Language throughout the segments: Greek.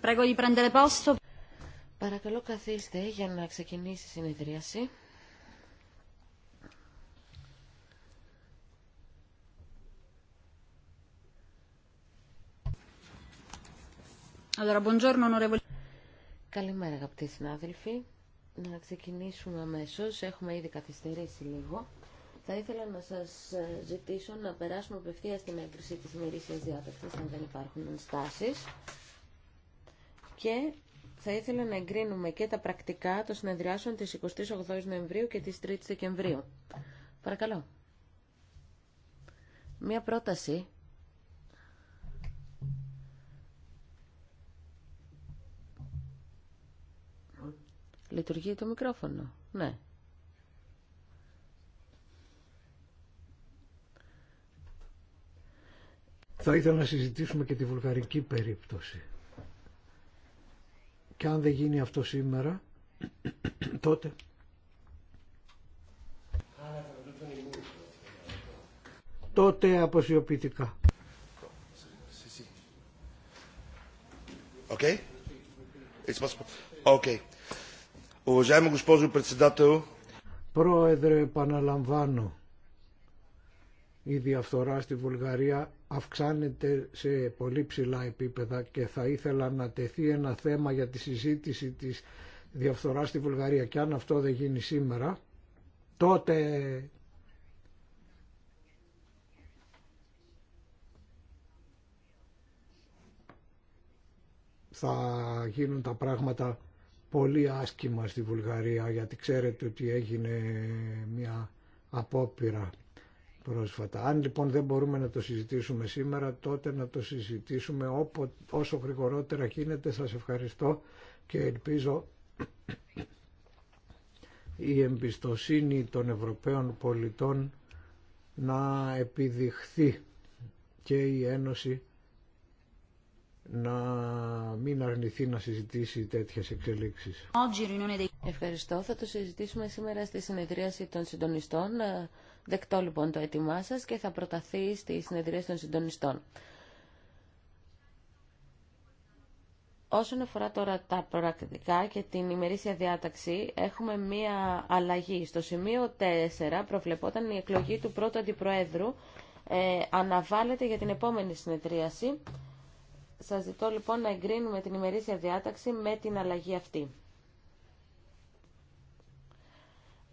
Παρακαλώ καθίστε για να ξεκινήσει η συνεδρίαση. Καλημέρα αγαπητοί συνάδελφοι. Να ξεκινήσουμε αμέσω. Έχουμε ήδη καθυστερήσει λίγο. Θα ήθελα να σα ε, ζητήσω να περάσουμε απευθεία στην έγκριση τη ημερήσια διάταξη αν δεν υπάρχουν ενστάσει και θα ήθελα να εγκρίνουμε και τα πρακτικά των συνεδριάσεων της 28 η Νοεμβρίου και της 3 η Δεκεμβρίου. Παρακαλώ. Μία πρόταση. Λειτουργεί το μικρόφωνο. Ναι. Θα ήθελα να συζητήσουμε και τη βουλγαρική περίπτωση και αν δεν γίνει αυτό σήμερα, τότε τότε αποσιοποιητικά. Okay? It's possible. Okay. Уважаема госпожо председател, Πρόεδρε, επαναλαμβάνω η διαφθορά στη Βουλγαρία αυξάνεται σε πολύ ψηλά επίπεδα και θα ήθελα να τεθεί ένα θέμα για τη συζήτηση της διαφθοράς στη Βουλγαρία και αν αυτό δεν γίνει σήμερα τότε θα γίνουν τα πράγματα πολύ άσκημα στη Βουλγαρία γιατί ξέρετε ότι έγινε μια απόπειρα πρόσφατα. Αν λοιπόν δεν μπορούμε να το συζητήσουμε σήμερα, τότε να το συζητήσουμε όπο, όσο γρηγορότερα γίνεται. Σας ευχαριστώ και ελπίζω η εμπιστοσύνη των Ευρωπαίων πολιτών να επιδειχθεί και η Ένωση να μην αρνηθεί να συζητήσει τέτοιες εξελίξεις. Ευχαριστώ. Θα το συζητήσουμε σήμερα στη συνεδρίαση των συντονιστών. Δεκτό λοιπόν το αίτημά σα και θα προταθεί στη συνεδρία των συντονιστών. Όσον αφορά τώρα τα πρακτικά και την ημερήσια διάταξη, έχουμε μία αλλαγή. Στο σημείο 4 προβλεπόταν η εκλογή του πρώτου αντιπροέδρου. Ε, αναβάλλεται για την επόμενη συνεδρίαση. Σας ζητώ λοιπόν να εγκρίνουμε την ημερήσια διάταξη με την αλλαγή αυτή.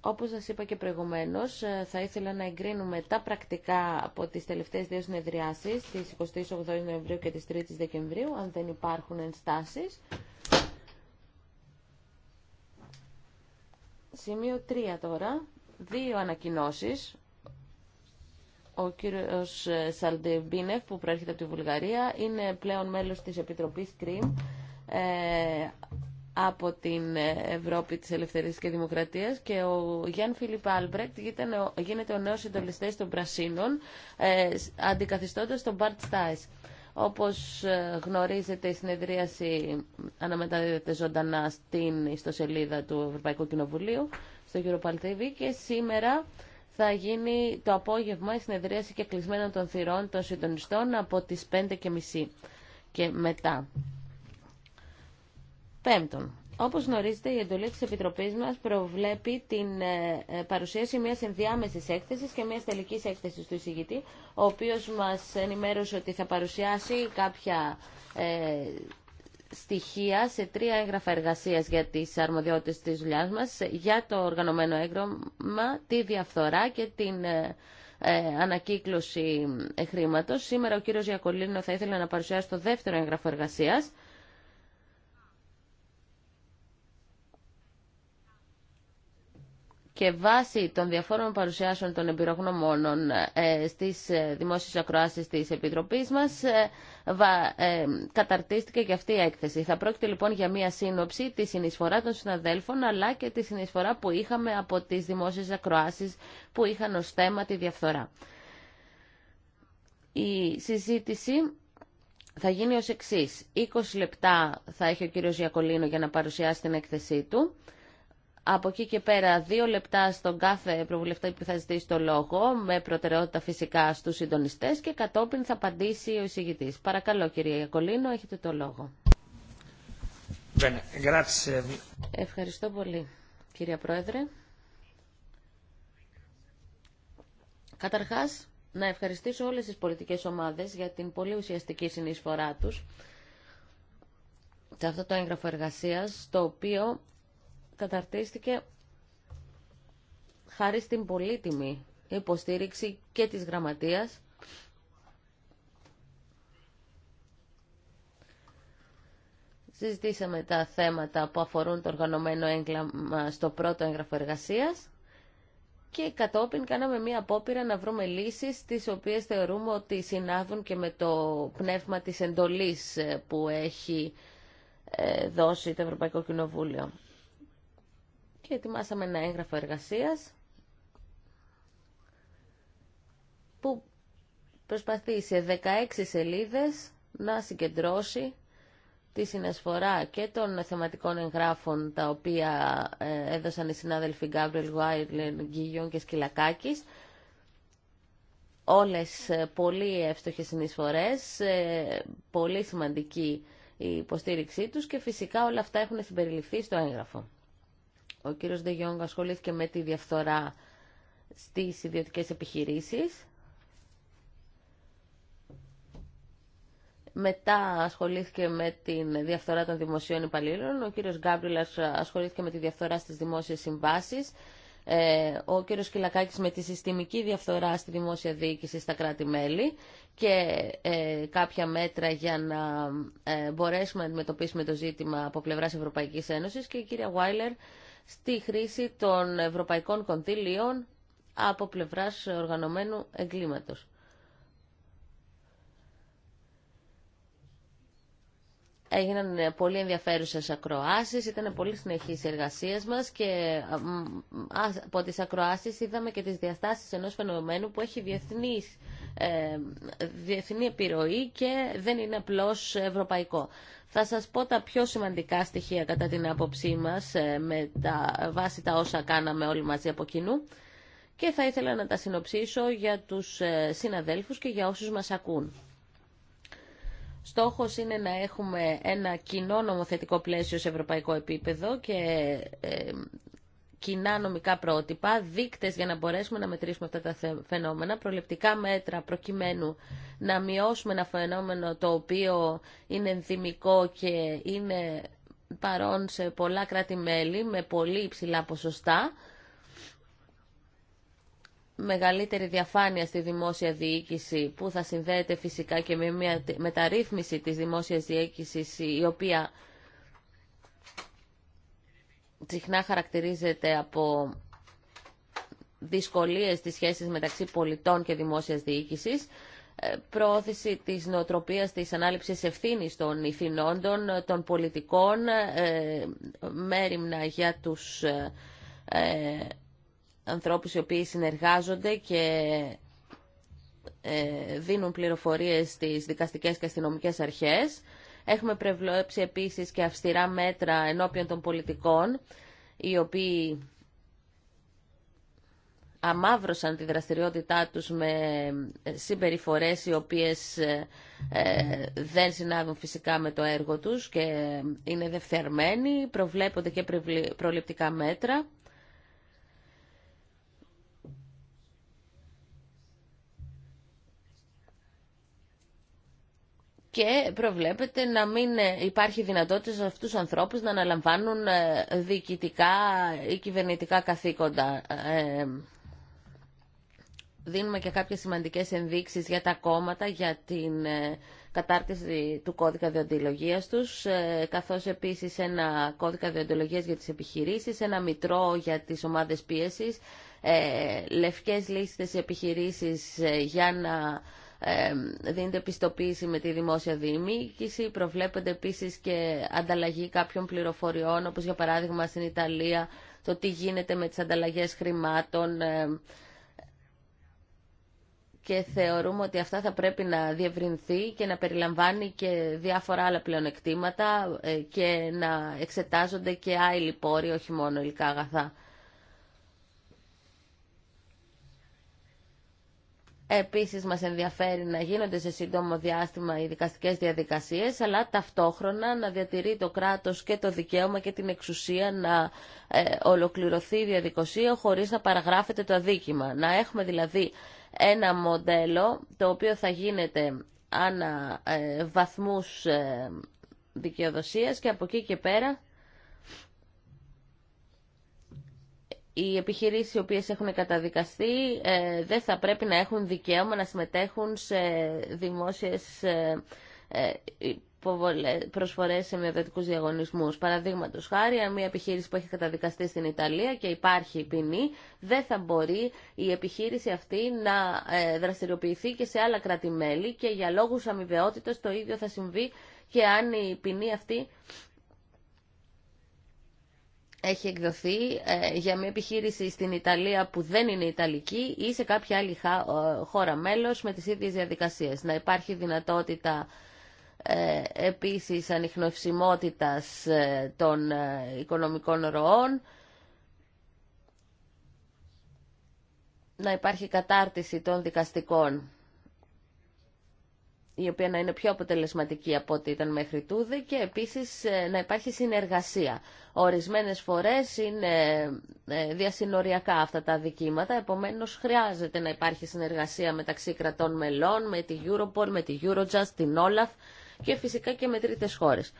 Όπως σας είπα και προηγουμένως, ε, θα ήθελα να εγκρίνουμε τα πρακτικά από τις τελευταίες δύο συνεδριάσεις, τις 28 Νοεμβρίου και τις 3 Δεκεμβρίου, αν δεν υπάρχουν ενστάσεις. Σημείο 3 τώρα, δύο ανακοινώσεις. Ο κύριος ε, Σαλντεμπίνεφ που προέρχεται από τη Βουλγαρία είναι πλέον μέλος της Επιτροπής ΚΡΙΜ. Ε, από την Ευρώπη της Ελευθερίας και Δημοκρατίας και ο Γιάνν Φιλιπ Άλμπρεκτ γίνεται ο νέος συντονιστής των Πρασίνων ε, αντικαθιστώντας τον Μπαρτ Στάις. Όπως ε, γνωρίζετε η συνεδρίαση αναμεταδίδεται ζωντανά στην ιστοσελίδα του Ευρωπαϊκού Κοινοβουλίου στο Europal TV και σήμερα θα γίνει το απόγευμα η συνεδρίαση και κλεισμένων των θυρών των συντονιστών από τις 5.30 και μετά. Πέμπτον, όπως γνωρίζετε, η εντολή της Επιτροπής μας προβλέπει την ε, ε, παρουσίαση μιας ενδιάμεσης έκθεσης και μιας τελικής έκθεσης του εισηγητή, ο οποίος μας ενημέρωσε ότι θα παρουσιάσει κάποια ε, στοιχεία σε τρία έγγραφα εργασίας για τις αρμοδιότητες της δουλειά μας, για το οργανωμένο έγγραμμα, τη διαφθορά και την... Ε, ανακύκλωση χρήματος. Σήμερα ο κύριος Γιακολίνο θα ήθελε να παρουσιάσει το δεύτερο έγγραφο εργασίας. και βάσει των διαφόρων παρουσιάσεων των εμπειρογνωμόνων ε, στις ε, δημόσιες ακροάσεις της Επιτροπής μας ε, καταρτίστηκε και αυτή η έκθεση. Θα πρόκειται λοιπόν για μία σύνοψη τη συνεισφορά των συναδέλφων αλλά και τη συνεισφορά που είχαμε από τις δημόσιες ακροάσεις που είχαν ως θέμα τη διαφθορά. Η συζήτηση θα γίνει ως εξής. 20 λεπτά θα έχει ο κύριος Γιακολίνο για να παρουσιάσει την έκθεσή του. Από εκεί και πέρα δύο λεπτά στον κάθε προβουλευτή που θα ζητήσει το λόγο, με προτεραιότητα φυσικά στου συντονιστέ, και κατόπιν θα απαντήσει ο εισηγητή. Παρακαλώ κύριε Κολίνο, έχετε το λόγο. Ευχαριστώ πολύ κύριε Πρόεδρε. Καταρχάς, να ευχαριστήσω όλες τις πολιτικές ομάδες για την πολύ ουσιαστική συνεισφορά τους σε αυτό το έγγραφο εργασίας, το οποίο καταρτίστηκε χάρη στην πολύτιμη υποστήριξη και της γραμματείας Συζητήσαμε τα θέματα που αφορούν το οργανωμένο έγκλαμα στο πρώτο έγγραφο εργασία και κατόπιν κάναμε μία απόπειρα να βρούμε λύσεις τις οποίες θεωρούμε ότι συνάδουν και με το πνεύμα της εντολής ε, που έχει ε, δώσει το Ευρωπαϊκό Κοινοβούλιο και ετοιμάσαμε ένα έγγραφο εργασίας που προσπαθεί σε 16 σελίδες να συγκεντρώσει τη συνασφορά και των θεματικών εγγράφων τα οποία ε, έδωσαν οι συνάδελφοι Γκάμπριελ Γουάιρλεν, Γκίγιον και Σκυλακάκης. Όλες ε, πολύ εύστοχες συνεισφορές, ε, πολύ σημαντική η υποστήριξή τους και φυσικά όλα αυτά έχουν συμπεριληφθεί στο έγγραφο. Ο κύριος Ντεγιόγκ ασχολήθηκε με τη διαφθορά στις ιδιωτικές επιχειρήσεις. Μετά ασχολήθηκε με τη διαφθορά των δημοσίων υπαλλήλων. Ο κύριος Γκάμπριλας ασχολήθηκε με τη διαφθορά στις δημόσιες συμβάσεις. Ε, ο κύριος Κυλακάκης με τη συστημική διαφθορά στη δημόσια διοίκηση στα κράτη-μέλη και ε, κάποια μέτρα για να ε, μπορέσουμε να αντιμετωπίσουμε το ζήτημα από πλευράς Ευρωπαϊκής Ένωσης και η κυρία Βάιλερ στη χρήση των ευρωπαϊκών κοντήλιων από πλευράς οργανωμένου εγκλήματος. Έγιναν ε, πολύ ενδιαφέρουσε ακροασει, ήταν πολύ συνεχή η εργασία μας και από τι ακροασει είδαμε και τι διαστάσει ενό φαινομένου που έχει διεθνής, ε, διεθνή επιρροή και δεν είναι απλώς ευρωπαϊκό. Θα σας πω τα πιο σημαντικά στοιχεία κατά την άποψή μας ε, με τα, βάση τα όσα κάναμε όλοι μαζί από κοινού και θα ήθελα να τα συνοψίσω για τους ε, συναδέλφου και για όσου μα ακούν. Στόχος είναι να έχουμε ένα κοινό νομοθετικό πλαίσιο σε ευρωπαϊκό επίπεδο και ε, κοινά νομικά πρότυπα, δείκτες για να μπορέσουμε να μετρήσουμε αυτά τα φαινόμενα, προληπτικά μέτρα προκειμένου να μειώσουμε ένα φαινόμενο το οποίο είναι ενδυμικό και είναι παρόν σε πολλά κράτη-μέλη με πολύ υψηλά ποσοστά μεγαλύτερη διαφάνεια στη δημόσια διοίκηση που θα συνδέεται φυσικά και με μια μεταρρύθμιση της δημόσιας διοίκησης η οποία συχνά χαρακτηρίζεται από δυσκολίες στις σχέσεις μεταξύ πολιτών και δημόσιας διοίκησης ε, προώθηση της νοοτροπίας της ανάληψης ευθύνης των ηθινόντων, των πολιτικών, ε, μέρημνα για τους ε, ανθρώπους οι οποίοι συνεργάζονται και ε, δίνουν πληροφορίες στις δικαστικές και αστυνομικές αρχές. Έχουμε προβλέψει επίσης και αυστηρά μέτρα ενώπιον των πολιτικών, οι οποίοι αμάυρωσαν τη δραστηριότητά τους με ε, συμπεριφορές οι οποίες ε, δεν συνάδουν φυσικά με το έργο τους και είναι δευτερμένοι, προβλέπονται και προληπτικά μέτρα. και προβλέπεται να μην ε, υπάρχει δυνατότητα σε αυτούς τους ανθρώπους να αναλαμβάνουν ε, διοικητικά ή κυβερνητικά καθήκοντα. Ε, δίνουμε και κάποιες σημαντικές ενδείξεις για τα κόμματα, για την κατάρτιση του κώδικα διοντολογίας τους, καθώς επίσης ένα κώδικα διοντολογίας για τις επιχειρήσεις, ένα μητρό για τις ομάδες πίεσης, λευκές λίστες επιχειρήσεις για να δίνεται πιστοποίηση με τη δημόσια διοίκηση. Προβλέπεται επίση και ανταλλαγή κάποιων πληροφοριών, όπω για παράδειγμα στην Ιταλία, το τι γίνεται με τι ανταλλαγέ χρημάτων. Και θεωρούμε ότι αυτά θα πρέπει να διευρυνθεί και να περιλαμβάνει και διάφορα άλλα πλεονεκτήματα ε, και να εξετάζονται και άλλοι πόροι, όχι μόνο υλικά αγαθά. Επίσης μας ενδιαφέρει να γίνονται σε σύντομο διάστημα οι δικαστικές διαδικασίες, αλλά ταυτόχρονα να διατηρεί το κράτος και το δικαίωμα και την εξουσία να ε, ολοκληρωθεί η διαδικασία χωρίς να παραγράφεται το αδίκημα. Να έχουμε δηλαδή ένα μοντέλο το οποίο θα γίνεται ανα ε, βαθμούς ε, δικαιοδοσίας και από εκεί και πέρα οι επιχειρήσεις οι οποίες έχουν καταδικαστεί ε, δεν θα πρέπει να έχουν δικαίωμα να συμμετέχουν σε δημόσιες ε, ε, προσφορές σε μειοδοτικούς διαγωνισμούς. Παραδείγματο χάρη, αν μια επιχείρηση που έχει καταδικαστεί στην Ιταλία και υπάρχει ποινή, δεν θα μπορεί η επιχείρηση αυτή να δραστηριοποιηθεί και σε άλλα κράτη-μέλη και για λόγους αμοιβαιότητας το ίδιο θα συμβεί και αν η ποινή αυτή έχει εκδοθεί ε, για μια επιχείρηση στην Ιταλία που δεν είναι Ιταλική ή σε κάποια άλλη χώρα μέλος με τις ίδιες διαδικασίες. Να υπάρχει δυνατότητα ε, επίσης ανιχνευσιμότητας ε, των οικονομικών ροών, να υπάρχει κατάρτιση των δικαστικών η οποία να είναι πιο αποτελεσματική από ό,τι ήταν μέχρι τούδε και επίσης να υπάρχει συνεργασία. Ορισμένες φορές είναι ε, διασυνοριακά αυτά τα δικήματα, επομένως χρειάζεται να υπάρχει συνεργασία μεταξύ κρατών μελών, με τη Europol, με τη Eurojust, την Olaf και φυσικά και με τρίτες χώρες.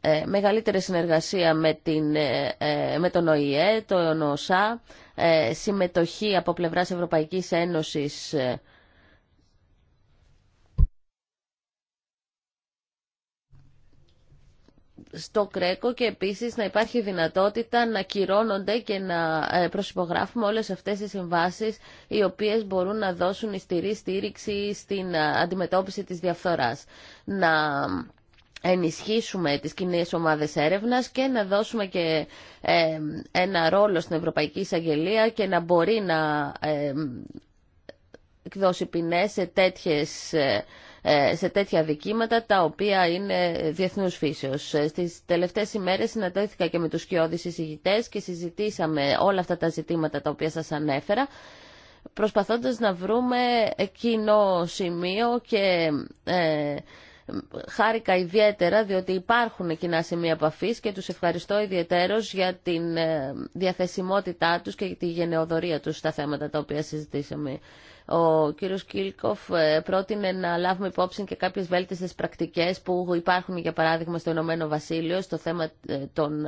Ε, μεγαλύτερη συνεργασία με, την, ε, τον ΟΗΕ, τον ΟΣΑ, συμμετοχή από πλευράς Ευρωπαϊκής Ένωσης στο κρέκο και επίσης να υπάρχει δυνατότητα να κυρώνονται και να ε, προσυπογράφουμε όλες αυτές οι συμβάσεις οι οποίες μπορούν να δώσουν ιστηρή στήριξη στην ε, αντιμετώπιση της διαφθοράς. Να ενισχύσουμε τις κοινέ ομάδες έρευνας και να δώσουμε και ε, ένα ρόλο στην Ευρωπαϊκή Εισαγγελία και να μπορεί να εκδώσει ποινές σε τέτοιες ε, σε τέτοια δικήματα τα οποία είναι διεθνού φύσεως. Ε, στις τελευταίες ημέρε συναντήθηκα και με τους κοιόδης συζητητέ και συζητήσαμε όλα αυτά τα ζητήματα τα οποία σας ανέφερα προσπαθώντας να βρούμε κοινό σημείο και ε, χάρηκα ιδιαίτερα διότι υπάρχουν κοινά σημεία επαφή και τους ευχαριστώ ιδιαίτερως για την διαθεσιμότητά τους και τη γενεοδορία τους στα θέματα τα οποία συζητήσαμε. Ο κύριος Κίλκοφ ε, πρότεινε να λάβουμε υπόψη και κάποιες βέλτιστες πρακτικές που υπάρχουν για παράδειγμα στο Ηνωμένο Βασίλειο στο θέμα ε, των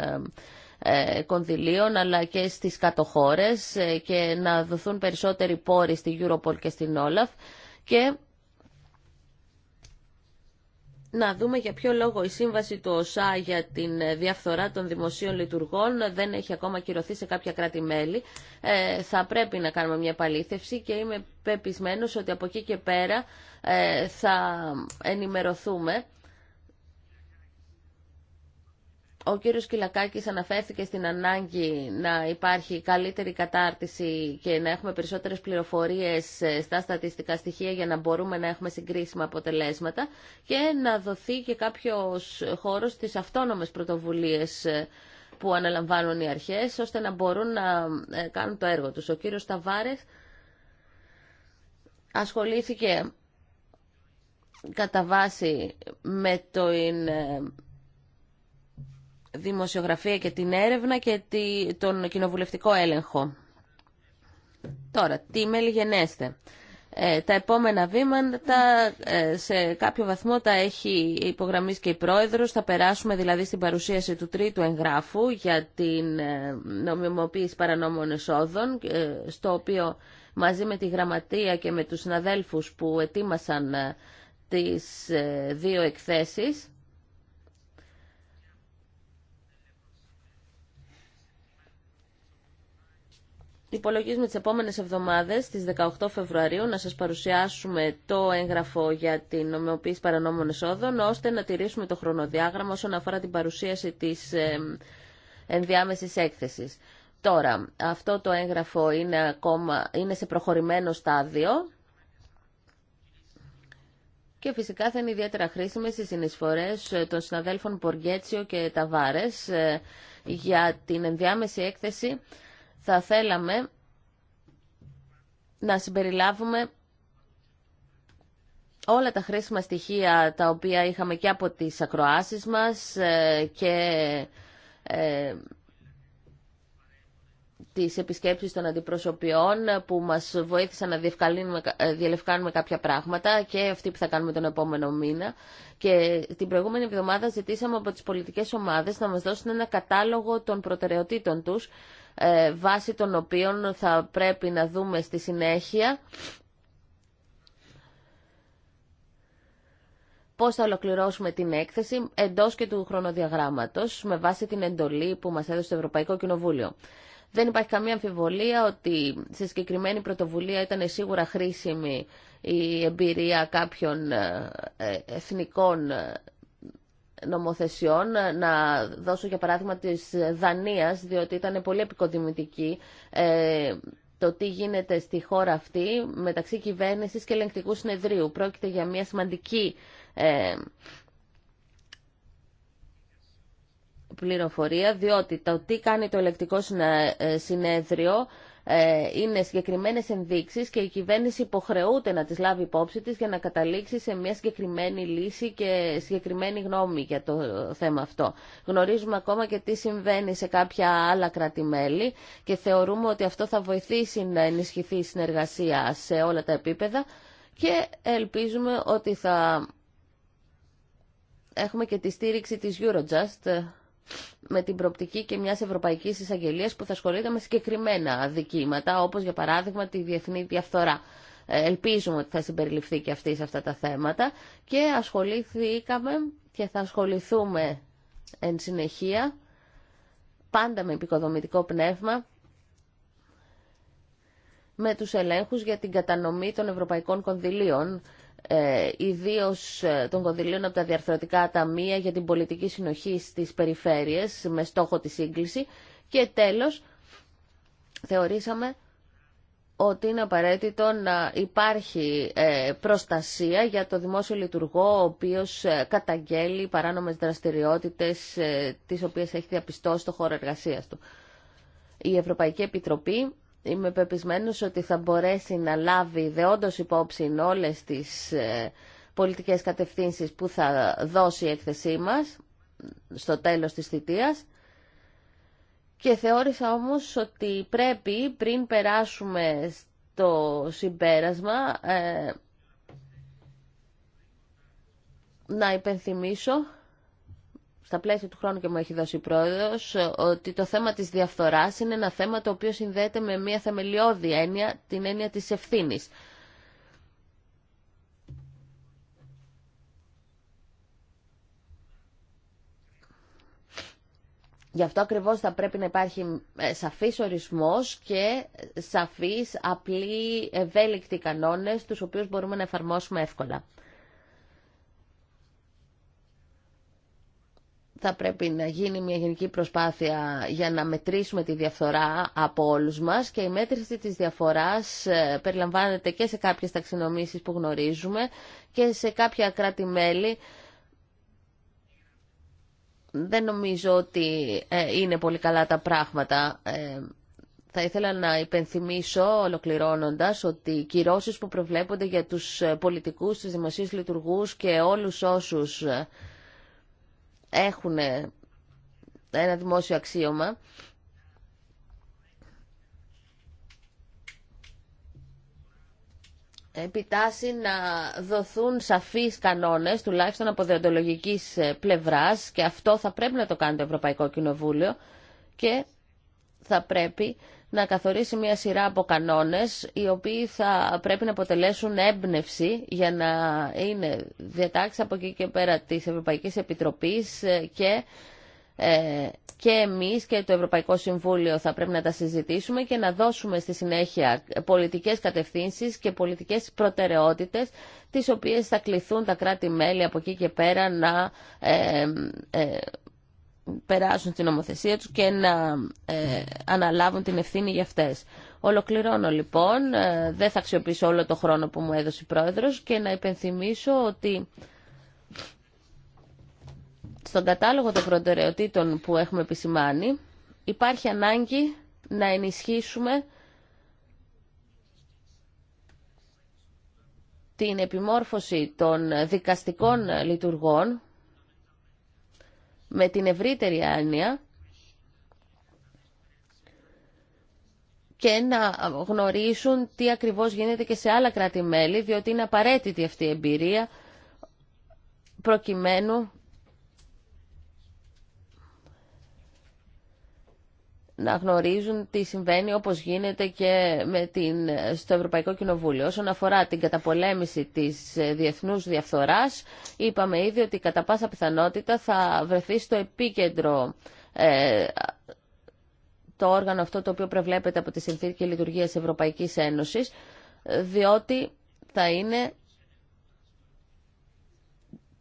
ε, κονδυλίων αλλά και στις κατοχώρες και να δοθούν περισσότεροι πόροι στη Europol και στην Όλαφ και να δούμε για ποιο λόγο η σύμβαση του ΟΣΑ για την ε, διαφθορά των δημοσίων λειτουργών ε, δεν έχει ακόμα κυρωθεί σε κάποια κράτη-μέλη. Ε, θα πρέπει να κάνουμε μια επαλήθευση και είμαι πεπισμένος ότι από εκεί και πέρα θα ενημερωθούμε Ο κύριος Κυλακάκης αναφέρθηκε στην ανάγκη να υπάρχει καλύτερη κατάρτιση και να έχουμε περισσότερες πληροφορίες ε, στα στατιστικά στοιχεία για να μπορούμε να έχουμε συγκρίσιμα αποτελέσματα και να δοθεί και κάποιος χώρος στις αυτόνομες πρωτοβουλίες ε, που αναλαμβάνουν οι αρχές ώστε να μπορούν να ε, κάνουν το έργο τους. Ο κύριος Ταβάρες ασχολήθηκε κατά βάση με το δημοσιογραφία και την έρευνα και τον κοινοβουλευτικό έλεγχο. Τώρα, τι μελιγενέστε. Ε, τα επόμενα βήματα ε, σε κάποιο βαθμό τα έχει υπογραμμίσει και η Πρόεδρος. Θα περάσουμε δηλαδή στην παρουσίαση του τρίτου εγγράφου για την ε, νομιμοποίηση παρανόμων εσόδων, ε, στο οποίο μαζί με τη Γραμματεία και με τους συναδέλφους που ετοίμασαν τις δύο εκθέσεις Υπολογίζουμε τις επόμενες εβδομάδες, στις 18 Φεβρουαρίου, να σας παρουσιάσουμε το έγγραφο για την ομοιοποίηση παρανόμων εσόδων, ώστε να τηρήσουμε το χρονοδιάγραμμα όσον αφορά την παρουσίαση της ενδιάμεσης έκθεσης. Τώρα, αυτό το έγγραφο είναι, ακόμα, είναι σε προχωρημένο στάδιο και φυσικά θα είναι ιδιαίτερα χρήσιμε οι συνεισφορές ε, των συναδέλφων Ποργέτσιο και Ταβάρες ε, για την ενδιάμεση έκθεση θα θέλαμε να συμπεριλάβουμε όλα τα χρήσιμα στοιχεία τα οποία είχαμε και από τις ακροάσεις μας ε, και ε, τις επισκέψεις των αντιπροσωπιών που μας βοήθησαν να διελευκάνουμε ε, κάποια πράγματα και αυτή που θα κάνουμε τον επόμενο μήνα. Και την προηγούμενη εβδομάδα ζητήσαμε από τις πολιτικές ομάδες να μας δώσουν ένα κατάλογο των προτεραιοτήτων τους ε, βάσει των οποίων θα πρέπει να δούμε στη συνέχεια πώς θα ολοκληρώσουμε την έκθεση εντός και του χρονοδιαγράμματος με βάση την εντολή που μας έδωσε το Ευρωπαϊκό Κοινοβούλιο. Δεν υπάρχει καμία αμφιβολία ότι σε συγκεκριμένη πρωτοβουλία ήταν σίγουρα χρήσιμη η εμπειρία κάποιων ε, εθνικών ε, νομοθεσιών. Ε, να δώσω για παράδειγμα της Δανίας, διότι ήταν πολύ επικοδημητική ε, το τι γίνεται στη χώρα αυτή μεταξύ κυβέρνησης και ελεγκτικού συνεδρίου. Πρόκειται για μια σημαντική ε, πληροφορία, διότι το τι κάνει το ελεκτικό συνέδριο ε, είναι συγκεκριμένες ενδείξεις και η κυβέρνηση υποχρεούται να τις λάβει υπόψη της για να καταλήξει σε μια συγκεκριμένη λύση και συγκεκριμένη γνώμη για το θέμα αυτό. Γνωρίζουμε ακόμα και τι συμβαίνει σε κάποια άλλα κράτη-μέλη και θεωρούμε ότι αυτό θα βοηθήσει να ενισχυθεί η συνεργασία σε όλα τα επίπεδα και ελπίζουμε ότι θα έχουμε και τη στήριξη της Eurojust με την προοπτική και μιας Ευρωπαϊκής εισαγγελία που θα ασχολείται με συγκεκριμένα δικήματα, όπως για παράδειγμα τη διεθνή διαφθορά. Ε, ελπίζουμε ότι θα συμπεριληφθεί και αυτή σε αυτά τα θέματα και ασχολήθηκαμε και θα ασχοληθούμε εν συνεχεία πάντα με επικοδομητικό πνεύμα με τους ελέγχους για την κατανομή των ευρωπαϊκών κονδυλίων ε, ιδίως ε, των κονδυλίων από τα διαρθρωτικά ταμεία για την πολιτική συνοχή στι περιφέρειε με στόχο τη σύγκληση και τέλος θεωρήσαμε ότι είναι απαραίτητο να υπάρχει ε, προστασία για το δημόσιο λειτουργό ο οποίος ε, καταγγέλει παράνομες δραστηριότητες τις οποίες έχει διαπιστώσει στο χώρο εργασίας του. Η Ευρωπαϊκή Επιτροπή Είμαι πεπισμένος ότι θα μπορέσει να λάβει δεόντως υπόψη όλες τις ε, πολιτικές κατευθύνσεις που θα δώσει η έκθεσή μας στο τέλος της θητείας. Και θεώρησα όμως ότι πρέπει πριν περάσουμε στο συμπέρασμα ε, να υπενθυμίσω στα πλαίσια του χρόνου και μου έχει δώσει η πρόεδρος, ότι το θέμα της διαφθορά είναι ένα θέμα το οποίο συνδέεται με μια θεμελιώδη έννοια, την έννοια της ευθύνη. Γι' αυτό ακριβώ θα πρέπει να υπάρχει ε, σαφής ορισμός και σαφή, απλή, ευέλικτοι κανόνες, του οποίους μπορούμε να εφαρμόσουμε εύκολα. θα πρέπει να γίνει μια γενική προσπάθεια για να μετρήσουμε τη διαφθορά από όλους μας και η μέτρηση της διαφοράς ε, περιλαμβάνεται και σε κάποιες ταξινομήσεις που γνωρίζουμε και σε κάποια κράτη-μέλη. Δεν νομίζω ότι ε, είναι πολύ καλά τα πράγματα. Ε, θα ήθελα να υπενθυμίσω ολοκληρώνοντας ότι οι κυρώσεις που προβλέπονται για τους πολιτικούς, τους δημοσίους λειτουργούς και όλους όσους έχουν ένα δημόσιο αξίωμα επιτάσσει να δοθούν σαφείς κανόνες, τουλάχιστον από δεοντολογικής ε, πλευράς και αυτό θα πρέπει να το κάνει το Ευρωπαϊκό Κοινοβούλιο και θα πρέπει να καθορίσει μια σειρά από κανόνες οι οποίοι θα πρέπει να αποτελέσουν έμπνευση για να είναι διατάξει από εκεί και πέρα της Ευρωπαϊκής Επιτροπής ε, και ε, και εμείς και το Ευρωπαϊκό Συμβούλιο θα πρέπει να τα συζητήσουμε και να δώσουμε στη συνέχεια πολιτικές κατευθύνσεις και πολιτικές προτεραιότητες τις οποίες θα κληθούν τα κράτη-μέλη από εκεί και πέρα να ε, ε, περάσουν στην νομοθεσία τους και να ε, αναλάβουν την ευθύνη για αυτές. Ολοκληρώνω λοιπόν, ε, δεν θα αξιοποιήσω όλο το χρόνο που μου έδωσε η Πρόεδρος και να υπενθυμίσω ότι στον κατάλογο των προτεραιοτήτων που έχουμε επισημάνει υπάρχει ανάγκη να ενισχύσουμε την επιμόρφωση των δικαστικών λειτουργών με την ευρύτερη άνοια και να γνωρίσουν τι ακριβώς γίνεται και σε άλλα κράτη-μέλη, διότι είναι απαραίτητη αυτή η εμπειρία προκειμένου να γνωρίζουν τι συμβαίνει όπως γίνεται και με την, στο Ευρωπαϊκό Κοινοβούλιο. Όσον αφορά την καταπολέμηση της ε, διεθνούς διαφθοράς, είπαμε ήδη ότι κατά πάσα πιθανότητα θα βρεθεί στο επίκεντρο ε, το όργανο αυτό το οποίο προβλέπεται από τη Συνθήκη Λειτουργίας Ευρωπαϊκής Ένωσης, διότι θα είναι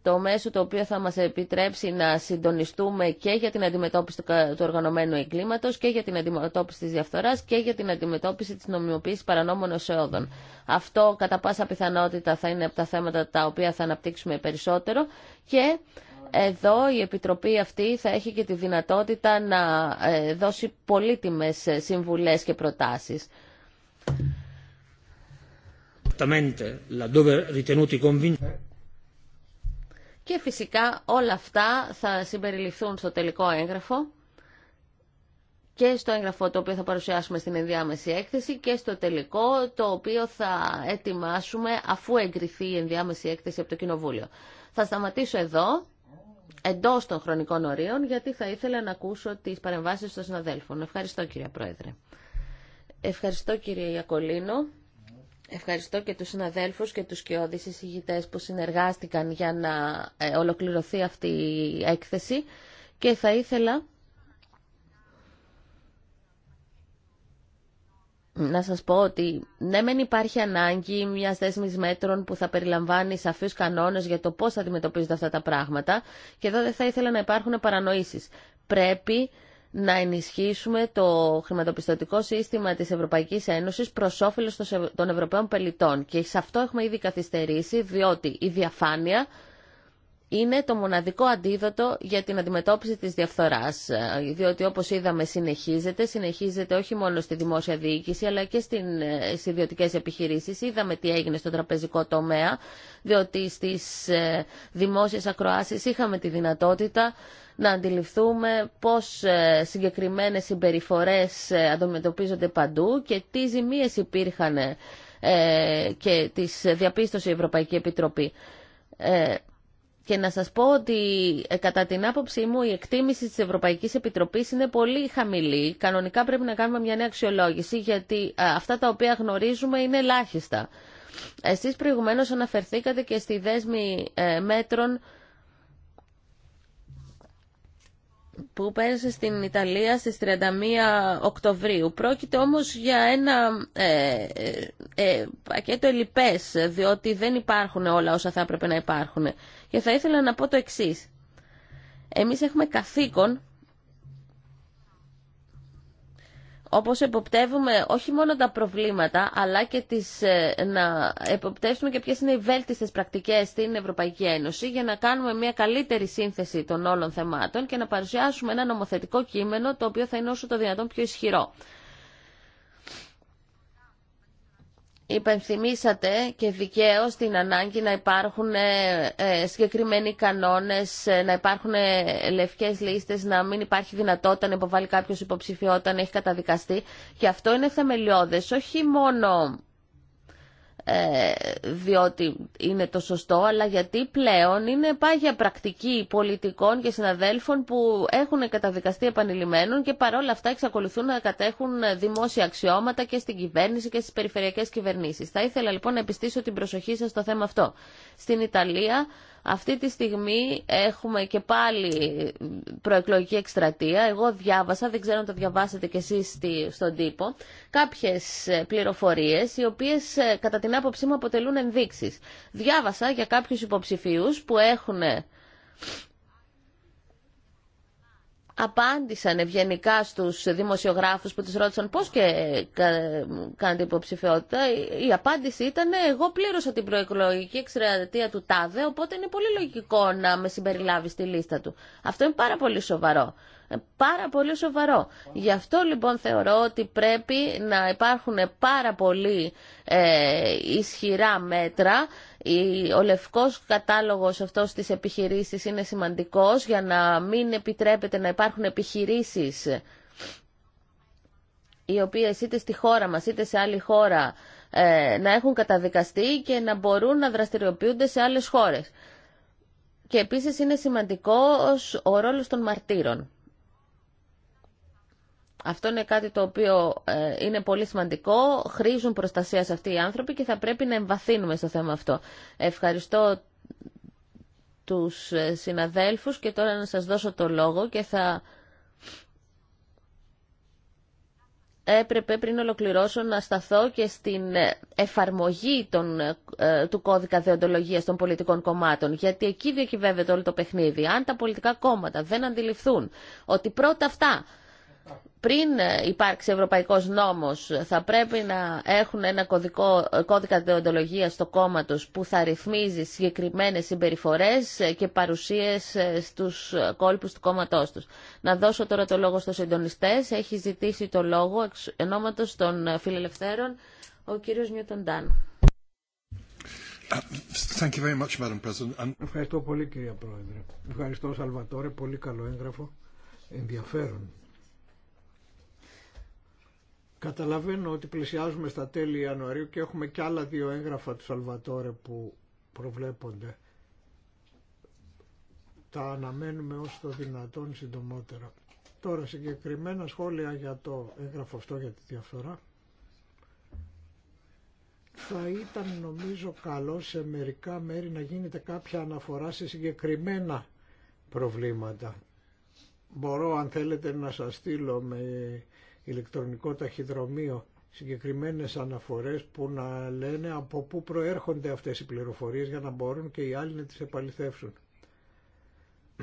το μέσο το οποίο θα μας επιτρέψει να συντονιστούμε και για την αντιμετώπιση του οργανωμένου εγκλήματος και για την αντιμετώπιση της διαφθοράς και για την αντιμετώπιση της νομιμοποίησης παρανόμων εσόδων. Αυτό κατά πάσα πιθανότητα θα είναι από τα θέματα τα οποία θα αναπτύξουμε περισσότερο και εδώ η Επιτροπή αυτή θα έχει και τη δυνατότητα να ε, δώσει πολύτιμες συμβουλές και προτάσεις. Και φυσικά όλα αυτά θα συμπεριληφθούν στο τελικό έγγραφο και στο έγγραφο το οποίο θα παρουσιάσουμε στην ενδιάμεση έκθεση και στο τελικό το οποίο θα ετοιμάσουμε αφού εγκριθεί η ενδιάμεση έκθεση από το Κοινοβούλιο. Θα σταματήσω εδώ, εντός των χρονικών ορίων, γιατί θα ήθελα να ακούσω τις παρεμβάσεις των συναδέλφων. Ευχαριστώ κύριε Πρόεδρε. Ευχαριστώ κύριε Ιακολίνο. Ευχαριστώ και τους συναδέλφους και τους κοιόδης εισηγητές που συνεργάστηκαν για να ε, ολοκληρωθεί αυτή η έκθεση και θα ήθελα να σας πω ότι ναι μεν υπάρχει ανάγκη μια θέσμη μέτρων που θα περιλαμβάνει σαφείς κανόνες για το πώς θα αντιμετωπίζονται αυτά τα πράγματα και εδώ δεν θα ήθελα να υπάρχουν παρανοήσεις. Πρέπει να ενισχύσουμε το χρηματοπιστωτικό σύστημα της Ευρωπαϊκής Ένωσης προς όφελος των Ευρωπαίων πελιτών. Και σε αυτό έχουμε ήδη καθυστερήσει, διότι η διαφάνεια είναι το μοναδικό αντίδοτο για την αντιμετώπιση της διαφθοράς, διότι όπως είδαμε συνεχίζεται, συνεχίζεται όχι μόνο στη δημόσια διοίκηση αλλά και ε, στις ιδιωτικές επιχειρήσεις. Είδαμε τι έγινε στο τραπεζικό τομέα, διότι στις ε, δημόσιες ακροάσεις είχαμε τη δυνατότητα να αντιληφθούμε πώς ε, συγκεκριμένες συμπεριφορές ε, αντιμετωπίζονται παντού και τι ζημίες υπήρχαν ε, και τις διαπίστωσε η Ευρωπαϊκή Επιτροπή. Και να σας πω ότι κατά την άποψή μου η εκτίμηση της Ευρωπαϊκής Επιτροπής είναι πολύ χαμηλή. Κανονικά πρέπει να κάνουμε μια νέα αξιολόγηση γιατί αυτά τα οποία γνωρίζουμε είναι ελάχιστα. Εσείς προηγουμένως αναφερθήκατε και στη δέσμη μέτρων που πέρασε στην Ιταλία στις 31 Οκτωβρίου. Πρόκειται όμως για ένα ε, ε, ε, πακέτο ελιπές, διότι δεν υπάρχουν όλα όσα θα έπρεπε να υπάρχουν. Και θα ήθελα να πω το εξής. Εμείς έχουμε καθήκον όπως εποπτεύουμε όχι μόνο τα προβλήματα, αλλά και τις, ε, να εποπτεύσουμε και ποιες είναι οι βέλτιστες πρακτικές στην Ευρωπαϊκή Ένωση για να κάνουμε μια καλύτερη σύνθεση των όλων θεμάτων και να παρουσιάσουμε ένα νομοθετικό κείμενο το οποίο θα είναι όσο το δυνατόν πιο ισχυρό. Υπενθυμίσατε και δικαίως την ανάγκη να υπάρχουν ε, ε, συγκεκριμένοι κανόνες, ε, να υπάρχουν λευκές λίστες, να μην υπάρχει δυνατότητα να υποβάλει κάποιος υποψηφιότητα, να έχει καταδικαστεί. Και αυτό είναι θεμελιώδες, όχι μόνο ε, διότι είναι το σωστό, αλλά γιατί πλέον είναι πάγια πρακτική πολιτικών και συναδέλφων που έχουν καταδικαστεί επανειλημμένων και παρόλα αυτά εξακολουθούν να κατέχουν δημόσια αξιώματα και στην κυβέρνηση και στις περιφερειακές κυβερνήσεις. Θα ήθελα λοιπόν να επιστήσω την προσοχή σας στο θέμα αυτό. Στην Ιταλία αυτή τη στιγμή έχουμε και πάλι προεκλογική εκστρατεία. Εγώ διάβασα, δεν ξέρω αν το διαβάσετε κι εσείς στον τύπο, κάποιες ε, πληροφορίες οι οποίες ε, κατά την άποψή μου αποτελούν ενδείξεις. Διάβασα για κάποιους υποψηφίους που έχουν απάντησαν ευγενικά στους δημοσιογράφους που τους ρώτησαν πώς και κάνετε υποψηφιότητα. Η απάντηση ήταν «Ε, εγώ πλήρωσα την προεκλογική εξαιρετία του ΤΑΔΕ, οπότε είναι πολύ λογικό να με συμπεριλάβει στη λίστα του. Αυτό είναι πάρα πολύ σοβαρό. Ε, πάρα πολύ σοβαρό. Γι' αυτό λοιπόν θεωρώ ότι πρέπει να υπάρχουν πάρα πολύ ε, ισχυρά μέτρα ο λευκός κατάλογος αυτός της επιχειρήσης είναι σημαντικός για να μην επιτρέπεται να υπάρχουν επιχειρήσεις οι οποίες είτε στη χώρα μας είτε σε άλλη χώρα ε, να έχουν καταδικαστεί και να μπορούν να δραστηριοποιούνται σε άλλες χώρες. Και επίσης είναι σημαντικός ο ρόλος των μαρτύρων. Αυτό είναι κάτι το οποίο ε, είναι πολύ σημαντικό. Χρήζουν προστασία σε αυτοί οι άνθρωποι και θα πρέπει να εμβαθύνουμε στο θέμα αυτό. Ευχαριστώ τους ε, συναδέλφους και τώρα να σας δώσω το λόγο και θα έπρεπε πριν ολοκληρώσω να σταθώ και στην ε, εφαρμογή των, του κώδικα δεοντολογίας των πολιτικών κομμάτων, γιατί εκεί διακυβεύεται όλο το παιχνίδι. Αν τα πολιτικά κόμματα δεν αντιληφθούν ότι πρώτα αυτά πριν ε, υπάρξει ευρωπαϊκός νόμος θα πρέπει να έχουν ένα κωδικό, ε, κώδικα δεοντολογίας στο κόμμα τους που θα ρυθμίζει συγκεκριμένες συμπεριφορές ε, και παρουσίες στους κόλπους του κόμματός τους. Να δώσω τώρα το λόγο στους συντονιστέ. Έχει ζητήσει το λόγο ενώματος των φιλελευθέρων ο κύριος Νιούτον Ντάν. Uh, Ευχαριστώ πολύ κυρία Πρόεδρε. Ευχαριστώ Σαλβατόρε, πολύ καλό έγγραφο, ενδιαφέρον. Καταλαβαίνω ότι πλησιάζουμε στα τέλη Ιανουαρίου και έχουμε και άλλα δύο έγγραφα του Σαλβατόρε που προβλέπονται. Τα αναμένουμε όσο το δυνατόν συντομότερα. Τώρα συγκεκριμένα σχόλια για το έγγραφο αυτό για τη διαφθορά. Θα ήταν νομίζω καλό σε μερικά μέρη να γίνεται κάποια αναφορά σε συγκεκριμένα προβλήματα. Μπορώ αν θέλετε να σας στείλω με ηλεκτρονικό ταχυδρομείο συγκεκριμένες αναφορές που να λένε από πού προέρχονται αυτές οι πληροφορίες για να μπορούν και οι άλλοι να τις επαληθεύσουν.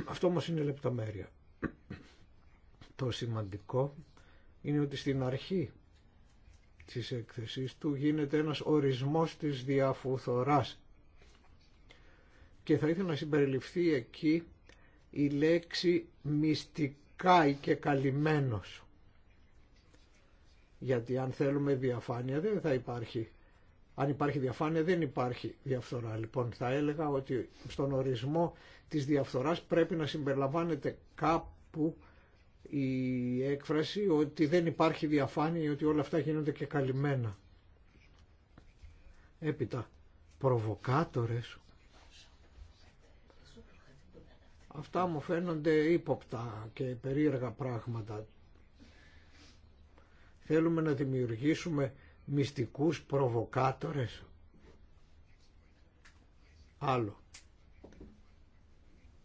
Αυτό όμως είναι λεπτομέρεια. Το σημαντικό είναι ότι στην αρχή της έκθεσης του γίνεται ένας ορισμός της διαφουθοράς και θα ήθελα να συμπεριληφθεί εκεί η λέξη μυστικά και καλυμμένος γιατί αν θέλουμε διαφάνεια δεν θα υπάρχει. Αν υπάρχει διαφάνεια δεν υπάρχει διαφθορά. Λοιπόν θα έλεγα ότι στον ορισμό της διαφθοράς πρέπει να συμπεριλαμβάνεται κάπου η έκφραση ότι δεν υπάρχει διαφάνεια ότι όλα αυτά γίνονται και καλυμμένα. Έπειτα, προβοκάτορες. Αυτά μου φαίνονται ύποπτα και περίεργα πράγματα. Θέλουμε να δημιουργήσουμε μυστικούς προβοκάτορες. Άλλο.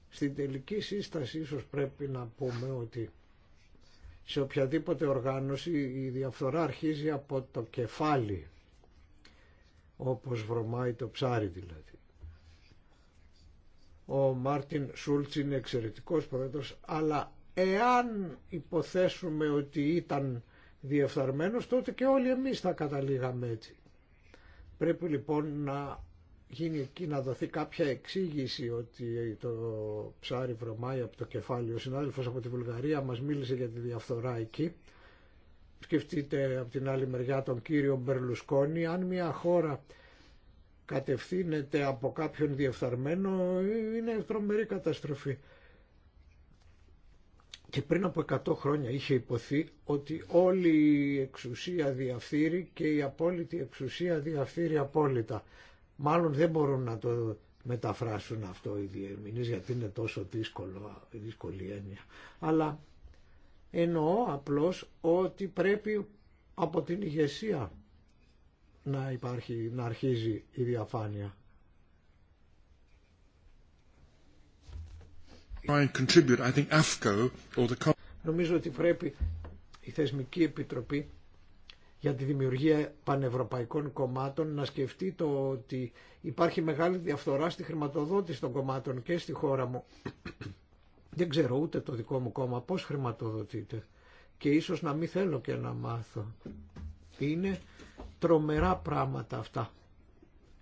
Στην τελική σύσταση ίσως πρέπει να πούμε ότι σε οποιαδήποτε οργάνωση η διαφθορά αρχίζει από το κεφάλι όπως βρωμάει το ψάρι δηλαδή. Ο Μάρτιν Σούλτς είναι εξαιρετικός πρόεδρος αλλά εάν υποθέσουμε ότι ήταν διεφθαρμένος, τότε και όλοι εμείς θα καταλήγαμε έτσι. Πρέπει λοιπόν να γίνει εκεί να δοθεί κάποια εξήγηση ότι το ψάρι βρωμάει από το κεφάλι. Ο συνάδελφος από τη Βουλγαρία μας μίλησε για τη διαφθορά εκεί. Σκεφτείτε από την άλλη μεριά τον κύριο Μπερλουσκόνη. Αν μια χώρα κατευθύνεται από κάποιον διεφθαρμένο είναι τρομερή καταστροφή και πριν από 100 χρόνια είχε υποθεί ότι όλη η εξουσία διαφθείρει και η απόλυτη εξουσία διαφθείρει απόλυτα. Μάλλον δεν μπορούν να το μεταφράσουν αυτό οι διερμηνείς γιατί είναι τόσο δύσκολο, δύσκολη έννοια. Αλλά εννοώ απλώς ότι πρέπει από την ηγεσία να, υπάρχει, να αρχίζει η διαφάνεια. Νομίζω ότι πρέπει η Θεσμική Επιτροπή για τη δημιουργία πανευρωπαϊκών κομμάτων να σκεφτεί το ότι υπάρχει μεγάλη διαφθορά στη χρηματοδότηση των κομμάτων και στη χώρα μου. Δεν ξέρω ούτε το δικό μου κόμμα πώς χρηματοδοτείται και ίσως να μην θέλω και να μάθω. Είναι τρομερά πράγματα αυτά.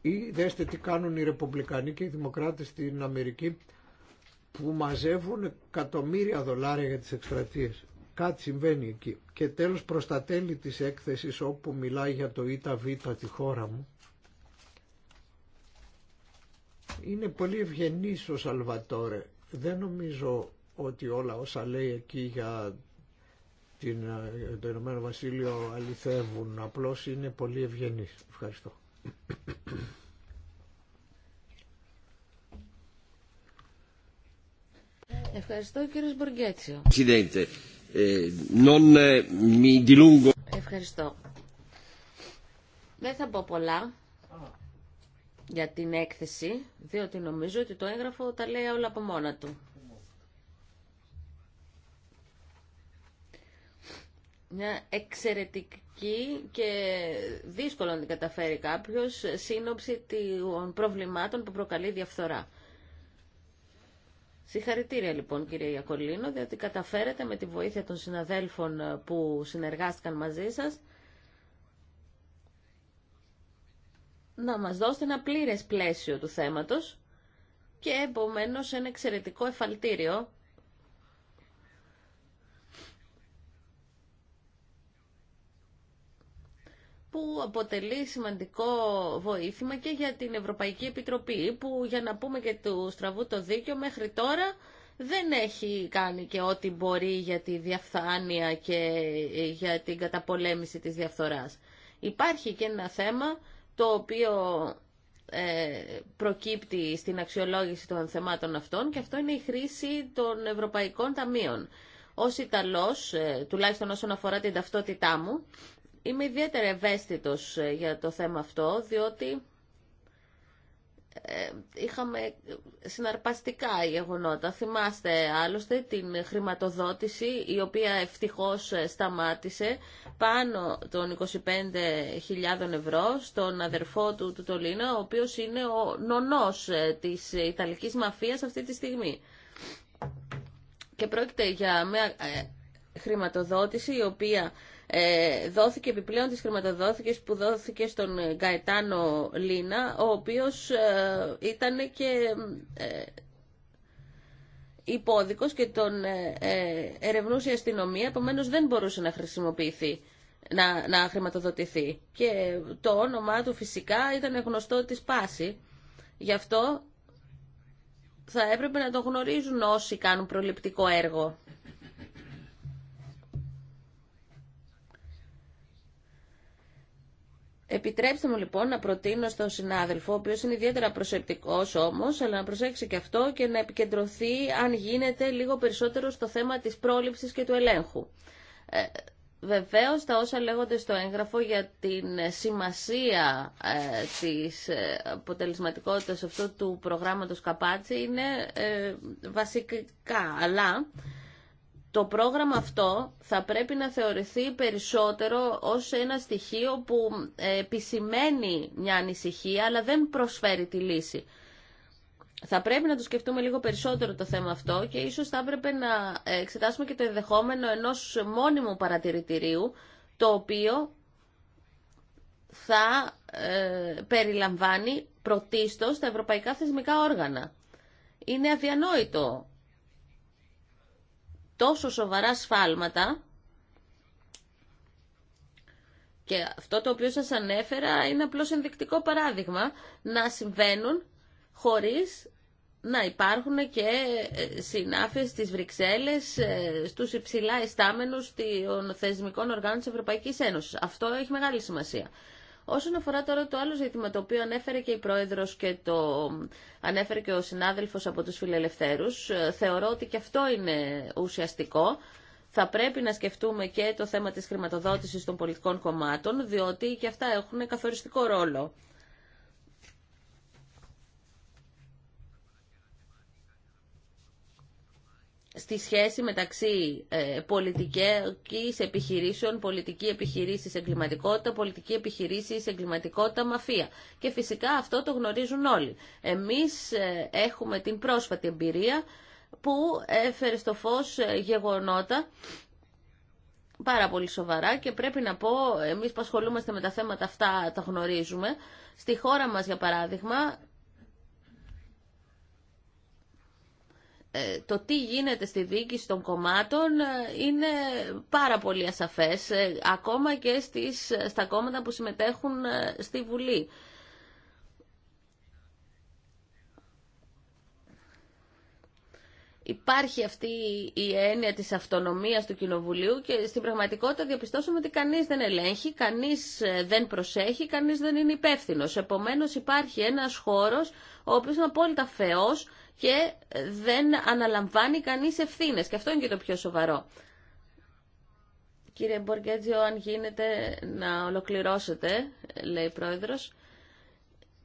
Ή δέστε τι κάνουν οι Ρεπουμπλικανοί και οι Δημοκράτες στην Αμερική που μαζεύουν εκατομμύρια δολάρια για τις εκστρατείες. Κάτι συμβαίνει εκεί. Και τέλος προ τα τέλη της έκθεσης όπου μιλάει για το ΙΤΑΒ τη χώρα μου είναι πολύ ευγενής ο Σαλβατόρε. Δεν νομίζω ότι όλα όσα λέει εκεί για την, το Ηνωμένο Βασίλειο αληθεύουν. Απλώς είναι πολύ ευγενής. Ευχαριστώ. Ευχαριστώ κύριε Σμποργέτσιο. Ε, ε, Ευχαριστώ. Δεν θα πω πολλά για την έκθεση, διότι νομίζω ότι το έγγραφο τα λέει όλα από μόνα του. Μια εξαιρετική και δύσκολο να την καταφέρει κάποιος σύνοψη των προβλημάτων που προκαλεί διαφθορά. Συγχαρητήρια λοιπόν κύριε Ιακολίνο, διότι καταφέρετε με τη βοήθεια των συναδέλφων ε, που συνεργάστηκαν μαζί σας να μας δώσετε ένα πλήρες πλαίσιο του θέματος και επομένως ένα εξαιρετικό εφαλτήριο που αποτελεί σημαντικό βοήθημα και για την Ευρωπαϊκή Επιτροπή που για να πούμε και του στραβού το δίκιο μέχρι τώρα δεν έχει κάνει και ό,τι μπορεί για τη διαφθάνεια και ε, για την καταπολέμηση της διαφθοράς. Υπάρχει και ένα θέμα το οποίο ε, προκύπτει στην αξιολόγηση των θεμάτων αυτών και αυτό είναι η χρήση των Ευρωπαϊκών Ταμείων. Ως Ιταλός, ε, τουλάχιστον όσον αφορά την ταυτότητά μου, Είμαι ιδιαίτερα ευαίσθητος ε, για το θέμα αυτό, διότι ε, είχαμε συναρπαστικά γεγονότα. Θυμάστε άλλωστε την χρηματοδότηση η οποία ευτυχώς ε, σταμάτησε πάνω των 25.000 ευρώ στον αδερφό του, του Τολίνα, ο οποίος είναι ο νονός της Ιταλικής μαφίας αυτή τη στιγμή. Και πρόκειται για μια χρηματοδότηση η οποία ε, δόθηκε επιπλέον της χρηματοδόθηκε που δόθηκε στον Γκαετάνο Λίνα, ο οποίος ε, ήταν και ε, υπόδικος και τον ερευνούσε η αστυνομία, επομένω δεν μπορούσε να χρησιμοποιηθεί. Να, να χρηματοδοτηθεί. Και το όνομά του φυσικά ήταν γνωστό της Πάση. Γι' αυτό θα έπρεπε να το γνωρίζουν όσοι κάνουν προληπτικό έργο. Επιτρέψτε μου λοιπόν να προτείνω στον συνάδελφο, ο οποίος είναι ιδιαίτερα προσεκτικός όμως, αλλά να προσέξει και αυτό και να επικεντρωθεί, αν γίνεται, λίγο περισσότερο στο θέμα της πρόληψης και του ελέγχου. Ε, βεβαίως, τα όσα λέγονται στο έγγραφο για την σημασία ε, της ε, αποτελεσματικότητας αυτού του προγράμματος Καπάτσι είναι ε, βασικά, αλλά το πρόγραμμα αυτό θα πρέπει να θεωρηθεί περισσότερο ως ένα στοιχείο που ε, επισημαίνει μια ανησυχία αλλά δεν προσφέρει τη λύση. Θα πρέπει να το σκεφτούμε λίγο περισσότερο το θέμα αυτό και ίσως θα έπρεπε να ε, εξετάσουμε και το ενδεχόμενο ενός μόνιμου παρατηρητηρίου το οποίο θα ε, περιλαμβάνει πρωτίστως τα ευρωπαϊκά θεσμικά όργανα. Είναι αδιανόητο τόσο σοβαρά σφάλματα και αυτό το οποίο σας ανέφερα είναι απλώς ενδεικτικό παράδειγμα να συμβαίνουν χωρίς να υπάρχουν και ε, συνάφειες στις Βρυξέλλες, ε, στους υψηλά εσταμένους των θεσμικών οργάνων της Ευρωπαϊκής Ένωσης. Αυτό έχει μεγάλη σημασία. Όσον αφορά τώρα το άλλο ζήτημα το οποίο ανέφερε και η Πρόεδρος και το ανέφερε και ο συνάδελφος από τους φιλελευθέρους, ε, θεωρώ ότι και αυτό είναι ουσιαστικό. Θα πρέπει να σκεφτούμε και το θέμα της χρηματοδότησης των πολιτικών κομμάτων, διότι και αυτά έχουν καθοριστικό ρόλο στη σχέση μεταξύ ε, πολιτικής επιχειρήσεων, πολιτική επιχειρήσης εγκληματικότητα, πολιτική επιχειρήσης εγκληματικότητα μαφία. Και φυσικά αυτό το γνωρίζουν όλοι. Εμείς ε, έχουμε την πρόσφατη εμπειρία που έφερε στο φως ε, γεγονότα πάρα πολύ σοβαρά και πρέπει να πω, εμείς που ασχολούμαστε με τα θέματα αυτά τα γνωρίζουμε. Στη χώρα μας, για παράδειγμα, Ε, το τι γίνεται στη διοίκηση των κομμάτων ε, είναι πάρα πολύ ασαφές, ε, ακόμα και στις, στα κόμματα που συμμετέχουν στη Βουλή. Υπάρχει αυτή η έννοια της αυτονομίας του Κοινοβουλίου και στην πραγματικότητα διαπιστώσαμε ότι κανείς δεν ελέγχει, κανείς δεν προσέχει, κανείς δεν είναι υπεύθυνος. Επομένως υπάρχει ένας χώρος ο οποίος είναι απόλυτα φαιός και δεν αναλαμβάνει κανείς ευθύνες. Και αυτό είναι και το πιο σοβαρό. Κύριε Μποργέτζιο, αν γίνεται να ολοκληρώσετε, λέει η Πρόεδρος.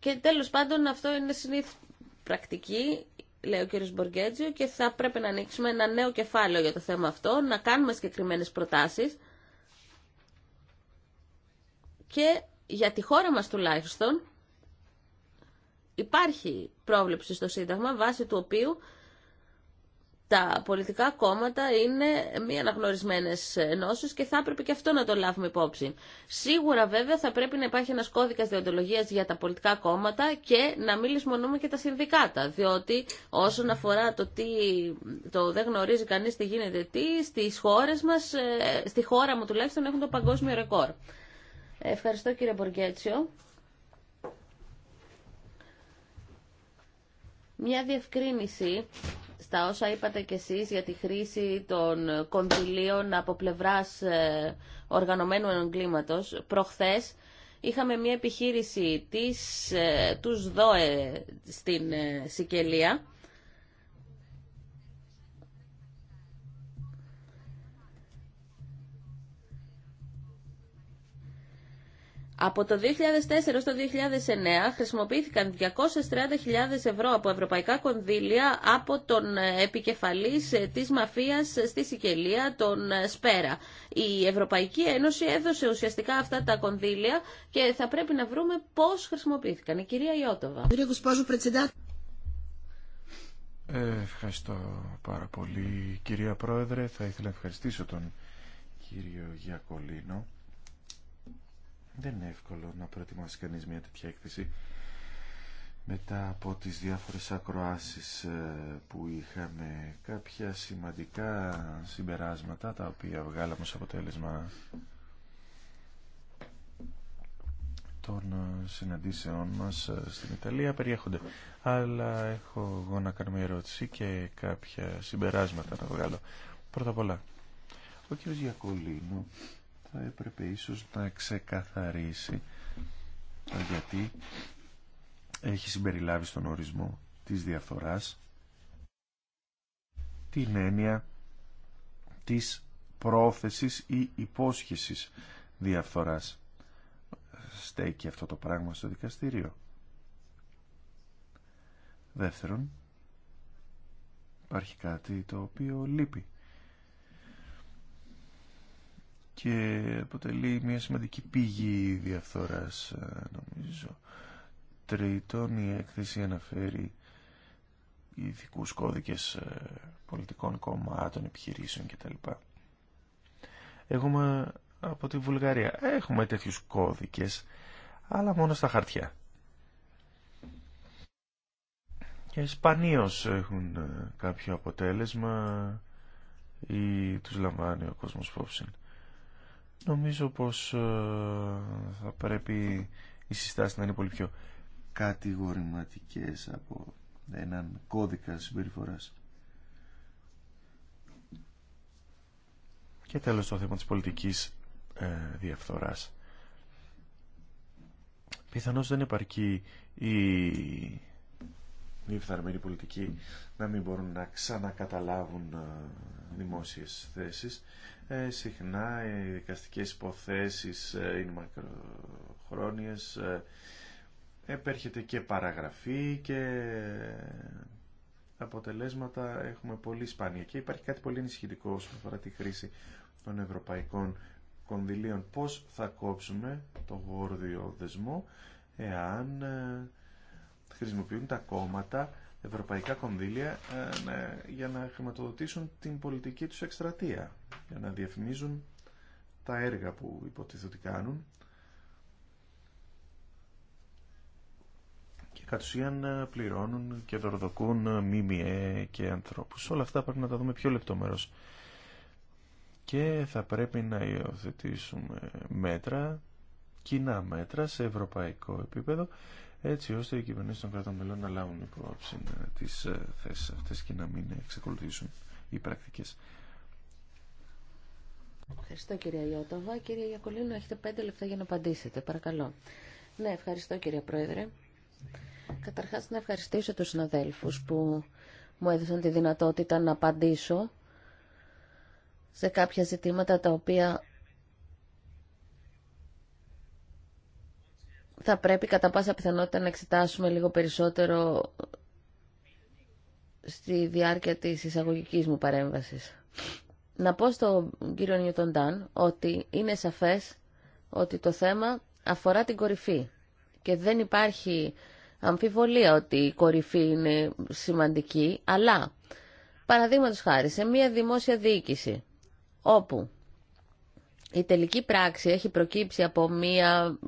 Και τέλος πάντων αυτό είναι συνήθως πρακτική, λέει ο κύριος Μποργέτζιο, και θα πρέπει να ανοίξουμε ένα νέο κεφάλαιο για το θέμα αυτό, να κάνουμε συγκεκριμένε προτάσεις και για τη χώρα μας τουλάχιστον υπάρχει πρόβλεψη στο Σύνταγμα βάσει του οποίου τα πολιτικά κόμματα είναι μη αναγνωρισμένε ενώσει και θα έπρεπε και αυτό να το λάβουμε υπόψη. Σίγουρα βέβαια θα πρέπει να υπάρχει ένα κώδικα διοντολογία για τα πολιτικά κόμματα και να μην λησμονούμε και τα συνδικάτα. Διότι όσον αφορά το τι το δεν γνωρίζει κανεί τι γίνεται τι, στι χώρε μα, ε, στη χώρα μου τουλάχιστον έχουν το παγκόσμιο ρεκόρ. Ευχαριστώ κύριε Μποργέτσιο. Μια διευκρίνηση στα όσα είπατε κι εσείς για τη χρήση των κονδυλίων από πλευράς ε, οργανωμένου εγκλήματος. Προχθές είχαμε μια επιχείρηση της, ε, τους ΔΟΕ στην ε, Σικελία Από το 2004 στο 2009 χρησιμοποιήθηκαν 230.000 ευρώ από ευρωπαϊκά κονδύλια από τον ε, επικεφαλής ε, της μαφίας ε, στη Σικελία, τον Σπέρα. Η Ευρωπαϊκή Ένωση έδωσε ουσιαστικά αυτά τα κονδύλια και θα πρέπει να βρούμε πώς χρησιμοποιήθηκαν. Η κυρία Ιώτοβα. Ε, ευχαριστώ πάρα πολύ κυρία Πρόεδρε. Θα ήθελα να ευχαριστήσω τον κύριο Γιακολίνο δεν είναι εύκολο να προετοιμάσει κανείς μια τέτοια έκθεση μετά από τις διάφορες ακροάσεις ε, που είχαμε κάποια σημαντικά συμπεράσματα τα οποία βγάλαμε ως αποτέλεσμα των ε, συναντήσεών μας ε, στην Ιταλία περιέχονται αλλά έχω εγώ να κάνω μια ερώτηση και κάποια συμπεράσματα να βγάλω πρώτα απ' όλα ο κ. Γιακολίνου θα έπρεπε ίσως να ξεκαθαρίσει γιατί έχει συμπεριλάβει στον ορισμό της διαφθοράς την έννοια της πρόθεσης ή υπόσχεσης διαφθοράς. Στέκει αυτό το πράγμα στο δικαστήριο. Δεύτερον, υπάρχει κάτι το οποίο λείπει και αποτελεί μια σημαντική πηγή διαφθοράς ε, νομίζω. Τρίτον, η έκθεση αναφέρει ειδικού κώδικες ε, πολιτικών κομμάτων, επιχειρήσεων κτλ. Έχουμε από τη Βουλγαρία. Έχουμε τέτοιους κώδικες, αλλά μόνο στα χαρτιά. Και σπανίως έχουν ε, κάποιο αποτέλεσμα ή τους λαμβάνει ο κόσμος υπόψη. Νομίζω πως ε, θα πρέπει οι συστάσεις να είναι πολύ πιο κατηγορηματικές από έναν κώδικα συμπεριφοράς. Και τέλος το θέμα της πολιτικής ε, διαφθοράς. Πιθανώς δεν επαρκεί η διεφθαρμένη πολιτική να μην μπορούν να ξανακαταλάβουν ε, δημόσιες θέσεις. Ε, συχνά οι δικαστικές υποθέσεις ε, είναι μακροχρόνιες, ε, επέρχεται και παραγραφή και αποτελέσματα έχουμε πολύ σπάνια. Και υπάρχει κάτι πολύ ενισχυτικό όσον αφορά τη χρήση των ευρωπαϊκών κονδυλίων. Πώς θα κόψουμε το γόρδιο δεσμό εάν χρησιμοποιούν τα κόμματα ευρωπαϊκά κονδύλια ε, για να χρηματοδοτήσουν την πολιτική τους εκστρατεία, για να διαφημίζουν τα έργα που υποτίθεται ότι κάνουν και κατ' ουσίαν ε, πληρώνουν και δορδοκούν μίμιε και ανθρώπους. Όλα αυτά πρέπει να τα δούμε πιο λεπτομέρως. Και θα πρέπει να υιοθετήσουμε μέτρα, κοινά μέτρα σε ευρωπαϊκό επίπεδο έτσι ώστε οι κυβερνήσει των κρατών μελών να λάβουν υπόψη ε, τι ε, θέσει αυτέ και να μην εξακολουθήσουν οι πρακτικέ. Ευχαριστώ κυρία Ιώτοβα. Κύριε Γιακολίνο, έχετε πέντε λεπτά για να απαντήσετε. Παρακαλώ. Ναι, ευχαριστώ κύριε Πρόεδρε. Καταρχάς να ευχαριστήσω τους συναδέλφου που μου έδωσαν τη δυνατότητα να απαντήσω σε κάποια ζητήματα τα οποία θα πρέπει κατά πάσα πιθανότητα να εξετάσουμε λίγο περισσότερο στη διάρκεια της εισαγωγικής μου παρέμβασης. Να πω στον κύριο Νιούτον Ντάν ότι είναι σαφές ότι το θέμα αφορά την κορυφή και δεν υπάρχει αμφιβολία ότι η κορυφή είναι σημαντική, αλλά παραδείγματο χάρη σε μια δημόσια διοίκηση όπου η τελική πράξη έχει προκύψει από μια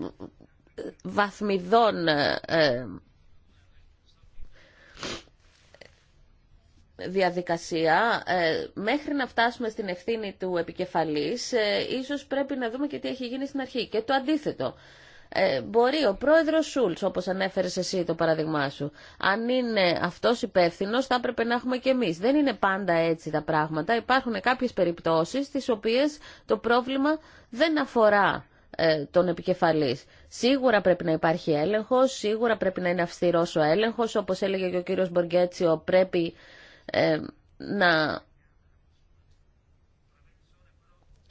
βαθμιδών ε, ε, διαδικασία ε, μέχρι να φτάσουμε στην ευθύνη του επικεφαλής ίσως πρέπει να δούμε και τι έχει γίνει στην αρχή και το αντίθετο μπορεί ο πρόεδρος Σούλτ, όπως ανέφερε εσύ το παράδειγμά σου, αν είναι αυτό υπεύθυνο, θα έπρεπε να έχουμε και εμείς. Δεν είναι πάντα έτσι τα πράγματα. Υπάρχουν κάποιε περιπτώσει τις οποίε το πρόβλημα δεν αφορά ε, των επικεφαλής. Σίγουρα πρέπει να υπάρχει έλεγχος, σίγουρα πρέπει να είναι αυστηρός ο έλεγχος, όπως έλεγε και ο κύριος Μποργέτσιο, πρέπει ε, να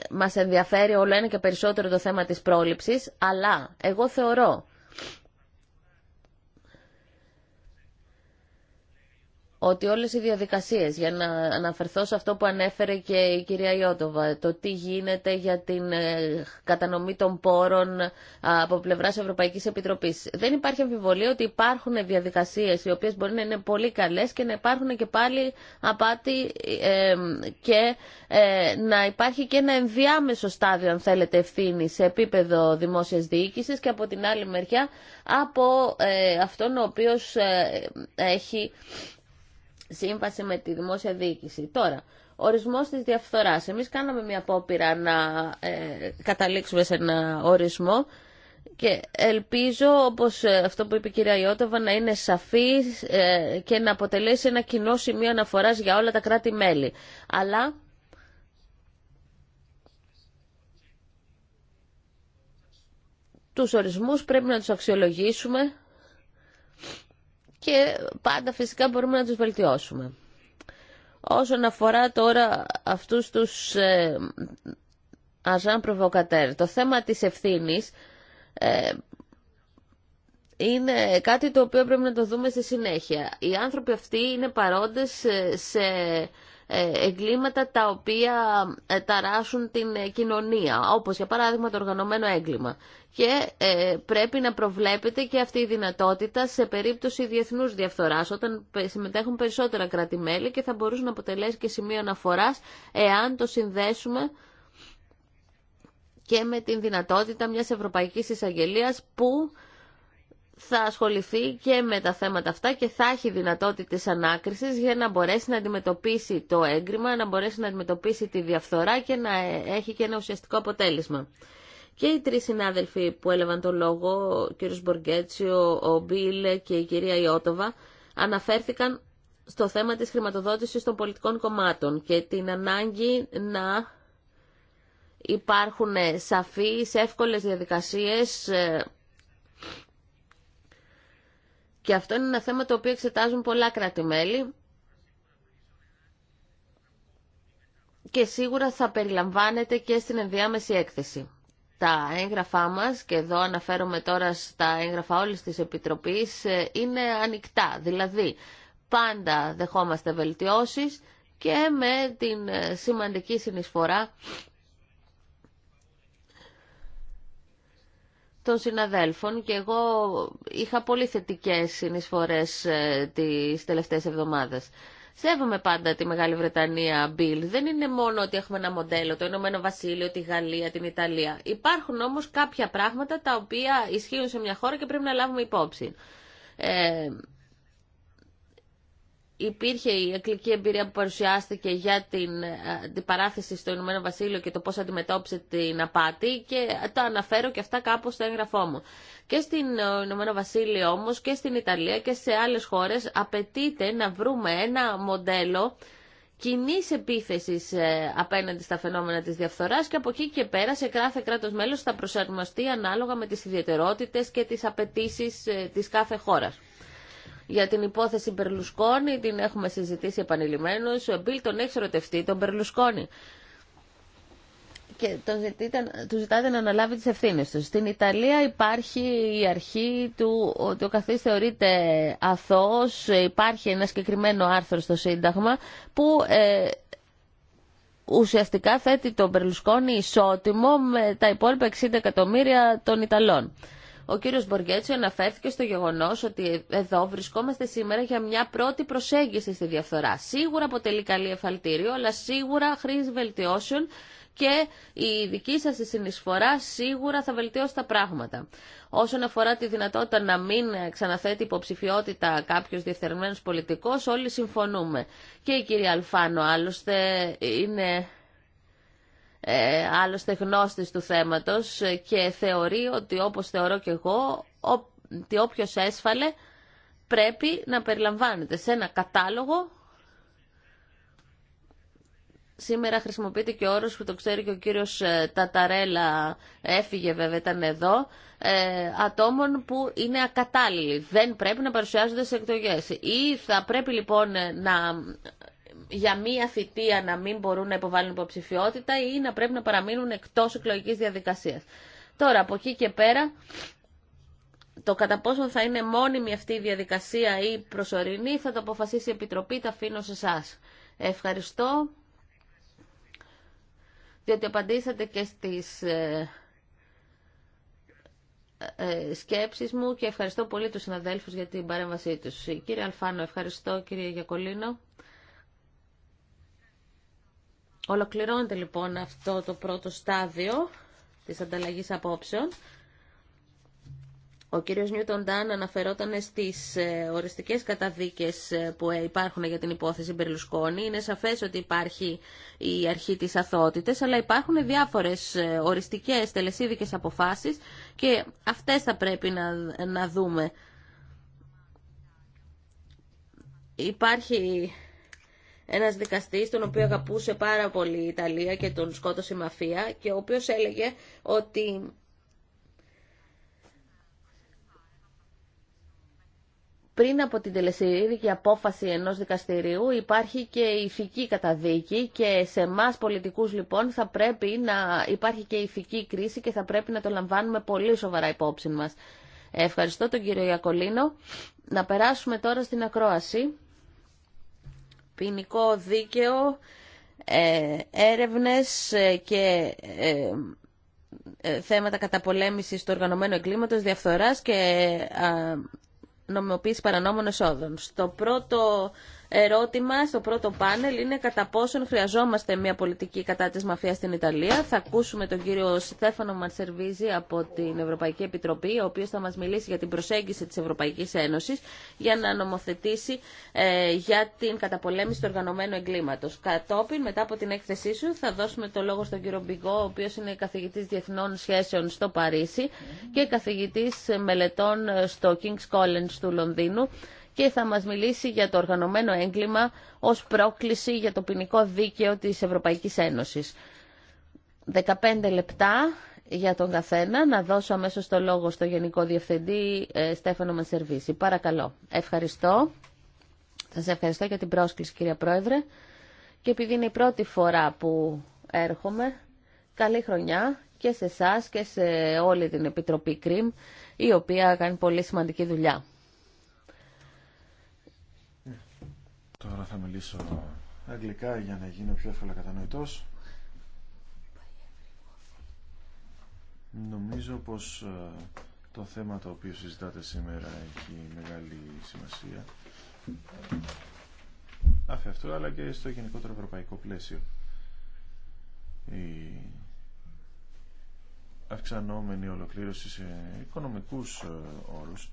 μας ενδιαφέρει όλο ένα και περισσότερο το θέμα της πρόληψης, αλλά εγώ θεωρώ ότι όλες οι διαδικασίες, για να αναφερθώ σε αυτό που ανέφερε και η κυρία Ιώτοβα, το τι γίνεται για την ε, κατανομή των πόρων από πλευράς Ευρωπαϊκής Επιτροπής. Δεν υπάρχει αμφιβολία ότι υπάρχουν διαδικασίες οι οποίες μπορεί να είναι πολύ καλές και να υπάρχουν και πάλι απάτη ε, και ε, να υπάρχει και ένα ενδιάμεσο στάδιο, αν θέλετε, ευθύνη σε επίπεδο δημόσιας διοίκησης και από την άλλη μεριά από αυτόν ο οποίος έχει σύμβαση με τη δημόσια διοίκηση. Τώρα, ορισμός της διαφθοράς. Εμείς κάναμε μια απόπειρα να ε, καταλήξουμε σε ένα ορισμό και ελπίζω, όπως ε, αυτό που είπε η κυρία Ιώτοβα, να είναι σαφή ε, και να αποτελέσει ένα κοινό σημείο αναφοράς για όλα τα κράτη-μέλη. Αλλά τους ορισμούς πρέπει να τους αξιολογήσουμε και πάντα φυσικά μπορούμε να τους βελτιώσουμε. Όσον αφορά τώρα αυτούς τους ε, αζάν προβοκατέρ, το θέμα της ευθύνης ε, είναι κάτι το οποίο πρέπει να το δούμε στη συνέχεια. Οι άνθρωποι αυτοί είναι παρόντες ε, σε ε, εγκλήματα τα οποία ε, ταράσουν την ε, κοινωνία, όπως για παράδειγμα το οργανωμένο έγκλημα. Και πρέπει να προβλέπεται και αυτή η δυνατότητα σε περίπτωση διεθνούς διαφθοράς, όταν συμμετέχουν περισσότερα κράτη-μέλη και θα μπορούσε να αποτελέσει και σημείο αναφοράς εάν το συνδέσουμε και με την δυνατότητα μιας Ευρωπαϊκής Εισαγγελίας που θα ασχοληθεί και με τα θέματα αυτά και θα έχει δυνατότητες ανάκρισης για να μπορέσει να αντιμετωπίσει το έγκριμα, να μπορέσει να αντιμετωπίσει τη διαφθορά και να έχει και ένα ουσιαστικό αποτέλεσμα. Και οι τρεις συνάδελφοι που έλαβαν το λόγο, ο κ. Μποργκέτσιο, ο Μπίλ και η κυρία Ιώτοβα, αναφέρθηκαν στο θέμα της χρηματοδότησης των πολιτικών κομμάτων και την ανάγκη να υπάρχουν σαφείς, εύκολες διαδικασίες ε, και αυτό είναι ένα θέμα το οποίο εξετάζουν πολλά κράτη-μέλη και σίγουρα θα περιλαμβάνεται και στην ενδιάμεση έκθεση. Τα έγγραφά μας, και εδώ αναφέρομαι τώρα στα έγγραφα όλης της Επιτροπής, ε, είναι ανοιχτά. Δηλαδή, πάντα δεχόμαστε βελτιώσεις και με την ε, σημαντική συνεισφορά των συναδέλφων και εγώ είχα πολύ θετικές συνεισφορές ε, τις τελευταίες εβδομάδες. Σέβομαι πάντα τη Μεγάλη Βρετανία, Μπιλ. Δεν είναι μόνο ότι έχουμε ένα μοντέλο, το Ηνωμένο Βασίλειο, τη Γαλλία, την Ιταλία. Υπάρχουν όμως κάποια πράγματα τα οποία ισχύουν σε μια χώρα και πρέπει να λάβουμε υπόψη. Ε, υπήρχε η εκλική εμπειρία που παρουσιάστηκε για την, ε, την παράθεση στο Ηνωμένο Βασίλειο και το πώς αντιμετώπισε την απάτη και το αναφέρω και αυτά κάπως στο έγγραφό μου. Και στην ε, Ηνωμένο Βασίλειο όμως και στην Ιταλία και σε άλλες χώρες απαιτείται να βρούμε ένα μοντέλο κοινή επίθεση ε, απέναντι στα φαινόμενα τη διαφθορά και από εκεί και πέρα σε κάθε κράτο μέλο θα προσαρμοστεί ανάλογα με τι ιδιαιτερότητε και τι απαιτήσει τη κάθε χώρα. Για την υπόθεση Μπερλουσκόνη την έχουμε συζητήσει επανειλημμένω. Ο Μπίλ τον έχει ρωτευτεί, τον Μπερλουσκόνη. Και τον του ζητάτε να αναλάβει τι ευθύνε του. Στην Ιταλία υπάρχει η αρχή του ότι ο καθή θεωρείται αθώο. Υπάρχει ένα συγκεκριμένο άρθρο στο Σύνταγμα που ε, ουσιαστικά θέτει τον Μπερλουσκόνη ισότιμο με τα υπόλοιπα 60 εκατομμύρια των Ιταλών. Ο κύριος Μποργέτσιο αναφέρθηκε στο γεγονός ότι εδώ βρισκόμαστε σήμερα για μια πρώτη προσέγγιση στη διαφθορά. Σίγουρα αποτελεί καλή εφαλτήριο, αλλά σίγουρα χρήση βελτιώσεων και η δική σας συνεισφορά σίγουρα θα βελτιώσει τα πράγματα. Όσον αφορά τη δυνατότητα να μην ξαναθέτει υποψηφιότητα κάποιο διεφθαρμένος πολιτικός, όλοι συμφωνούμε. Και η κυρία Αλφάνο άλλωστε είναι ε, άλλωστε γνώστης του θέματος και θεωρεί ότι όπως θεωρώ και εγώ ότι όποιος έσφαλε πρέπει να περιλαμβάνεται σε ένα κατάλογο Σήμερα χρησιμοποιείται και ο όρος που το ξέρει και ο κύριος ε, Ταταρέλα, έφυγε βέβαια, ήταν εδώ, ε, ατόμων που είναι ακατάλληλοι, δεν πρέπει να παρουσιάζονται σε εκλογέ. Ή θα πρέπει λοιπόν να για μία θητεία να μην μπορούν να υποβάλουν υποψηφιότητα ή να πρέπει να παραμείνουν εκτός εκλογικής διαδικασίας. Τώρα, από εκεί και πέρα, το κατά πόσο θα είναι μόνιμη αυτή η να πρεπει να παραμεινουν εκτος εκλογικη διαδικασια τωρα ή προσωρινή θα το αποφασίσει η Επιτροπή, τα αφήνω σε εσά. Ευχαριστώ, διότι απαντήσατε και στις ε, ε, ε, σκέψεις μου και ευχαριστώ πολύ τους συναδέλφους για την παρέμβασή τους. Ε, κύριε Αλφάνο, ευχαριστώ κύριε Γιακολίνο. Ολοκληρώνεται λοιπόν αυτό το πρώτο στάδιο της ανταλλαγής απόψεων. Ο κύριος Νιούτον Τάν αναφερόταν στις ε, οριστικές καταδίκες ε, που ε, υπάρχουν για την υπόθεση Μπερλουσκόνη. Είναι σαφές ότι υπάρχει η αρχή της αθότητες, αλλά υπάρχουν διάφορες οριστικές τελεσίδικες αποφάσεις και αυτές θα πρέπει να, να δούμε. Υπάρχει ένας δικαστής τον οποίο αγαπούσε πάρα πολύ η Ιταλία και τον σκότωσε η μαφία και ο οποίος έλεγε ότι πριν από την τελεσίδικη απόφαση ενός δικαστηρίου υπάρχει και ηθική καταδίκη και σε εμά πολιτικούς λοιπόν θα πρέπει να υπάρχει και ηθική κρίση και θα πρέπει να το λαμβάνουμε πολύ σοβαρά υπόψη μας. Ε, ευχαριστώ τον κύριο Ιακολίνο. Να περάσουμε τώρα στην ακρόαση ποινικό δίκαιο, ε, έρευνες ε, και ε, θέματα καταπολέμησης του οργανωμένου εγκλήματος, διαφθοράς και νομιμοποίηση παρανόμων εσόδων. Στο πρώτο ερώτημα στο πρώτο πάνελ είναι κατά πόσον χρειαζόμαστε μια πολιτική κατά της μαφίας στην Ιταλία. Θα ακούσουμε τον κύριο Στέφανο Μαρσερβίζη από την Ευρωπαϊκή Επιτροπή, ο οποίος θα μας μιλήσει για την προσέγγιση της Ευρωπαϊκής Ένωσης για να νομοθετήσει ε, για την καταπολέμηση του οργανωμένου εγκλήματος. Κατόπιν, μετά από την έκθεσή σου, θα δώσουμε το λόγο στον κύριο Μπιγκό, ο οποίος είναι καθηγητής διεθνών σχέσεων στο Παρίσι και καθηγητής μελετών στο King's College του Λονδίνου και θα μας μιλήσει για το οργανωμένο έγκλημα ως πρόκληση για το ποινικό δίκαιο της Ευρωπαϊκής Ένωσης. 15 λεπτά για τον καθένα. Να δώσω αμέσως το λόγο στο Γενικό Διευθυντή ε, Στέφανο Μασερβίση. Παρακαλώ. Ευχαριστώ. Σας ευχαριστώ για την πρόσκληση κυρία Πρόεδρε. Και επειδή είναι η πρώτη φορά που έρχομαι, καλή χρονιά και σε εσά και σε όλη την Επιτροπή ΚΡΙΜ, η οποία κάνει πολύ σημαντική δουλειά. Τώρα θα μιλήσω αγγλικά για να γίνω πιο εύκολα κατανοητός. Νομίζω πως ε, το θέμα το οποίο συζητάτε σήμερα έχει μεγάλη σημασία αφ' αυτό αλλά και στο γενικότερο ευρωπαϊκό πλαίσιο. Η αυξανόμενη ολοκλήρωση σε οικονομικούς ε, όρους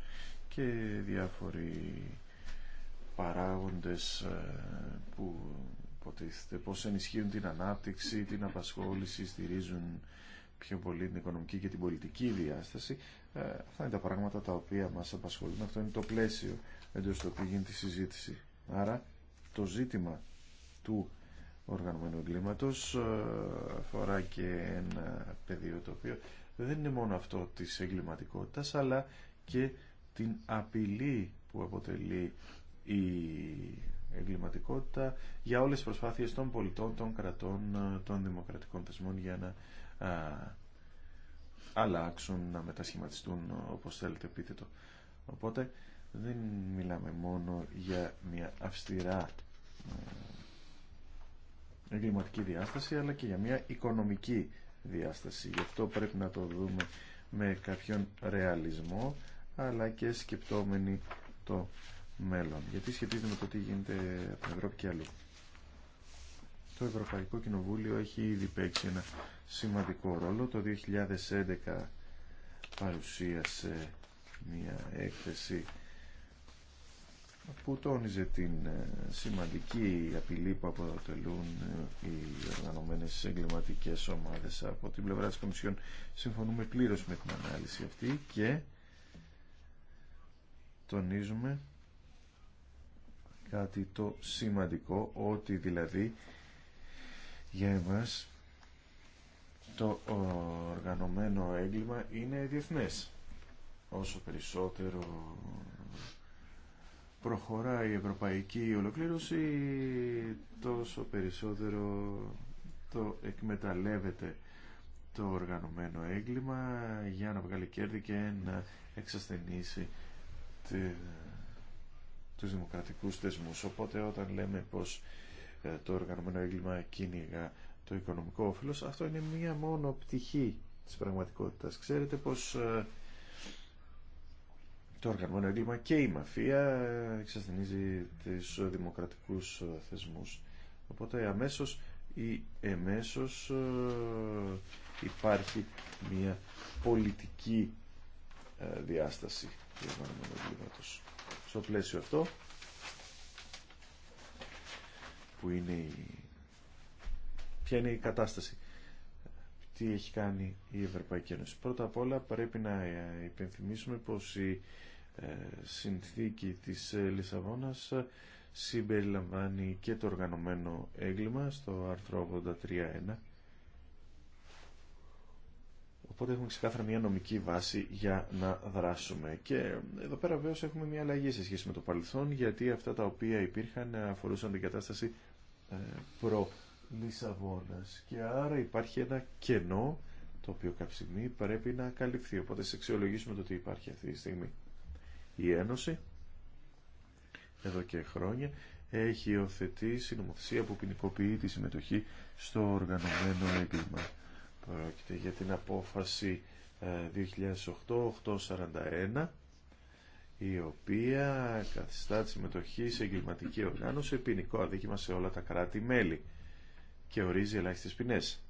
και διάφοροι παράγοντες ε, που υποτίθεται πώς ενισχύουν την ανάπτυξη, την απασχόληση, στηρίζουν πιο πολύ την οικονομική και την πολιτική διάσταση. Ε, αυτά είναι τα πράγματα τα οποία μας απασχολούν. Αυτό είναι το πλαίσιο εντός του οποίο γίνεται η συζήτηση. Άρα το ζήτημα του οργανωμένου εγκλήματος ε, αφορά και ένα πεδίο το οποίο δεν είναι μόνο αυτό της εγκληματικότητας αλλά και την απειλή που αποτελεί η εγκληματικότητα για όλες τις προσπάθειες των πολιτών, των κρατών, των δημοκρατικών θεσμών για να αλλάξουν, να μετασχηματιστούν όπως θέλετε πείτε το. Οπότε δεν μιλάμε μόνο για μια αυστηρά ε, εγκληματική διάσταση αλλά και για μια οικονομική διάσταση. Γι' αυτό πρέπει να το δούμε με κάποιον ρεαλισμό αλλά και σκεπτόμενοι το μέλλον. Γιατί σχετίζεται με το τι γίνεται από την Ευρώπη και αλλού. Το Ευρωπαϊκό Κοινοβούλιο έχει ήδη παίξει ένα σημαντικό ρόλο. Το 2011 παρουσίασε μια έκθεση που τόνιζε την ε, σημαντική απειλή που αποτελούν ε, οι οργανωμένες εγκληματικές ομάδες από την πλευρά της Κομισιόν. Συμφωνούμε πλήρως με την ανάλυση αυτή και τονίζουμε κάτι το σημαντικό, ότι δηλαδή για εμάς το οργανωμένο έγκλημα είναι διεθνές. Όσο περισσότερο προχωράει η ευρωπαϊκή ολοκλήρωση, τόσο περισσότερο το εκμεταλλεύεται το οργανωμένο έγκλημα για να βγάλει κέρδη και να εξασθενήσει τους δημοκρατικούς θεσμούς. Οπότε όταν λέμε πως ε, το οργανωμένο έγκλημα κίνηγα το οικονομικό όφελος, αυτό είναι μία μόνο πτυχή της πραγματικότητας. Ξέρετε πως ε, το οργανωμένο έγκλημα και η μαφία εξασθενίζει τις δημοκρατικούς ε, θεσμούς. Οπότε αμέσως ή εμέσως υπάρχει μία πολιτική διάσταση του οργανωμένου έγκληματος στο πλαίσιο αυτό που είναι η... ποια είναι η κατάσταση τι έχει κάνει η Ευρωπαϊκή Ένωση. Πρώτα απ' όλα πρέπει να υπενθυμίσουμε πως η ε, συνθήκη της ε, Λισαβόνας ε, συμπεριλαμβάνει και το οργανωμένο έγκλημα στο άρθρο 83.1 Οπότε έχουμε ξεκάθαρα μια νομική βάση για να δράσουμε. Και εδώ πέρα βέβαια έχουμε μια αλλαγή σε σχέση με το παρελθόν, γιατί αυτά τα οποία υπήρχαν αφορούσαν την κατάσταση ε, προ Λισαβόνας. Και άρα υπάρχει ένα κενό το οποίο κάποια στιγμή πρέπει να καλυφθεί. Οπότε σε αξιολογήσουμε το τι υπάρχει αυτή τη στιγμή. Η Ένωση εδώ και χρόνια έχει υιοθετήσει νομοθεσία που ποινικοποιεί τη συμμετοχή στο οργανωμένο έγκλημα. Πρόκειται για την απόφαση 2008-841 ε, η οποία καθιστά τη συμμετοχή σε εγκληματική οργάνωση ποινικό αδίκημα σε όλα τα κράτη-μέλη και ορίζει ελάχιστες ποινές.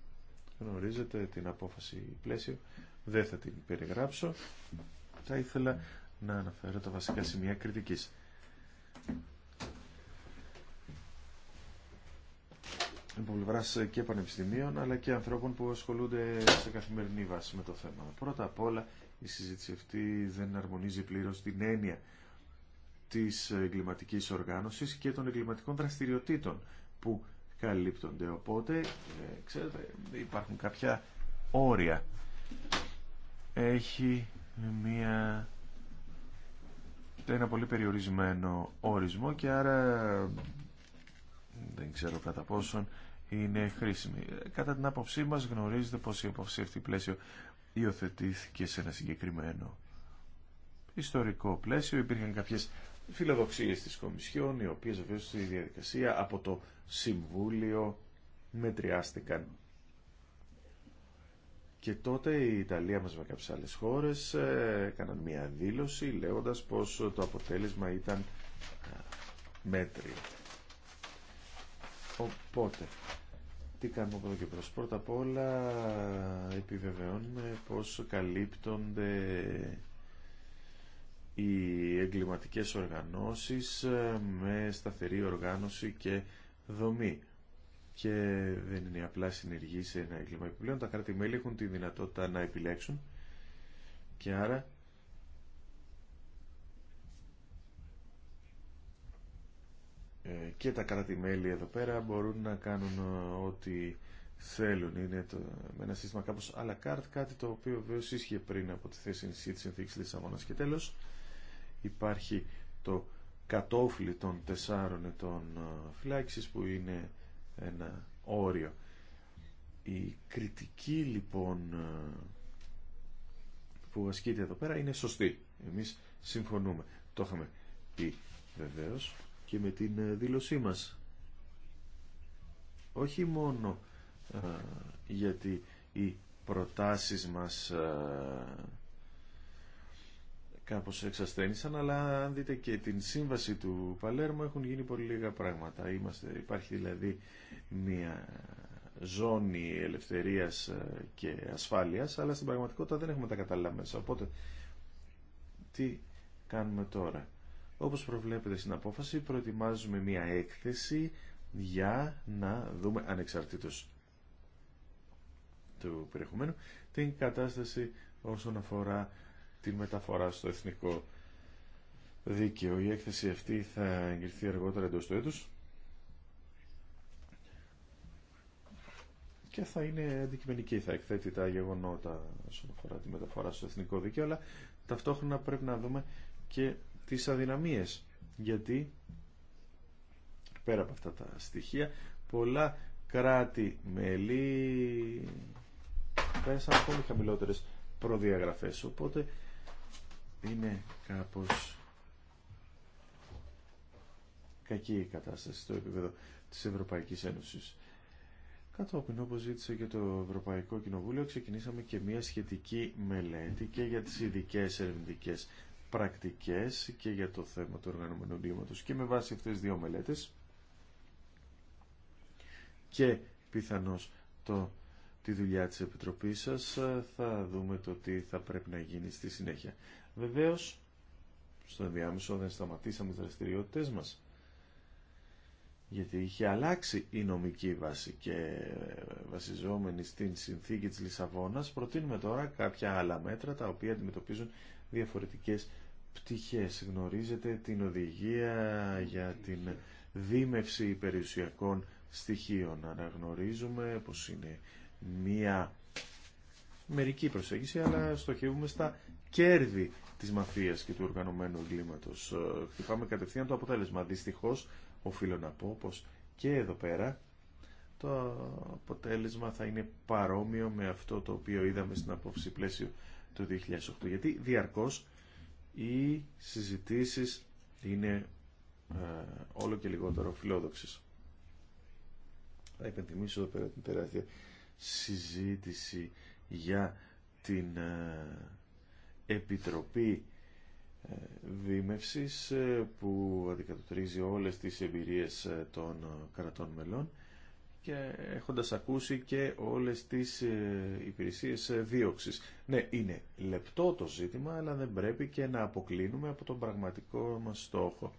Γνωρίζετε την απόφαση πλαίσιο, δεν θα την περιγράψω. Θα ήθελα να αναφέρω τα βασικά σημεία κριτικής. από και πανεπιστημίων αλλά και ανθρώπων που ασχολούνται σε καθημερινή βάση με το θέμα. Πρώτα απ' όλα η συζήτηση αυτή δεν αρμονίζει πλήρως την έννοια της εγκληματική οργάνωσης και των εγκληματικών δραστηριοτήτων που καλύπτονται. Οπότε, ε, ξέρετε, υπάρχουν κάποια όρια. Έχει μία ένα πολύ περιορισμένο ορισμό και άρα δεν ξέρω κατά πόσον είναι χρήσιμη. Κατά την άποψή μας γνωρίζετε πως η άποψη αυτή πλαίσιο υιοθετήθηκε σε ένα συγκεκριμένο ιστορικό πλαίσιο. Υπήρχαν κάποιες φιλοδοξίες της Κομισιόν, οι οποίες βέβαια στη διαδικασία από το Συμβούλιο μετριάστηκαν. Και τότε η Ιταλία μας με κάποιες άλλες χώρες ε, έκαναν μια δήλωση λέγοντας πως το αποτέλεσμα ήταν ε, μέτριο. Οπότε, τι κάνουμε από εδώ και προς. Πρώτα απ' όλα επιβεβαιώνουμε πως καλύπτονται οι εγκληματικές οργανώσεις ε, με σταθερή οργάνωση και δομή. Και δεν είναι απλά συνεργή σε ένα έγκλημα. Επιπλέον τα κράτη-μέλη έχουν τη δυνατότητα να επιλέξουν και άρα Ε, και τα κράτη-μέλη εδώ πέρα μπορούν να κάνουν ε, ό,τι θέλουν. Είναι το, με ένα σύστημα κάπως à la κάτι το οποίο βέβαια ίσχυε πριν από τη θέση της συνθήκης αγώνας. Και τέλος υπάρχει το κατόφλι των τεσσάρων ετών ε, φυλάξης που είναι ένα όριο. Η κριτική λοιπόν που ασκείται εδώ πέρα είναι σωστή. Εμείς συμφωνούμε. Το είχαμε πει βεβαίως και με την ε, δήλωσή μας. Όχι μόνο ε, γιατί οι προτάσεις μας ε, κάπως εξασθένησαν, αλλά αν δείτε και την σύμβαση του Παλέρμο έχουν γίνει πολύ λίγα πράγματα. υπάρχει δηλαδή μια ζώνη ελευθερίας και ασφάλειας, αλλά στην πραγματικότητα δεν έχουμε τα κατάλληλα μέσα. Οπότε, τι κάνουμε τώρα. Όπως προβλέπετε στην απόφαση, προετοιμάζουμε μία έκθεση για να δούμε ανεξαρτήτως του περιεχομένου την κατάσταση όσον αφορά την μεταφορά στο εθνικό δίκαιο. Η έκθεση αυτή θα εγκριθεί αργότερα εντός του έτους και θα είναι αντικειμενική, θα εκθέτει τα γεγονότα όσον αφορά τη μεταφορά στο εθνικό δίκαιο, αλλά ταυτόχρονα πρέπει να δούμε και τις αδυναμίες. Γιατί, πέρα από αυτά τα στοιχεία, πολλά κράτη-μέλη πέσαν πολύ χαμηλότερες προδιαγραφές. Οπότε είναι κάπως κακή η κατάσταση στο επίπεδο της Ευρωπαϊκής Ένωσης. Κατόπιν, όπως ζήτησε και το Ευρωπαϊκό Κοινοβούλιο, ξεκινήσαμε και μία σχετική μελέτη και για τις ειδικέ ερευνητικέ πρακτικές και για το θέμα του οργανωμένου εγκλήματος και με βάση αυτές τις δύο μελέτες και πιθανώς το, τη δουλειά της Επιτροπής σας θα δούμε το τι θα πρέπει να γίνει στη συνέχεια. Βεβαίως, στο ενδιάμεσο δεν σταματήσαμε τις δραστηριότητες μας γιατί είχε αλλάξει η νομική βάση και βασιζόμενη στην συνθήκη της Λισαβόνας προτείνουμε τώρα κάποια άλλα μέτρα τα οποία αντιμετωπίζουν διαφορετικές πτυχές. Γνωρίζετε την οδηγία για την δίμευση περιουσιακών στοιχείων. Αναγνωρίζουμε πως είναι μία μερική προσέγγιση, αλλά στοχεύουμε στα κέρδη της μαφίας και του οργανωμένου εγκλήματος. Χτυπάμε κατευθείαν το αποτέλεσμα. Δυστυχώ, οφείλω να πω πως και εδώ πέρα το αποτέλεσμα θα είναι παρόμοιο με αυτό το οποίο είδαμε στην απόψη πλαίσιο το 2008. Γιατί διαρκώς οι συζητήσεις είναι ε, όλο και λιγότερο φιλόδοξες. Θα υπενθυμίσω εδώ πέρα την τεράστια συζήτηση για την ε, Επιτροπή ε, ε, που αντικατοπτρίζει όλες τις εμπειρίες των κρατών μελών και έχοντας ακούσει και όλες τις ε, υπηρεσίες ε, δίωξης. Ναι, είναι λεπτό το ζήτημα, αλλά δεν πρέπει και να αποκλίνουμε από τον πραγματικό μας στόχο.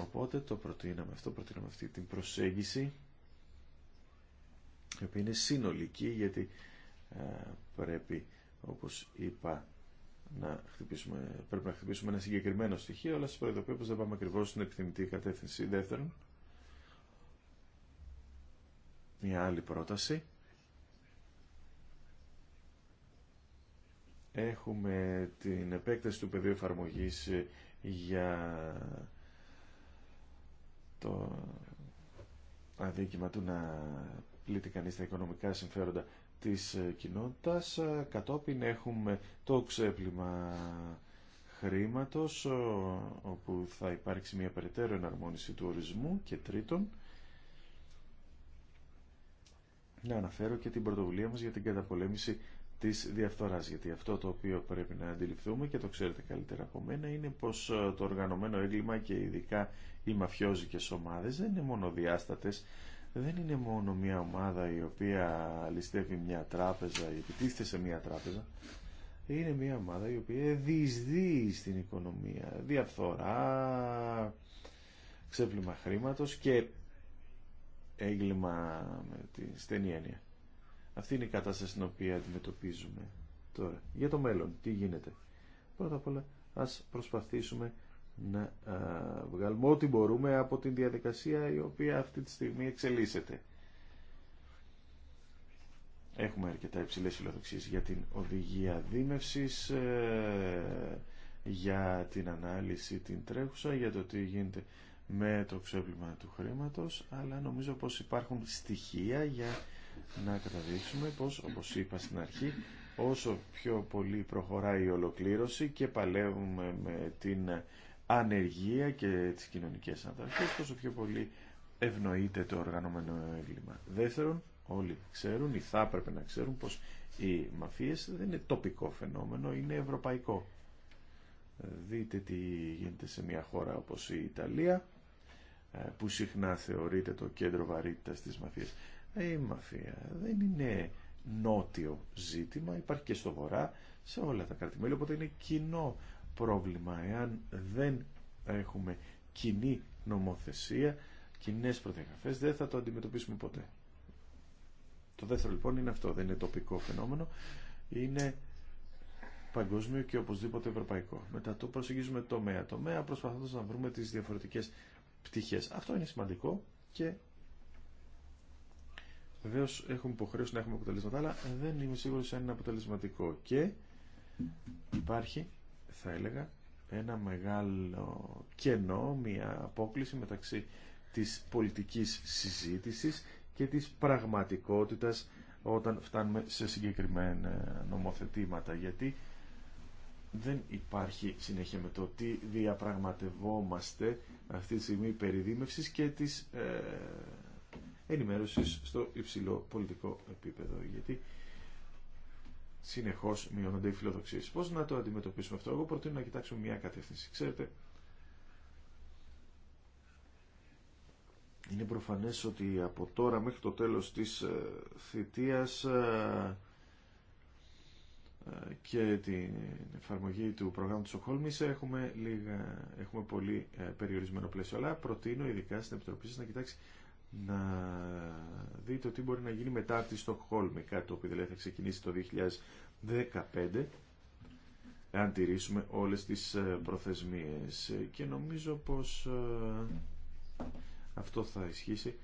Οπότε το προτείναμε αυτό, προτείναμε αυτή την προσέγγιση, η οποία είναι συνολική, γιατί ε, πρέπει, όπως είπα, να χτυπήσουμε, πρέπει να χτυπήσουμε ένα συγκεκριμένο στοιχείο, αλλά σας προειδοποιώ πως δεν πάμε ακριβώς στην επιθυμητή κατεύθυνση. Δεύτερον, μια άλλη πρόταση. Έχουμε την επέκταση του πεδίου εφαρμογή για το αδίκημα του να πλήττει κανείς τα οικονομικά συμφέροντα της κοινότητας. Κατόπιν έχουμε το ξέπλυμα χρήματος, όπου θα υπάρξει μια περαιτέρω εναρμόνιση του ορισμού και τρίτον να αναφέρω και την πρωτοβουλία μας για την καταπολέμηση της διαφθοράς. Γιατί αυτό το οποίο πρέπει να αντιληφθούμε και το ξέρετε καλύτερα από μένα είναι πως ε, το οργανωμένο έγκλημα και ειδικά οι μαφιόζικες ομάδες δεν είναι μόνο μονοδιάστατες, δεν είναι μόνο μια ομάδα η οποία ληστεύει μια τράπεζα ή επιτίθεται σε μια τράπεζα. Είναι μια ομάδα η οποία διεισδύει στην οικονομία, διαφθορά, ξέπλυμα χρήματος και έγκλημα με τη στενή έννοια. Αυτή είναι η κατάσταση στην οποία αντιμετωπίζουμε τώρα. Για το μέλλον, τι γίνεται. Πρώτα απ' όλα ας προσπαθήσουμε να βγάλουμε ό,τι μπορούμε από την διαδικασία η οποία αυτή τη στιγμή εξελίσσεται. Έχουμε αρκετά υψηλές φιλοδοξίες για την οδηγία δίμευσης, ε, για την ανάλυση την τρέχουσα, για το τι γίνεται με το ξέπλυμα του χρήματος, αλλά νομίζω πως υπάρχουν στοιχεία για να καταδείξουμε πως, όπως είπα στην αρχή, όσο πιο πολύ προχωράει η ολοκλήρωση και παλεύουμε με την ανεργία και τις κοινωνικές ανταρχές, τόσο πιο πολύ ευνοείται το οργανωμένο έγκλημα. Δεύτερον, όλοι ξέρουν ή θα έπρεπε να ξέρουν πως οι μαφίες δεν είναι τοπικό φαινόμενο, είναι ευρωπαϊκό. Δείτε τι γίνεται σε μια χώρα όπως η Ιταλία, ε, που συχνά θεωρείται το κέντρο βαρύτητας της μαφίας. Ε, η μαφία δεν είναι νότιο ζήτημα, υπάρχει και στο βορρά, σε όλα τα κράτη-μέλη. οπότε είναι κοινό πρόβλημα. Εάν δεν έχουμε κοινή νομοθεσία, κοινέ προδιαγραφέ, δεν θα το αντιμετωπίσουμε ποτέ. Το δεύτερο λοιπόν είναι αυτό, δεν είναι τοπικό φαινόμενο, είναι παγκόσμιο και οπωσδήποτε ευρωπαϊκό. Μετά το προσεγγίζουμε τομέα. Τομέα προσπαθώντας να βρούμε τις διαφορετικές πτυχές. Αυτό είναι σημαντικό και βεβαίω έχουμε υποχρέωση να έχουμε αποτελέσματα, αλλά δεν είμαι σίγουρος αν είναι αποτελεσματικό. Και υπάρχει, θα έλεγα, ένα μεγάλο κενό, μια απόκληση μεταξύ της πολιτικής συζήτησης και της πραγματικότητας όταν φτάνουμε σε συγκεκριμένα νομοθετήματα. Γιατί δεν υπάρχει συνέχεια με το τι διαπραγματευόμαστε αυτή τη στιγμή περιδίμευσης και της ε, ενημέρωσης στο υψηλό πολιτικό επίπεδο. Γιατί συνεχώς μειώνονται οι φιλοδοξίες. Πώς να το αντιμετωπίσουμε αυτό. Εγώ προτείνω να κοιτάξουμε μια κατεύθυνση. Ξέρετε, είναι προφανές ότι από τώρα μέχρι το τέλος της ε, θητείας ε, και την εφαρμογή του προγράμματος Στοκχόλμης έχουμε, έχουμε πολύ ε, περιορισμένο πλαίσιο αλλά προτείνω ειδικά στην Επιτροπή σας να κοιτάξει να δει το τι μπορεί να γίνει μετά τη Στοκχόλμη κάτι το οποίο δηλαδή θα ξεκινήσει το 2015 αν τηρήσουμε όλες τις ε, προθεσμίες και νομίζω πως ε, αυτό θα ισχύσει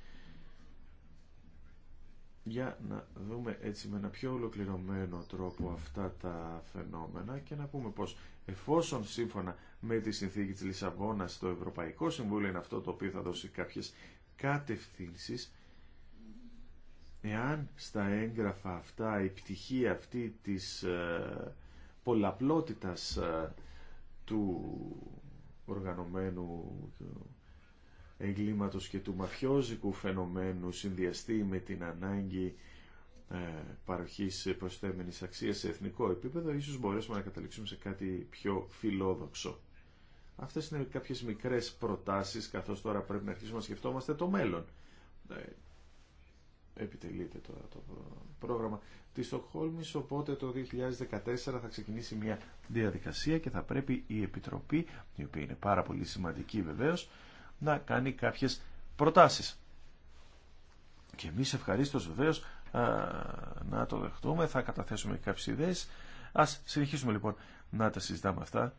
για να δούμε έτσι με ένα πιο ολοκληρωμένο τρόπο αυτά τα φαινόμενα και να πούμε πως εφόσον σύμφωνα με τη συνθήκη της Λισαβόνας το Ευρωπαϊκό Συμβούλιο είναι αυτό το οποίο θα δώσει κάποιες κατευθύνσεις εάν στα έγγραφα αυτά η πτυχή αυτή της ε, πολλαπλότητας ε, του οργανωμένου εγκλήματος και του μαφιόζικου φαινομένου συνδυαστεί με την ανάγκη ε, παροχής προσθέμενης αξίας σε εθνικό επίπεδο, ίσως μπορέσουμε να καταλήξουμε σε κάτι πιο φιλόδοξο. Αυτές είναι κάποιες μικρές προτάσεις, καθώς τώρα πρέπει να αρχίσουμε να σκεφτόμαστε το μέλλον. Ε, επιτελείται τώρα το πρόγραμμα της Στοκχόλμης, οπότε το 2014 θα ξεκινήσει μια διαδικασία και θα πρέπει η Επιτροπή, η οποία είναι πάρα πολύ σημαντική βεβαίως, να κάνει κάποιες προτάσεις. Και εμείς ευχαρίστως βεβαίω να το δεχτούμε, θα καταθέσουμε κάποιες ιδέες. Ας συνεχίσουμε λοιπόν να τα συζητάμε αυτά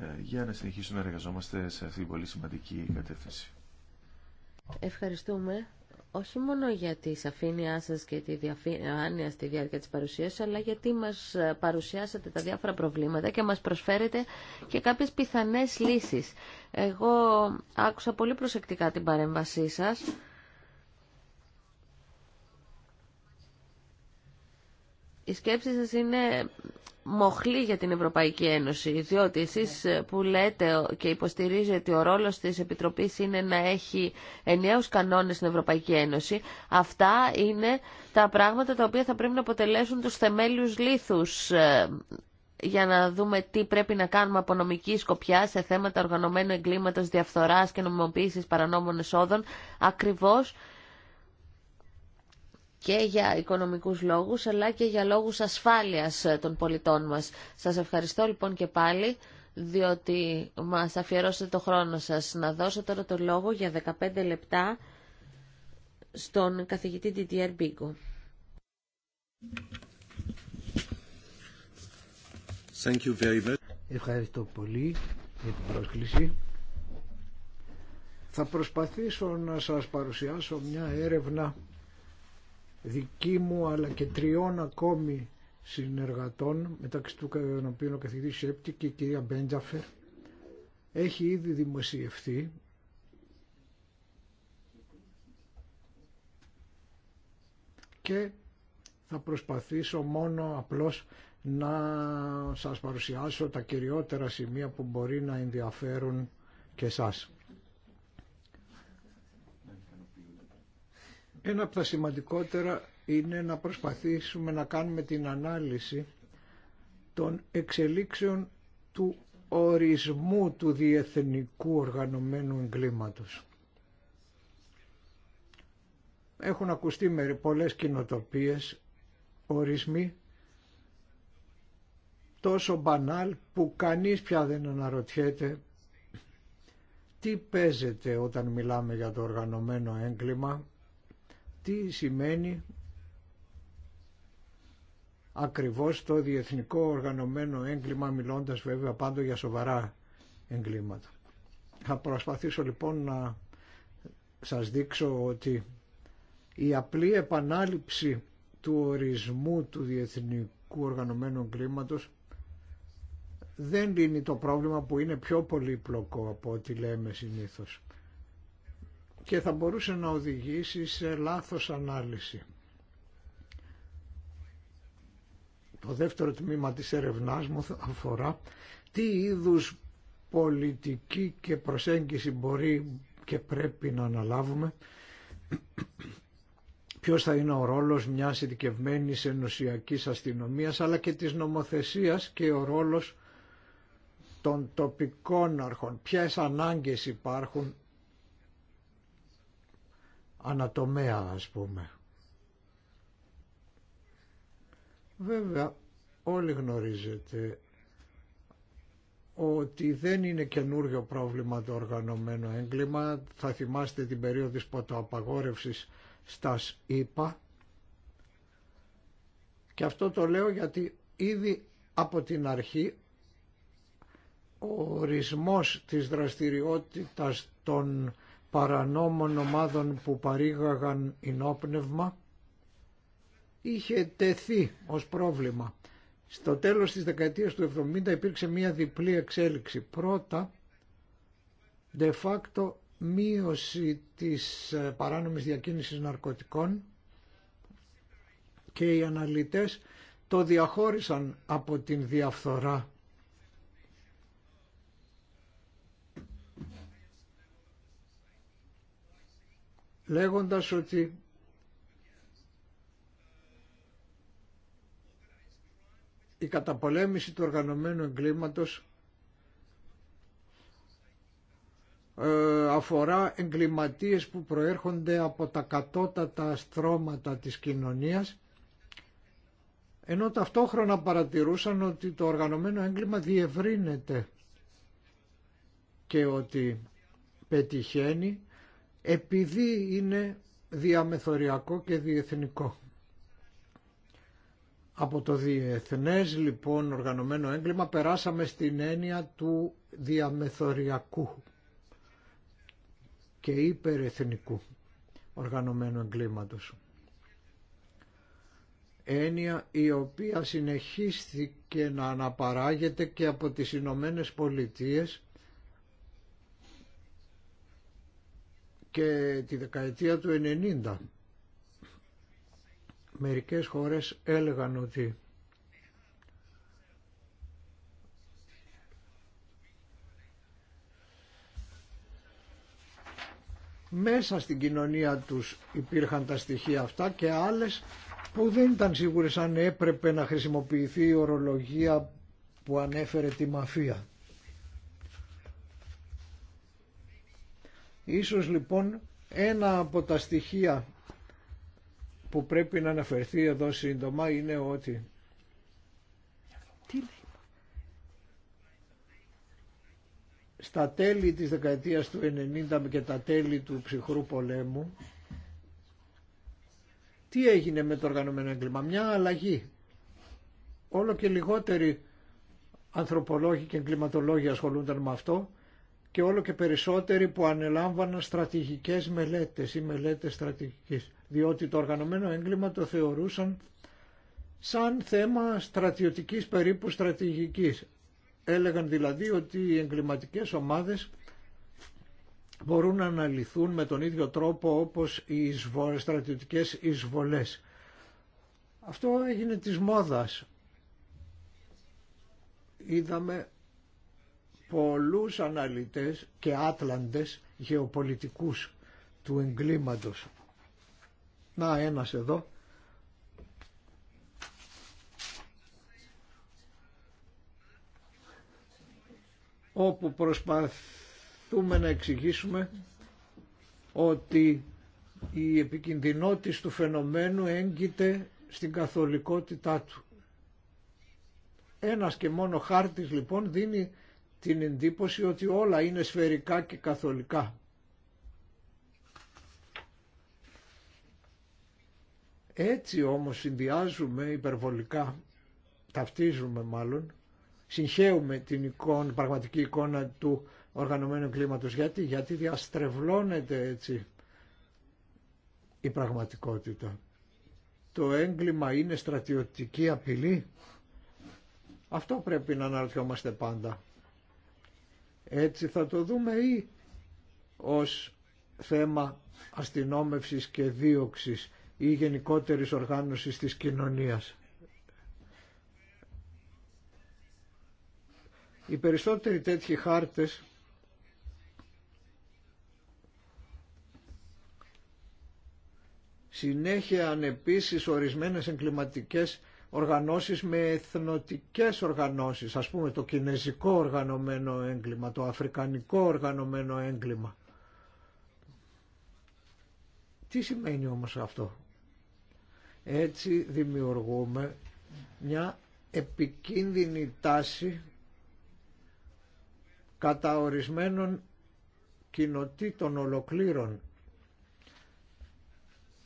ε, για να συνεχίσουμε να εργαζόμαστε σε αυτή την πολύ σημαντική κατεύθυνση. Ευχαριστούμε όχι μόνο για τη σαφήνειά σας και τη διαφάνεια στη διάρκεια της παρουσίασης, αλλά γιατί μας παρουσιάσατε τα διάφορα προβλήματα και μας προσφέρετε και κάποιες πιθανές λύσεις. Εγώ άκουσα πολύ προσεκτικά την παρέμβασή σας. Οι σκέψεις σας είναι μοχλή για την Ευρωπαϊκή Ένωση, διότι εσείς ε, που λέτε και υποστηρίζετε ότι ο ρόλος της Επιτροπής είναι να έχει ενιαίους κανόνες στην Ευρωπαϊκή Ένωση, αυτά είναι τα πράγματα τα οποία θα πρέπει να αποτελέσουν τους θεμέλιους λίθους ε, για να δούμε τι πρέπει να κάνουμε από νομική σκοπιά σε θέματα οργανωμένου εγκλήματος, διαφθοράς και νομιμοποίησης παρανόμων εσόδων, ακριβώς και για οικονομικούς λόγους αλλά και για λόγους ασφάλειας ε, των πολιτών μας. Σας ευχαριστώ λοιπόν και πάλι διότι μας αφιερώσετε το χρόνο σας. Να δώσω τώρα το λόγο για 15 λεπτά στον καθηγητή Didier Μπίγκο. Ευχαριστώ πολύ για την πρόσκληση. Θα προσπαθήσω να σας παρουσιάσω μια έρευνα δική μου αλλά και τριών ακόμη συνεργατών μεταξύ του οποίων ο καθηγητής Σέπτη και η κυρία Μπέντζαφερ έχει ήδη δημοσιευθεί και θα προσπαθήσω μόνο απλώς να σας παρουσιάσω τα κυριότερα σημεία που μπορεί να ενδιαφέρουν και εσάς. Ένα από τα σημαντικότερα είναι να προσπαθήσουμε να κάνουμε την ανάλυση των εξελίξεων του ορισμού του διεθνικού οργανωμένου εγκλήματος. Έχουν ακουστεί με πολλές κοινοτοπίες ορισμοί τόσο μπανάλ που κανείς πια δεν αναρωτιέται τι παίζεται όταν μιλάμε για το οργανωμένο έγκλημα τι σημαίνει ακριβώς το διεθνικό οργανωμένο έγκλημα μιλώντας βέβαια πάντο για σοβαρά εγκλήματα. Θα προσπαθήσω λοιπόν να σας δείξω ότι η απλή επανάληψη του ορισμού του διεθνικού οργανωμένου εγκλήματος δεν λύνει το πρόβλημα που είναι πιο πολύπλοκο από ό,τι λέμε συνήθως και θα μπορούσε να οδηγήσει σε λάθος ανάλυση. Το δεύτερο τμήμα της ερευνάς μου αφορά τι είδους πολιτική και προσέγγιση μπορεί και πρέπει να αναλάβουμε ποιος θα είναι ο ρόλος μιας ειδικευμένης ενωσιακής αστυνομίας αλλά και της νομοθεσίας και ο ρόλος των τοπικών αρχών. Ποιες ανάγκες υπάρχουν ανατομέα ας πούμε. Βέβαια όλοι γνωρίζετε ότι δεν είναι καινούριο πρόβλημα το οργανωμένο έγκλημα. Θα θυμάστε την περίοδο της ποτοαπαγόρευσης στα ΣΥΠΑ. Και αυτό το λέω γιατί ήδη από την αρχή ο ορισμός της δραστηριότητας των παρανόμων ομάδων που παρήγαγαν ενόπνευμα είχε τεθεί ως πρόβλημα. Στο τέλος της δεκαετίας του 70 υπήρξε μία διπλή εξέλιξη. Πρώτα, de facto μείωση της ε, παράνομης διακίνησης ναρκωτικών και οι αναλυτές το διαχώρισαν από την διαφθορά λέγοντας ότι η καταπολέμηση του οργανωμένου εγκλήματος ε, αφορά εγκληματίες που προέρχονται από τα κατώτατα στρώματα της κοινωνίας ενώ ταυτόχρονα παρατηρούσαν ότι το οργανωμένο έγκλημα διευρύνεται και ότι πετυχαίνει επειδή είναι διαμεθοριακό και διεθνικό. Από το διεθνές λοιπόν οργανωμένο έγκλημα περάσαμε στην έννοια του διαμεθοριακού και υπερεθνικού οργανωμένου εγκλήματος. Έννοια η οποία συνεχίστηκε να αναπαράγεται και από τις Ηνωμένε Πολιτείες και τη δεκαετία του 90. Μερικές χώρες έλεγαν ότι μέσα στην κοινωνία τους υπήρχαν τα στοιχεία αυτά και άλλες που δεν ήταν σίγουρες αν έπρεπε να χρησιμοποιηθεί η ορολογία που ανέφερε τη μαφία. Ίσως λοιπόν ένα από τα στοιχεία που πρέπει να αναφερθεί εδώ σύντομα είναι ότι στα τέλη της δεκαετίας του 90 και τα τέλη του ψυχρού πολέμου τι έγινε με το οργανωμένο έγκλημα. Μια αλλαγή. Όλο και λιγότεροι ανθρωπολόγοι και εγκληματολόγοι ασχολούνταν με αυτό και όλο και περισσότεροι που ανελάμβαναν στρατηγικές μελέτες ή μελέτες στρατηγικής, διότι το οργανωμένο έγκλημα το θεωρούσαν σαν θέμα στρατιωτικής περίπου στρατηγικής. Έλεγαν δηλαδή ότι οι εγκληματικές ομάδες μπορούν να αναλυθούν με τον ίδιο τρόπο όπως οι στρατιωτικές εισβολές. Αυτό έγινε της μόδας. Είδαμε πολλούς αναλυτές και άτλαντες γεωπολιτικούς του εγκλήματος. Να ένας εδώ. όπου προσπαθούμε να εξηγήσουμε ότι η επικίνδυνότητα του φαινομένου έγκυται στην καθολικότητά του. Ένας και μόνο χάρτης λοιπόν δίνει την εντύπωση ότι όλα είναι σφαιρικά και καθολικά. Έτσι όμως συνδυάζουμε υπερβολικά, ταυτίζουμε μάλλον, συγχαίουμε την εικόνα, πραγματική εικόνα του οργανωμένου κλίματος. Γιατί, γιατί διαστρεβλώνεται έτσι η πραγματικότητα. Το έγκλημα είναι στρατιωτική απειλή. Αυτό πρέπει να αναρωτιόμαστε πάντα. Έτσι θα το δούμε ή ως θέμα αστυνόμευσης και δίωξης ή γενικότερης οργάνωσης της κοινωνίας. Οι περισσότεροι τέτοιοι χάρτες συνέχεια ανεπισης ορισμένες εγκληματικές οργανώσεις με εθνοτικές οργανώσεις, ας πούμε το κινέζικο οργανωμένο έγκλημα, το αφρικανικό οργανωμένο έγκλημα. Τι σημαίνει όμως αυτό. Έτσι δημιουργούμε μια επικίνδυνη τάση κατά ορισμένων κοινοτήτων ολοκλήρων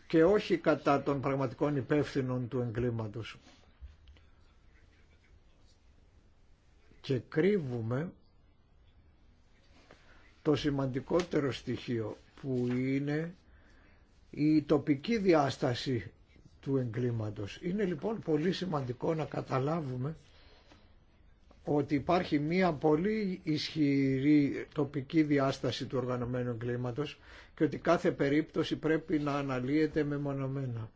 και όχι κατά των πραγματικών υπεύθυνων του εγκλήματος. και κρύβουμε το σημαντικότερο στοιχείο που είναι η τοπική διάσταση του εγκλήματος. Είναι λοιπόν πολύ σημαντικό να καταλάβουμε ότι υπάρχει μία πολύ ισχυρή τοπική διάσταση του οργανωμένου εγκλήματος και ότι κάθε περίπτωση πρέπει να αναλύεται μεμονωμένα.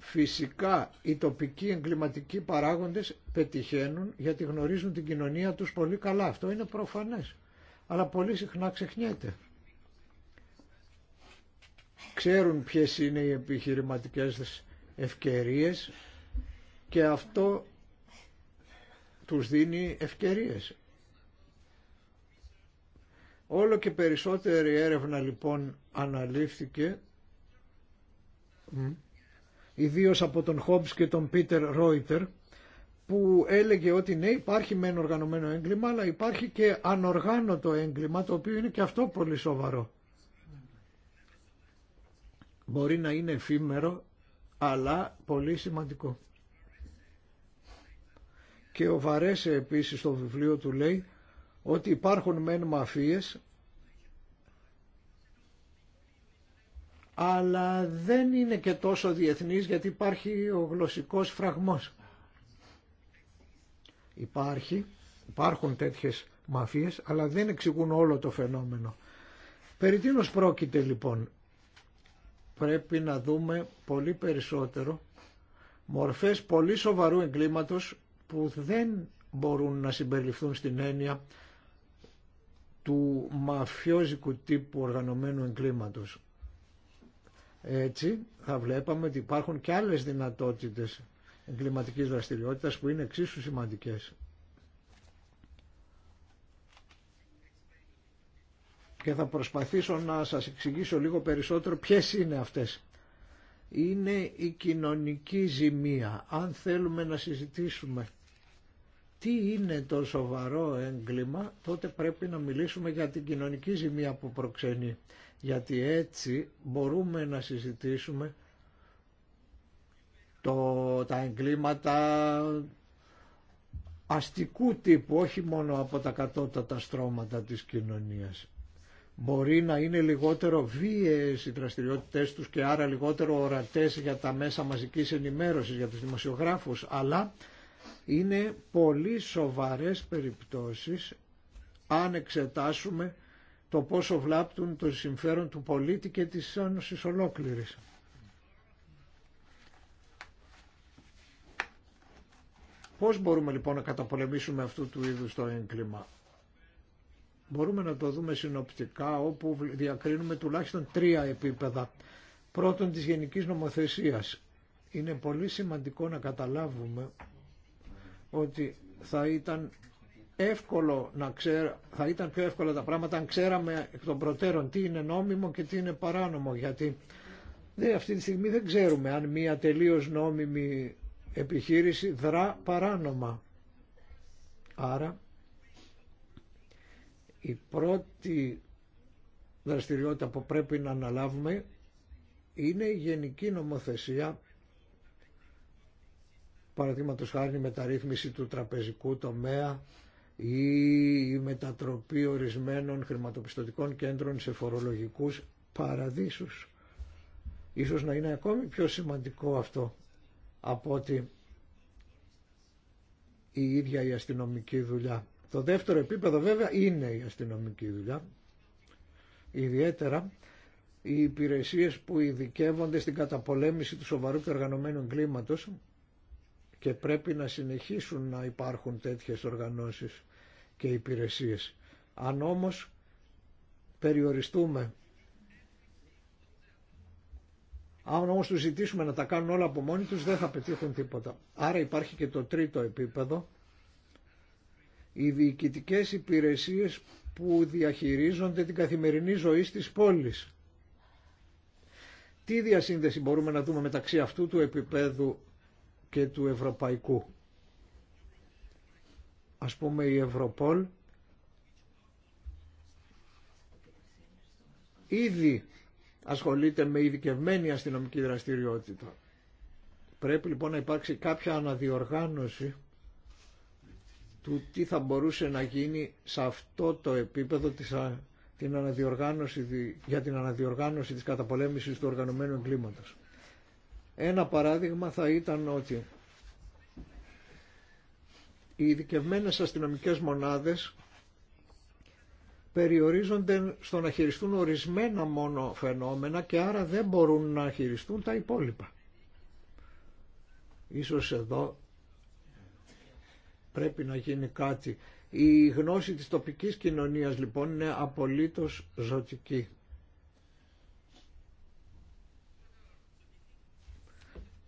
Φυσικά οι τοπικοί εγκληματικοί παράγοντες πετυχαίνουν γιατί γνωρίζουν την κοινωνία τους πολύ καλά. Αυτό είναι προφανές. Αλλά πολύ συχνά ξεχνιέται. Ξέρουν ποιες είναι οι επιχειρηματικές ευκαιρίες και αυτό τους δίνει ευκαιρίες. Όλο και περισσότερη έρευνα λοιπόν αναλήφθηκε ιδίως από τον Χόμπς και τον Πίτερ Ρόιτερ, που έλεγε ότι ναι υπάρχει μεν οργανωμένο έγκλημα αλλά υπάρχει και ανοργάνωτο έγκλημα το οποίο είναι και αυτό πολύ σοβαρό. Μπορεί να είναι εφήμερο αλλά πολύ σημαντικό. Και ο Βαρέσε επίσης στο βιβλίο του λέει ότι υπάρχουν μεν μαφίες αλλά δεν είναι και τόσο διεθνής γιατί υπάρχει ο γλωσσικός φραγμός. Υπάρχει, υπάρχουν τέτοιες μαφίες, αλλά δεν εξηγούν όλο το φαινόμενο. Περί τίνος πρόκειται λοιπόν. Πρέπει να δούμε πολύ περισσότερο μορφές πολύ σοβαρού εγκλήματος που δεν μπορούν να συμπεριληφθούν στην έννοια του μαφιόζικου τύπου οργανωμένου εγκλήματος. Έτσι θα βλέπαμε ότι υπάρχουν και άλλες δυνατότητες εγκληματικής δραστηριότητας που είναι εξίσου σημαντικές. Και θα προσπαθήσω να σας εξηγήσω λίγο περισσότερο ποιες είναι αυτές. Είναι η κοινωνική ζημία. Αν θέλουμε να συζητήσουμε τι είναι το σοβαρό έγκλημα, τότε πρέπει να μιλήσουμε για την κοινωνική ζημία που προξενεί γιατί έτσι μπορούμε να συζητήσουμε το, τα εγκλήματα αστικού τύπου, όχι μόνο από τα κατώτατα στρώματα της κοινωνίας. Μπορεί να είναι λιγότερο βίαιες οι δραστηριότητες τους και άρα λιγότερο ορατές για τα μέσα μαζικής ενημέρωσης, για τους δημοσιογράφους, αλλά είναι πολύ σοβαρές περιπτώσεις αν εξετάσουμε το πόσο βλάπτουν το συμφέρον του πολίτη και της Ένωσης ολόκληρης. Πώς μπορούμε λοιπόν να καταπολεμήσουμε αυτού του είδους το έγκλημα. Μπορούμε να το δούμε συνοπτικά όπου διακρίνουμε τουλάχιστον τρία επίπεδα. Πρώτον της γενικής νομοθεσίας. Είναι πολύ σημαντικό να καταλάβουμε ότι θα ήταν εύκολο να ξέρ, θα ήταν πιο εύκολα τα πράγματα αν ξέραμε εκ των προτέρων τι είναι νόμιμο και τι είναι παράνομο γιατί δε, αυτή τη στιγμή δεν ξέρουμε αν μια τελείως νόμιμη επιχείρηση δρά παράνομα. Άρα η πρώτη δραστηριότητα που πρέπει να αναλάβουμε είναι η γενική νομοθεσία παραδείγματος χάρη μεταρρύθμιση του τραπεζικού τομέα ή η μετατροπή ορισμένων χρηματοπιστωτικών κέντρων σε φορολογικούς παραδείσους. Ίσως να είναι ακόμη πιο σημαντικό αυτό από ότι η ίδια η αστυνομική δουλειά. Το δεύτερο επίπεδο βέβαια είναι η αστυνομική δουλειά. Ιδιαίτερα οι υπηρεσίες που ειδικεύονται στην καταπολέμηση του σοβαρού και οργανωμένου κλίματος και πρέπει να συνεχίσουν να υπάρχουν τέτοιες οργανώσεις και υπηρεσίες. Αν όμως περιοριστούμε, αν όμως τους ζητήσουμε να τα κάνουν όλα από μόνοι τους δεν θα πετύχουν τίποτα. Άρα υπάρχει και το τρίτο επίπεδο, οι διοικητικές υπηρεσίες που διαχειρίζονται την καθημερινή ζωή στις πόλεις. Τι διασύνδεση μπορούμε να δούμε μεταξύ αυτού του επίπεδου και του ευρωπαϊκού. Ας πούμε η Ευρωπόλ ήδη ασχολείται με ειδικευμένη αστυνομική δραστηριότητα. Πρέπει λοιπόν να υπάρξει κάποια αναδιοργάνωση του τι θα μπορούσε να γίνει σε αυτό το επίπεδο της, την αναδιοργάνωση, για την αναδιοργάνωση της καταπολέμησης του οργανωμένου εγκλήματος. Ένα παράδειγμα θα ήταν ότι οι ειδικευμένες αστυνομικές μονάδες περιορίζονται στο να χειριστούν ορισμένα μόνο φαινόμενα και άρα δεν μπορούν να χειριστούν τα υπόλοιπα. Ίσως εδώ πρέπει να γίνει κάτι. Η γνώση της τοπικής κοινωνίας λοιπόν είναι απολύτως ζωτική.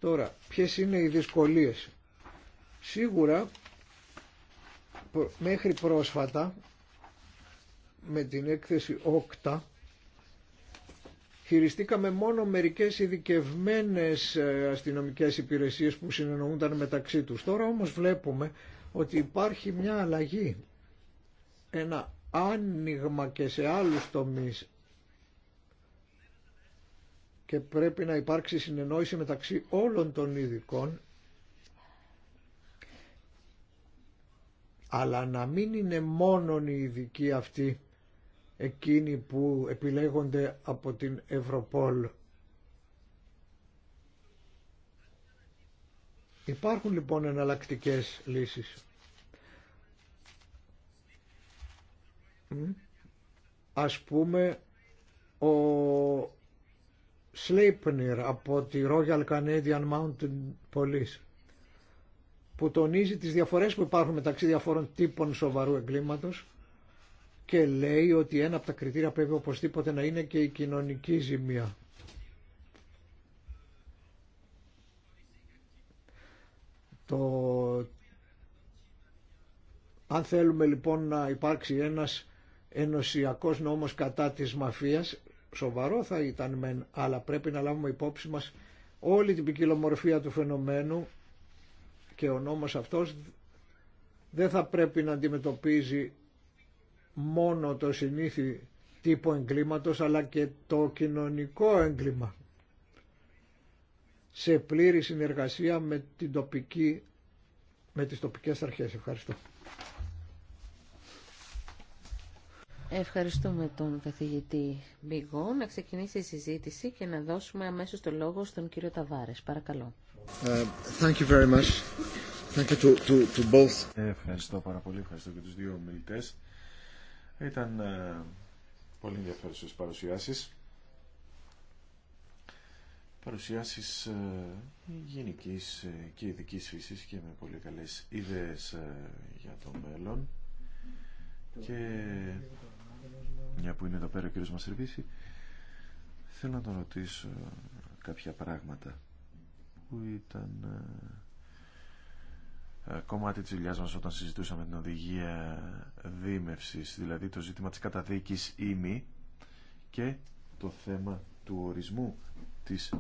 Τώρα, ποιες είναι οι δυσκολίες. Σίγουρα μέχρι πρόσφατα με την έκθεση Όκτα χειριστήκαμε μόνο μερικές ειδικευμένε ε, αστυνομικές υπηρεσίες που συνεννοούνταν μεταξύ τους. Τώρα όμως βλέπουμε ότι υπάρχει μια αλλαγή, ένα άνοιγμα και σε άλλους τομείς και πρέπει να υπάρξει συνεννόηση μεταξύ όλων των ειδικών αλλά να μην είναι μόνον οι ειδικοί αυτοί εκείνοι που επιλέγονται από την Ευρωπόλ. Υπάρχουν λοιπόν εναλλακτικές λύσεις. Ας πούμε ο Σλέιπνιρ από τη Royal Canadian Mountain Police που τονίζει τις διαφορές που υπάρχουν μεταξύ διαφόρων τύπων σοβαρού εγκλήματος και λέει ότι ένα από τα κριτήρια πρέπει οπωσδήποτε να είναι και η κοινωνική ζημία. Το... Αν θέλουμε λοιπόν να υπάρξει ένας ενωσιακός νόμος κατά της μαφίας, σοβαρό θα ήταν μεν, αλλά πρέπει να λάβουμε υπόψη μας όλη την ποικιλομορφία του φαινομένου και ο νόμος αυτός δεν θα πρέπει να αντιμετωπίζει μόνο το συνήθι τύπο εγκλήματος αλλά και το κοινωνικό έγκλημα σε πλήρη συνεργασία με, την τοπική, με τις τοπικές αρχές. Ευχαριστώ. Ευχαριστούμε τον καθηγητή Μπηγό. Να ξεκινήσει η συζήτηση και να δώσουμε αμέσως το λόγο στον κύριο Ταβάρες. Παρακαλώ. Ευχαριστώ πάρα πολύ. Ευχαριστώ και τους δύο ομιλητές. Ήταν ε, πολύ ενδιαφέρουσες παρουσιάσεις. Παρουσιάσεις ε, γενικής ε, και ειδική φύσης και με πολύ καλές ιδέες ε, για το μέλλον. Και μια που είναι εδώ πέρα ο κύριος θέλω να τον ρωτήσω κάποια πράγματα που ήταν ε, ε, κομμάτι της δουλειά μας όταν συζητούσαμε την οδηγία δίμευση, δηλαδή το ζήτημα της καταδίκης ήμι και το θέμα του ορισμού της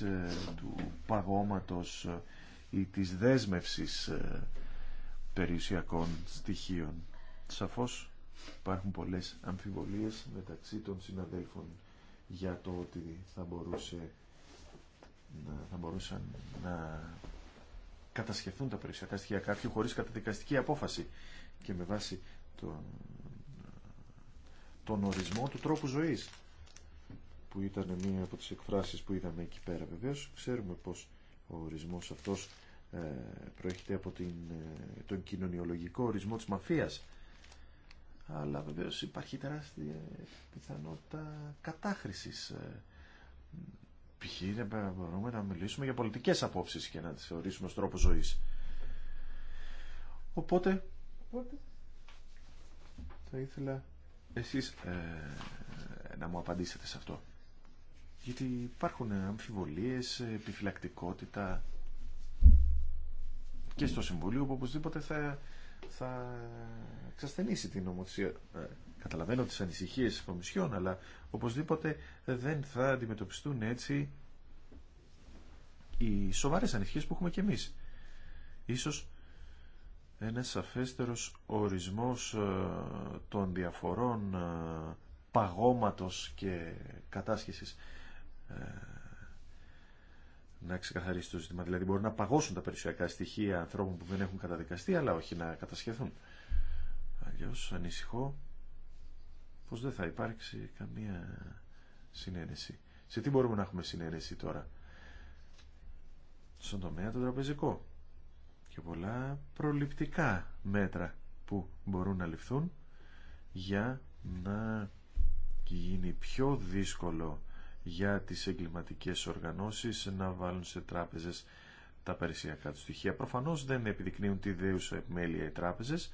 ε, του παγώματος ε, ή της δέσμευσης περιουσιακών στοιχείων. Σαφώς υπάρχουν πολλές αμφιβολίες μεταξύ των συναδέλφων για το ότι θα μπορούσε θα μπορούσαν να κατασχεθούν τα περιουσιακά στοιχεία κάποιου χωρίς καταδικαστική απόφαση και με βάση τον, ορισμό του τρόπου ζωής που ήταν μία από τις εκφράσεις που είδαμε εκεί πέρα βεβαίως ξέρουμε πως ο ορισμός αυτός ε, προέρχεται από την, ε, τον κοινωνιολογικό ορισμό της μαφίας αλλά βεβαίως υπάρχει τεράστια πιθανότητα κατάχρησης ε, Π.χ. μπορούμε να μιλήσουμε για πολιτικές απόψεις και να τις θεωρήσουμε ως τρόπο ζωής. Οπότε, θα ήθελα εσείς ε, να μου απαντήσετε σε αυτό. Γιατί υπάρχουν αμφιβολίες, επιφυλακτικότητα και στο Συμβουλίο που οπωσδήποτε θα, θα εξασθενήσει την νομοθεσία ε, Καταλαβαίνω τις ανησυχίες της Κομισιόν, αλλά οπωσδήποτε δεν θα αντιμετωπιστούν έτσι οι σοβαρές ανησυχίες που έχουμε κι εμείς. Ίσως ένας σαφέστερος ορισμός ε, των διαφορών ε, παγώματος και κατάσχεσης ε, να ξεκαθαρίσει το ζήτημα. Δηλαδή μπορεί να παγώσουν τα περιουσιακά στοιχεία ανθρώπων που δεν έχουν καταδικαστεί, αλλά όχι να κατασχεθούν. Αλλιώ ανησυχώ πως δεν θα υπάρξει καμία συνένεση. Σε τι μπορούμε να έχουμε συνένεση τώρα. Στον τομέα το τραπεζικό. Και πολλά προληπτικά μέτρα που μπορούν να ληφθούν για να γίνει πιο δύσκολο για τις εγκληματικές οργανώσεις να βάλουν σε τράπεζες τα περισσιακά του στοιχεία. Προφανώς δεν επιδεικνύουν τη δέουσα επιμέλεια οι τράπεζες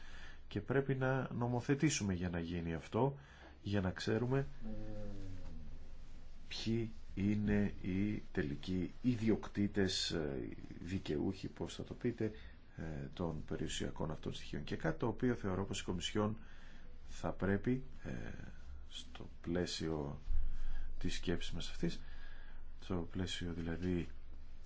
και πρέπει να νομοθετήσουμε για να γίνει αυτό για να ξέρουμε ποιοι είναι οι τελικοί ιδιοκτήτες ε, δικαιούχοι, πώς θα το πείτε, ε, των περιουσιακών αυτών στοιχείων. Και κάτι το οποίο θεωρώ πως η Κομισιόν θα πρέπει ε, στο πλαίσιο της σκέψης μας αυτής, στο πλαίσιο δηλαδή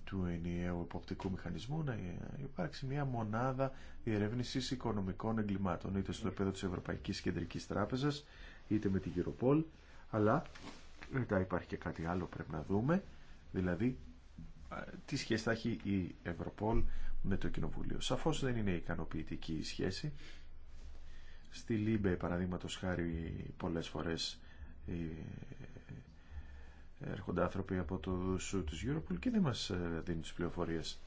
του ενιαίου υποπτικού μηχανισμού να υπάρξει μια μονάδα διερεύνησης οικονομικών εγκλημάτων είτε στο επίπεδο της Ευρωπαϊκής Κεντρικής Τράπεζας είτε με την Europol, αλλά μετά υπάρχει και κάτι άλλο πρέπει να δούμε, δηλαδή τι σχέση θα έχει η Ευρωπόλ με το Κοινοβούλιο. Σαφώς δεν είναι ικανοποιητική η σχέση. Στη Λίμπε, παραδείγματος χάρη, πολλές φορές ε, έρχονται άνθρωποι από τους, της Europol και δεν μας ε, δίνουν τις πληροφορίες.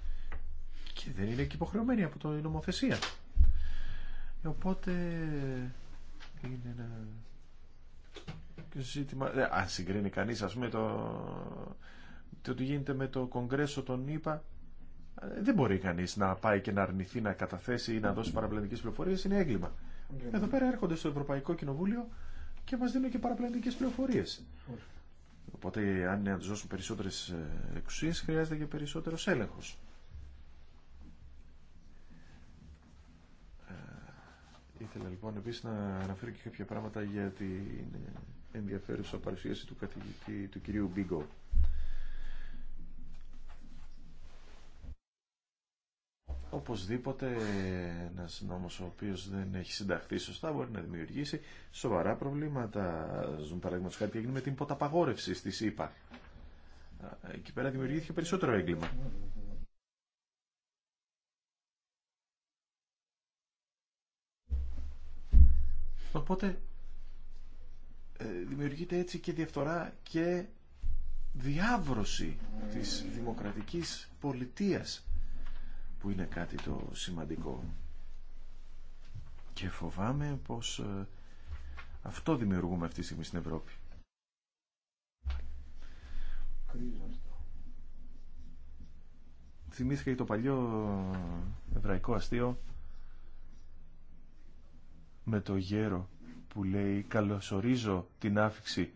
Και δεν είναι και υποχρεωμένοι από το νομοθεσία. Οπότε είναι ένα ζήτημα... Ε, αν συγκρίνει κανεί ας πούμε, το, το τι γίνεται με το Κογκρέσο των ΗΠΑ, ε, δεν μπορεί κανεί να πάει και να αρνηθεί να καταθέσει ή να δώσει παραπλανητικέ πληροφορίε είναι έγκλημα. Okay. Εδώ πέρα έρχονται στο Ευρωπαϊκό Κοινοβούλιο και μα δίνουν και παραπλανητικέ πληροφορίε. Okay. Οπότε, αν είναι να τους δώσουν περισσότερε ε, εξουσίε, χρειάζεται και περισσότερο έλεγχο. Ήθελα λοιπόν επίσης να αναφέρω και κάποια πράγματα για την ενδιαφέρουσα παρουσίαση του καθηγητή του κυρίου Μπίγκο. Οπωσδήποτε ένα νόμο ο οποίο δεν έχει συνταχθεί σωστά μπορεί να δημιουργήσει σοβαρά προβλήματα. Ζουν χάρη τι έγινε με την ποταπαγόρευση στη ΣΥΠΑ. Εκεί πέρα δημιουργήθηκε περισσότερο έγκλημα. Οπότε ε, δημιουργείται έτσι και διαφθορά και διάβρωση της δημοκρατικής πολιτείας που είναι κάτι το σημαντικό και φοβάμαι πως ε, αυτό δημιουργούμε αυτή τη στιγμή στην Ευρώπη θυμήθηκα και το παλιό εβραϊκό αστείο με το γέρο που λέει «Καλωσορίζω την άφηξη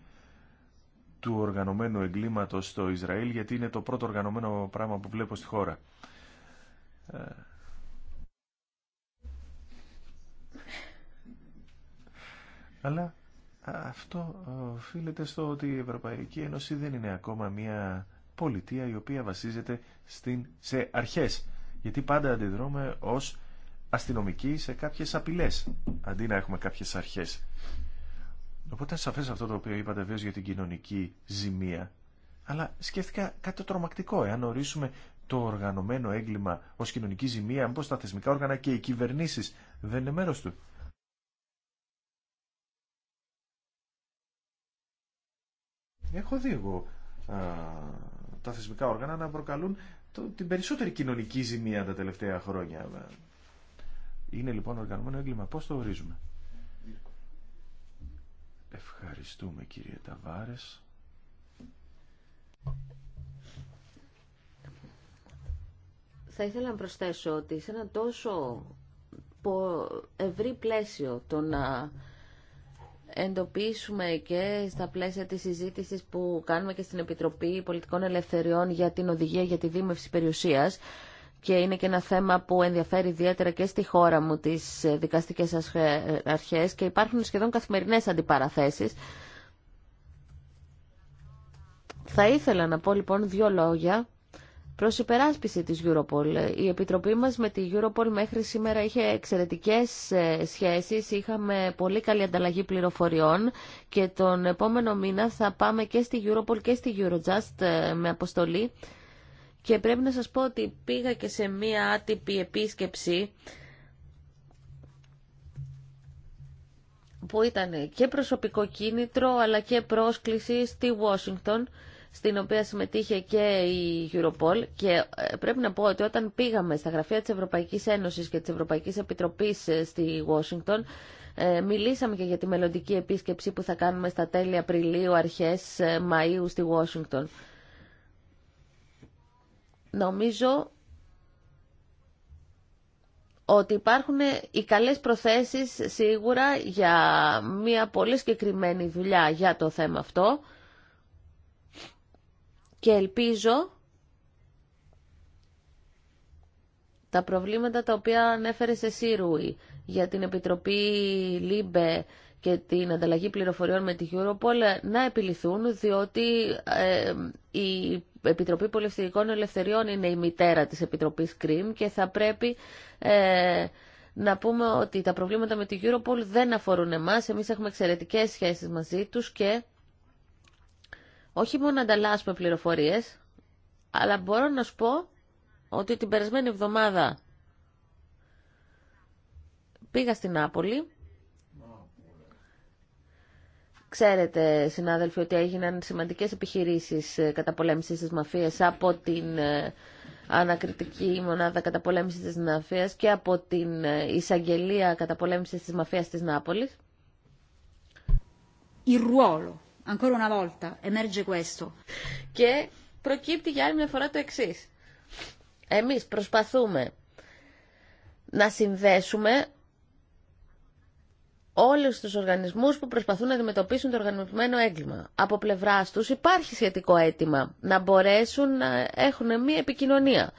του οργανωμένου εγκλήματος στο Ισραήλ γιατί είναι το πρώτο οργανωμένο πράγμα που βλέπω στη χώρα». Ε, αλλά αυτό οφείλεται στο ότι η Ευρωπαϊκή Ένωση δεν είναι ακόμα μια πολιτεία η οποία βασίζεται στην, σε αρχές. Γιατί πάντα αντιδρούμε ως αστυνομικοί σε κάποιες απειλές, αντί να έχουμε κάποιες αρχές. Οπότε είναι σαφές αυτό το οποίο είπατε βέβαια για την κοινωνική ζημία. Αλλά σκέφτηκα κάτι τρομακτικό. Εάν ορίσουμε το οργανωμένο έγκλημα ως κοινωνική ζημία, μήπως τα θεσμικά όργανα και οι κυβερνήσεις δεν είναι μέρος του. Έχω δει εγώ α, τα θεσμικά όργανα να προκαλούν την περισσότερη κοινωνική ζημία τα τελευταία χρόνια. Είναι λοιπόν οργανωμένο έγκλημα. Πώς το ορίζουμε. Ευχαριστούμε κύριε Ταβάρες. Θα ήθελα να προσθέσω ότι σε ένα τόσο ευρύ πλαίσιο το να εντοπίσουμε και στα πλαίσια της συζήτησης που κάνουμε και στην Επιτροπή Πολιτικών Ελευθεριών για την Οδηγία για τη Δήμευση Περιουσίας και είναι και ένα θέμα που ενδιαφέρει ιδιαίτερα και στη χώρα μου τις δικαστικές αρχές και υπάρχουν σχεδόν καθημερινές αντιπαραθέσεις. Θα ήθελα να πω λοιπόν δύο λόγια προς υπεράσπιση της Europol. Η Επιτροπή μας με τη Europol μέχρι σήμερα είχε εξαιρετικές ε, σχέσεις, είχαμε πολύ καλή ανταλλαγή πληροφοριών και τον επόμενο μήνα θα πάμε και στη Europol και στη Eurojust ε, με αποστολή και πρέπει να σας πω ότι πήγα και σε μία άτυπη επίσκεψη που ήταν και προσωπικό κίνητρο αλλά και πρόσκληση στη Washington στην οποία συμμετείχε και η Europol και ε, πρέπει να πω ότι όταν πήγαμε στα γραφεία της Ευρωπαϊκής Ένωσης και της Ευρωπαϊκής Επιτροπής ε, στη Washington ε, μιλήσαμε και για τη μελλοντική επίσκεψη που θα κάνουμε στα τέλη Απριλίου, αρχές Μαΐου στη Washington. Νομίζω ότι υπάρχουν οι καλές προθέσεις σίγουρα για μια πολύ συγκεκριμένη δουλειά για το θέμα αυτό και ελπίζω τα προβλήματα τα οποία ανέφερε σε Σύρουη για την Επιτροπή ΛΥΜΠΕ και την ανταλλαγή πληροφοριών με τη Europol να επιληθούν, διότι ε, η Επιτροπή πολιτιστικών Ελευθεριών είναι η μητέρα της Επιτροπής ΚΡΙΜ και θα πρέπει ε, να πούμε ότι τα προβλήματα με τη Europol δεν αφορούν εμάς. Εμείς έχουμε εξαιρετικές σχέσεις μαζί τους και όχι μόνο ανταλλάσσουμε πληροφορίες, αλλά μπορώ να σου πω ότι την περασμένη εβδομάδα πήγα στην Νάπολη Ξέρετε, συνάδελφοι, ότι έγιναν σημαντικές επιχειρήσεις ε, καταπολέμησης της μαφίας από την ε, ανακριτική μονάδα καταπολέμησης της μαφίας και από την ε, εισαγγελία καταπολέμησης της μαφίας της Νάπολης. Il ruolo, ancora una volta, Και προκύπτει για άλλη μια φορά το εξή. Εμείς προσπαθούμε να συνδέσουμε Όλου του οργανισμούς που προσπαθούν να αντιμετωπίσουν το οργανωμένο έγκλημα. Από πλευράς τους υπάρχει σχετικό αίτημα να μπορέσουν να έχουν μία επικοινωνία.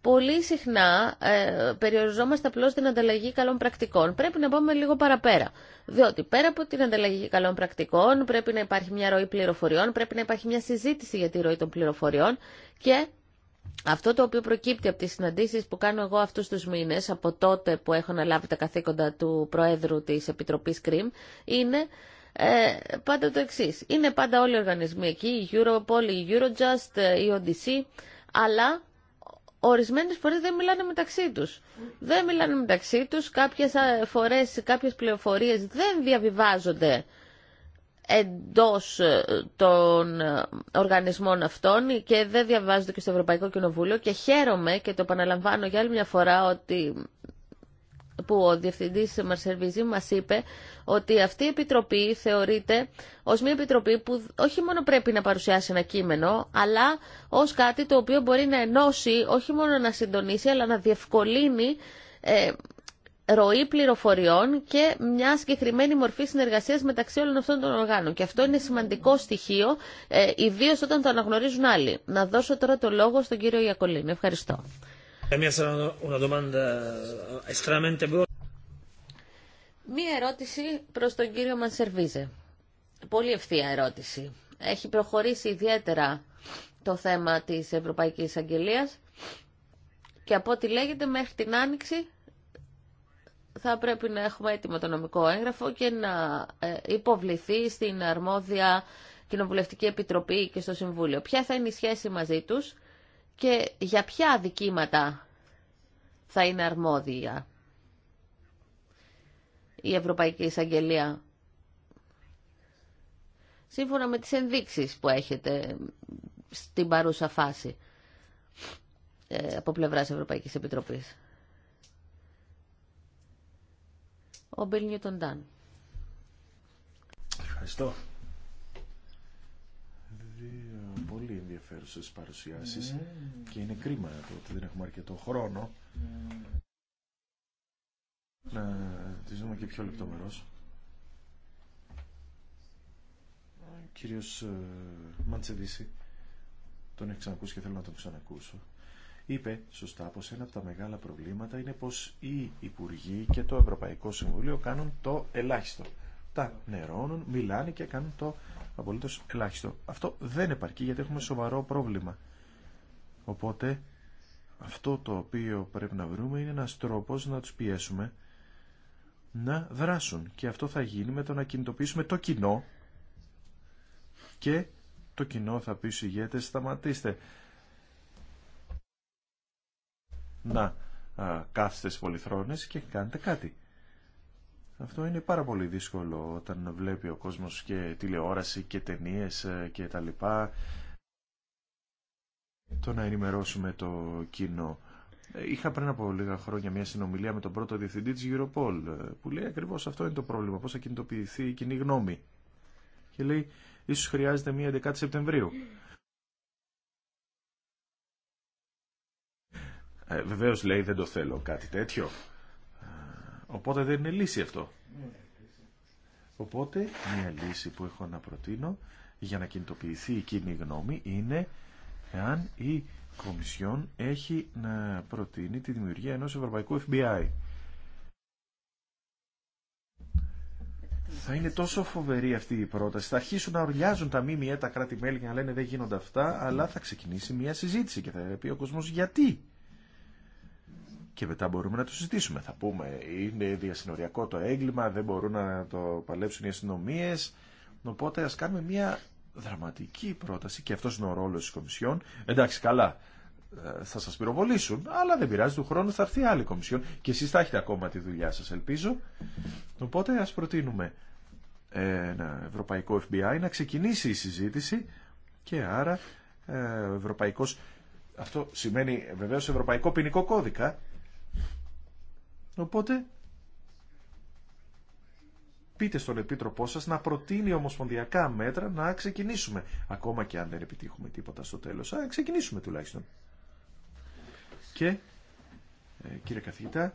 Πολύ συχνά ε, περιοριζόμαστε απλώ στην ανταλλαγή καλών πρακτικών. Πρέπει να πάμε λίγο παραπέρα. Διότι πέρα από την ανταλλαγή καλών πρακτικών πρέπει να υπάρχει μια ροή πληροφοριών, πρέπει να υπάρχει μια συζήτηση για τη ροή των πληροφοριών και αυτό το οποίο προκύπτει από τις συναντήσεις που κάνω εγώ αυτούς τους μήνες, από τότε που έχω αναλάβει τα καθήκοντα του Προέδρου της Επιτροπής ΚΡΙΜ, είναι ε, πάντα το εξή. Είναι πάντα όλοι οι οργανισμοί εκεί, η Europol, η Eurojust, ε, η ODC, αλλά ορισμένες φορές δεν μιλάνε μεταξύ τους. Δεν μιλάνε μεταξύ τους, κάποιες ε, φορές κάποιες πληροφορίες δεν διαβιβάζονται εντός ε, των ε, οργανισμών αυτών και δεν διαβάζονται και στο Ευρωπαϊκό Κοινοβούλιο και χαίρομαι και το επαναλαμβάνω για άλλη μια φορά ότι που ο Διευθυντής Μαρσερβιζή μας είπε ότι αυτή η Επιτροπή θεωρείται ως μια Επιτροπή που όχι μόνο πρέπει να παρουσιάσει ένα κείμενο, αλλά ως κάτι το οποίο μπορεί να ενώσει, όχι μόνο να συντονίσει, αλλά να διευκολύνει ε, ροή πληροφοριών και μια συγκεκριμένη μορφή συνεργασίας μεταξύ όλων αυτών των οργάνων. Και αυτό είναι σημαντικό στοιχείο, ε, ιδίω όταν το αναγνωρίζουν άλλοι. Να δώσω τώρα το λόγο στον κύριο Ιακολίνη. Ευχαριστώ. Μία ερώτηση προς τον κύριο Μανσερβίζε. Πολύ ευθεία ερώτηση. Έχει προχωρήσει ιδιαίτερα το θέμα της Ευρωπαϊκής Αγγελίας και από ό,τι λέγεται μέχρι την Άνοιξη θα πρέπει να έχουμε έτοιμο το νομικό έγγραφο και να ε, υποβληθεί στην αρμόδια Κοινοβουλευτική Επιτροπή και στο Συμβούλιο. Ποια θα είναι η σχέση μαζί τους και για ποια δικήματα θα είναι αρμόδια η Ευρωπαϊκή Εισαγγελία. Σύμφωνα με τις ενδείξεις που έχετε στην παρούσα φάση ε, από πλευράς Ευρωπαϊκής Επιτροπής. Ο Μπιλ Νιούτον Ντάν. Ευχαριστώ. Δύο πολύ ενδιαφέρουσες παρουσιάσεις ναι. και είναι κρίμα το ότι δεν έχουμε αρκετό χρόνο mm. να τις δούμε και πιο λεπτομερώς. Ο κύριος ε, Μαντσεβίση, τον έχει ξανακούσει και θέλω να τον ξανακούσω είπε σωστά πως ένα από τα μεγάλα προβλήματα είναι πως οι Υπουργοί και το Ευρωπαϊκό Συμβουλίο κάνουν το ελάχιστο. Τα νερώνουν, μιλάνε και κάνουν το απολύτως ελάχιστο. Αυτό δεν επαρκεί γιατί έχουμε σοβαρό πρόβλημα. Οπότε αυτό το οποίο πρέπει να βρούμε είναι ένας τρόπος να τους πιέσουμε να δράσουν. Και αυτό θα γίνει με το να κινητοποιήσουμε το κοινό και το κοινό θα πει στους ηγέτες σταματήστε να κάθεστε στις πολυθρόνες και κάνετε κάτι. Αυτό είναι πάρα πολύ δύσκολο όταν βλέπει ο κόσμος και τηλεόραση και ταινίες ε, και τα λοιπά. Το να ενημερώσουμε το κοινό. Ε, είχα πριν από λίγα χρόνια μια συνομιλία με τον πρώτο διευθυντή της Europol ε, που λέει ακριβώς αυτό είναι το πρόβλημα, πώς θα κινητοποιηθεί η κοινή γνώμη. Και λέει ίσως χρειάζεται μια 11 Σεπτεμβρίου. Ε, λέει δεν το θέλω κάτι τέτοιο. Ε, οπότε δεν είναι λύση αυτό. Οπότε μια λύση που έχω να προτείνω για να κινητοποιηθεί η κοινή γνώμη είναι εάν η Κομισιόν έχει να προτείνει τη δημιουργία ενός Ευρωπαϊκού FBI. Θα είναι τόσο φοβερή αυτή η πρόταση. Θα αρχίσουν να ορλιάζουν τα ΜΜΕ, τα κράτη-μέλη και να λένε δεν γίνονται αυτά, αλλά θα ξεκινήσει μια συζήτηση και θα πει ο κόσμος γιατί και μετά μπορούμε να το συζητήσουμε. Θα πούμε είναι διασυνοριακό το έγκλημα, δεν μπορούν να το παλέψουν οι αστυνομίε. Οπότε α κάνουμε μια δραματική πρόταση και αυτό είναι ο ρόλος της Κομισιόν. Εντάξει καλά, ε, θα σα πυροβολήσουν, αλλά δεν πειράζει, του χρόνου θα έρθει άλλη Κομισιόν και εσεί θα έχετε ακόμα τη δουλειά σα ελπίζω. Οπότε α προτείνουμε ε, ένα ευρωπαϊκό FBI να ξεκινήσει η συζήτηση και άρα ο ε, Ευρωπαϊκό. αυτό σημαίνει βεβαίως Ευρωπαϊκό Ποινικό Κώδικα Οπότε πείτε στον Επίτροπό σας να προτείνει ομοσπονδιακά μέτρα να ξεκινήσουμε. Ακόμα και αν δεν επιτύχουμε τίποτα στο τέλος, να ξεκινήσουμε τουλάχιστον. Και ε, κύριε καθηγητά,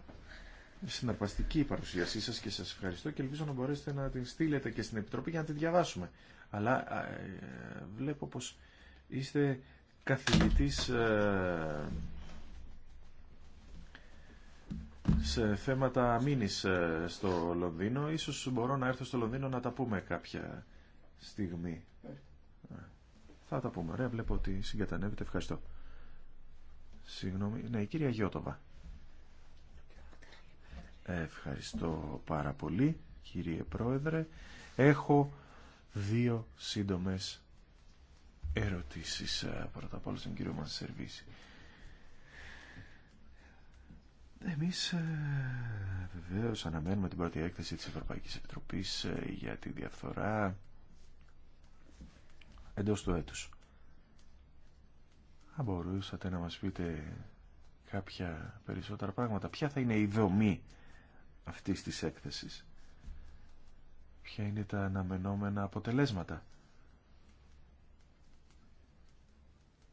συναρπαστική η παρουσίασή σας και σας ευχαριστώ και ελπίζω να μπορέσετε να την στείλετε και στην Επιτροπή για να την διαβάσουμε. Αλλά ε, ε, βλέπω πως είστε καθηγητής... σε θέματα αμήνης ε, στο Λονδίνο. Ίσως μπορώ να έρθω στο Λονδίνο να τα πούμε κάποια στιγμή. Ε, θα τα πούμε. Ωραία, βλέπω ότι συγκατανεύετε. Ευχαριστώ. Συγγνώμη. Ναι, η κυρία Γιώτοβα. Ευχαριστώ πάρα πολύ, κύριε Πρόεδρε. Έχω δύο σύντομες ερωτήσεις. Ε, πρώτα απ' όλα στον κύριο Μανσερβίση. Εμείς ε, βεβαίως αναμένουμε την πρώτη έκθεση της Ευρωπαϊκής Επιτροπής ε, για τη διαφθορά εντός του έτους. Αν μπορούσατε να μας πείτε κάποια περισσότερα πράγματα, ποια θα είναι η δομή αυτής της έκθεσης. Ποια είναι τα αναμενόμενα αποτελέσματα.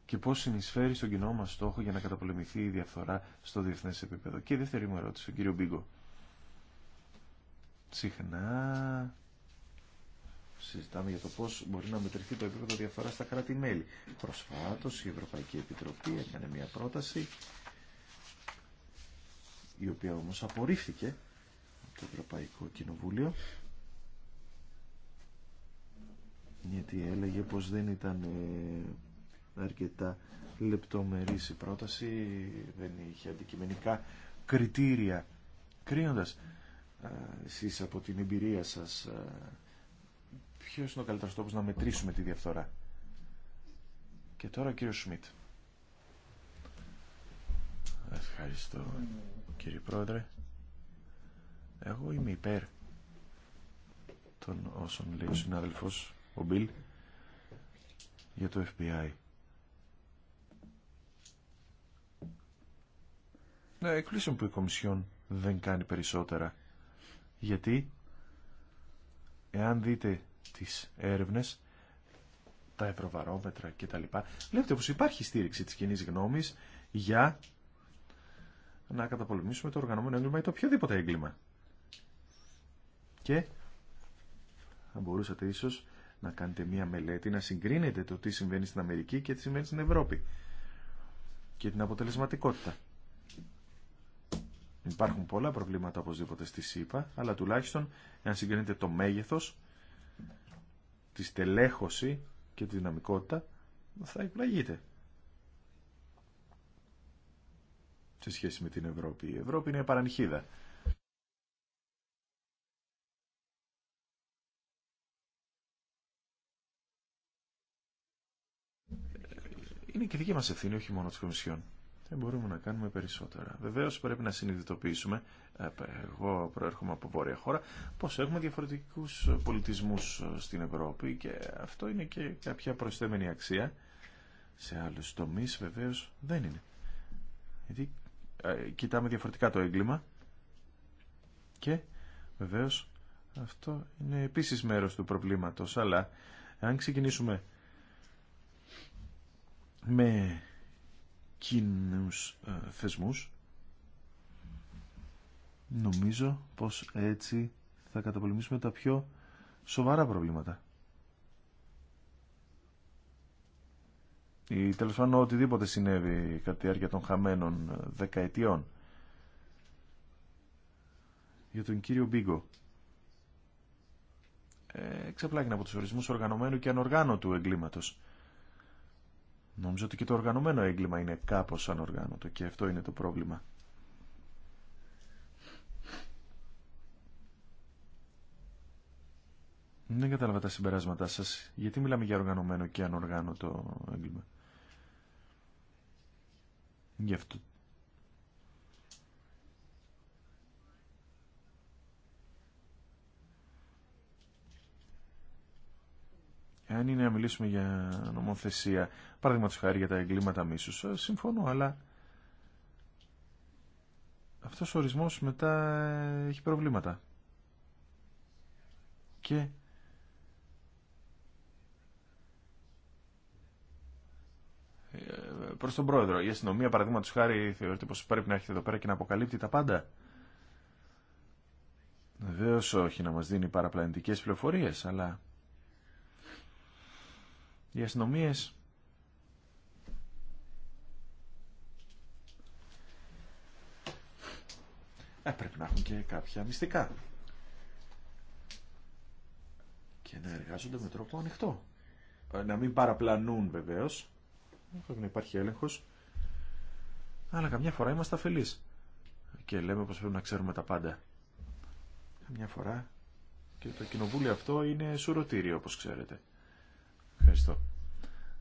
και πώς συνεισφέρει στον κοινό μας στόχο για να καταπολεμηθεί η διαφθορά στο διεθνές επίπεδο. Και η δεύτερη μου ερώτηση, ο κύριο Μπίγκο. Συχνά συζητάμε για το πώς μπορεί να μετρηθεί το επίπεδο διαφθορά στα κράτη-μέλη. Προσφάτως η Ευρωπαϊκή Επιτροπή έκανε μια πρόταση η οποία όμως απορρίφθηκε από το Ευρωπαϊκό Κοινοβούλιο γιατί έλεγε πως δεν ήταν ε, αρκετά λεπτομερής η πρόταση, δεν είχε αντικειμενικά κριτήρια. Κρίνοντας ε, εσείς από την εμπειρία σας, ε, ποιος είναι ο καλύτερος τρόπος να μετρήσουμε τη διαφθορά. Και τώρα ο κύριος Σμιτ. Ευχαριστώ κύριε Πρόεδρε. Εγώ είμαι υπέρ των όσων λέει ο συνάδελφος, ο Μπιλ, για το FBI. Ναι, εκπλήσεων που η Κομισιόν δεν κάνει περισσότερα. Γιατί, εάν δείτε τις έρευνες, τα ευρωβαρόμετρα κτλ. Βλέπετε πως υπάρχει στήριξη της κοινή γνώμης για να καταπολεμήσουμε το οργανωμένο έγκλημα ή το οποιοδήποτε έγκλημα. Και θα μπορούσατε ίσως να κάνετε μία μελέτη, να συγκρίνετε το τι συμβαίνει στην Αμερική και τι συμβαίνει στην Ευρώπη και την αποτελεσματικότητα. Υπάρχουν πολλά προβλήματα οπωσδήποτε στη ΣΥΠΑ, αλλά τουλάχιστον εάν συγκρίνεται το μέγεθος, τη στελέχωση και τη δυναμικότητα, θα εκπλαγείτε. Σε σχέση με την Ευρώπη. Η Ευρώπη είναι παρανυχίδα. Είναι και δική μας ευθύνη, όχι μόνο της Κομισιόν. Ε, μπορούμε να κάνουμε περισσότερα. Βεβαίω πρέπει να συνειδητοποιήσουμε, ε, εγώ προέρχομαι από βόρεια χώρα, πώ έχουμε διαφορετικού πολιτισμού ε, στην Ευρώπη και αυτό είναι και κάποια προσθέμενη αξία. Σε άλλου τομεί βεβαίω δεν είναι. Γιατί κοιτάμε διαφορετικά το έγκλημα και βεβαίω αυτό είναι επίση μέρο του προβλήματο, αλλά αν ξεκινήσουμε με κοινούς ε, θεσμούς. Νομίζω πως έτσι θα καταπολεμήσουμε τα πιο σοβαρά προβλήματα. Ή τέλος πάντων οτιδήποτε συνέβη κατά τη διάρκεια των χαμένων ε, δεκαετιών. Για τον κύριο Μπίγκο. Ε, εξαπλάγει από τους ορισμούς οργανωμένου και ανοργάνωτου εγκλήματος. Νομίζω ότι και το οργανωμένο έγκλημα είναι κάπως ανοργάνωτο και αυτό είναι το πρόβλημα. Δεν κατάλαβα τα συμπεράσματά σας. Γιατί μιλάμε για οργανωμένο και ανοργάνωτο έγκλημα. Γι' αυτό αν είναι να μιλήσουμε για νομοθεσία, παραδείγματος χάρη για τα εγκλήματα μίσους, ε, συμφωνώ, αλλά αυτός ο ορισμός μετά έχει προβλήματα. Και ε, προς τον πρόεδρο, η αστυνομία παραδείγματος χάρη θεωρείται πως πρέπει να έρχεται εδώ πέρα και να αποκαλύπτει τα πάντα. Βεβαίω όχι να μας δίνει παραπλανητικές πληροφορίες, αλλά οι αστυνομίε. Ε, πρέπει να έχουν και κάποια μυστικά. Και να εργάζονται με τρόπο ανοιχτό. Ε, να μην παραπλανούν βεβαίω, Πρέπει να υπάρχει έλεγχο, Αλλά καμιά φορά είμαστε αφελεί. Και λέμε πώ πρέπει να ξέρουμε τα πάντα. Καμιά φορά. Και το κοινοβούλιο αυτό είναι σουρωτήριο όπω ξέρετε. Ευχαριστώ.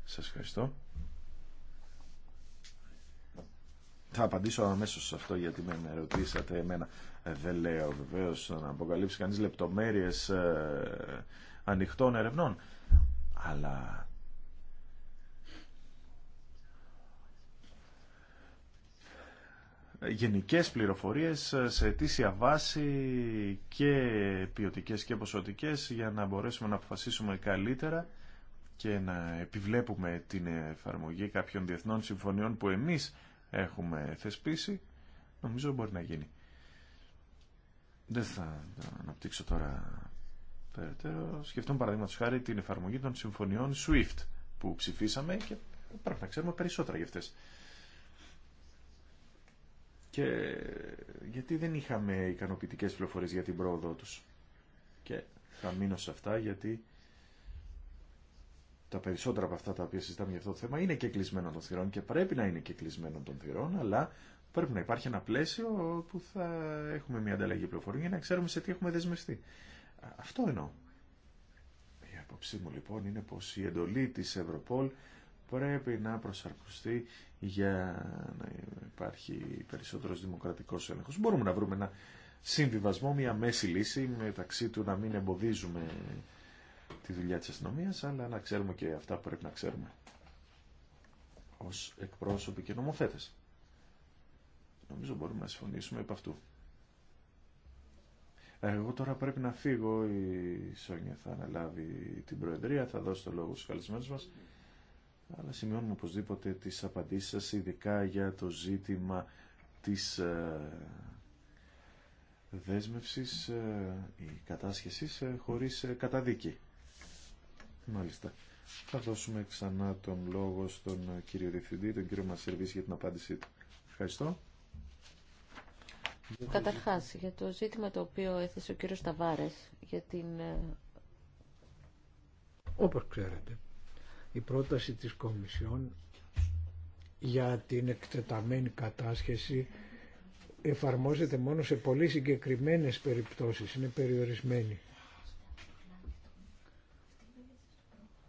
Σας ευχαριστώ. Θα απαντήσω αμέσω σε αυτό γιατί με ρωτήσατε εμένα. Ε, δεν λέω βεβαίω να αποκαλύψει κανεί λεπτομέρειε ε, ανοιχτών ερευνών. Αλλά γενικές πληροφορίες ε, σε αιτήσια βάση και ποιοτικές και ποσοτικές για να μπορέσουμε να αποφασίσουμε καλύτερα και να επιβλέπουμε την εφαρμογή κάποιων διεθνών συμφωνιών που εμείς έχουμε θεσπίσει, νομίζω μπορεί να γίνει. Δεν θα αναπτύξω τώρα περαιτέρω. Σκεφτούμε παραδείγματος χάρη την εφαρμογή των συμφωνιών SWIFT που ψηφίσαμε και πρέπει να ξέρουμε περισσότερα για αυτές. Και γιατί δεν είχαμε ικανοποιητικές πληροφορίες για την πρόοδό τους. Και θα μείνω σε αυτά γιατί τα περισσότερα από αυτά τα οποία συζητάμε για αυτό το θέμα είναι και κλεισμένο των θυρών και πρέπει να είναι και κλεισμένο των θυρών, αλλά πρέπει να υπάρχει ένα πλαίσιο που θα έχουμε μια ανταλλαγή πληροφοριών για να ξέρουμε σε τι έχουμε δεσμευτεί. Αυτό εννοώ. Η άποψή μου λοιπόν είναι πως η εντολή της Ευρωπόλ πρέπει να προσαρμοστεί για να υπάρχει περισσότερος δημοκρατικός έλεγχος. Μπορούμε να βρούμε ένα συμβιβασμό, μια μέση λύση μεταξύ του να μην εμποδίζουμε τη δουλειά της αστυνομία, αλλά να ξέρουμε και αυτά που πρέπει να ξέρουμε ως εκπρόσωποι και νομοθέτες. Νομίζω μπορούμε να συμφωνήσουμε επ' αυτού. Εγώ τώρα πρέπει να φύγω, η Σόνια θα αναλάβει την Προεδρία, θα δώσει το λόγο στους καλεσμένους μας, αλλά σημειώνουμε οπωσδήποτε τις απαντήσεις σας, ειδικά για το ζήτημα της ε, δέσμευσης ή ε, κατάσχεσης ε, χωρίς καταδίκη. Μάλιστα. Θα δώσουμε ξανά τον λόγο στον κύριο Διευθυντή, τον κύριο Μασερβίση για την απάντησή του. Ευχαριστώ. Καταρχάς, για το ζήτημα το οποίο έθεσε ο κύριος Ταβάρες, για την... Ε, Όπω ξέρετε, η πρόταση της Κομισιόν για την εκτεταμένη κατάσχεση εφαρμόζεται μόνο σε πολύ συγκεκριμένες περιπτώσεις, είναι περιορισμένη.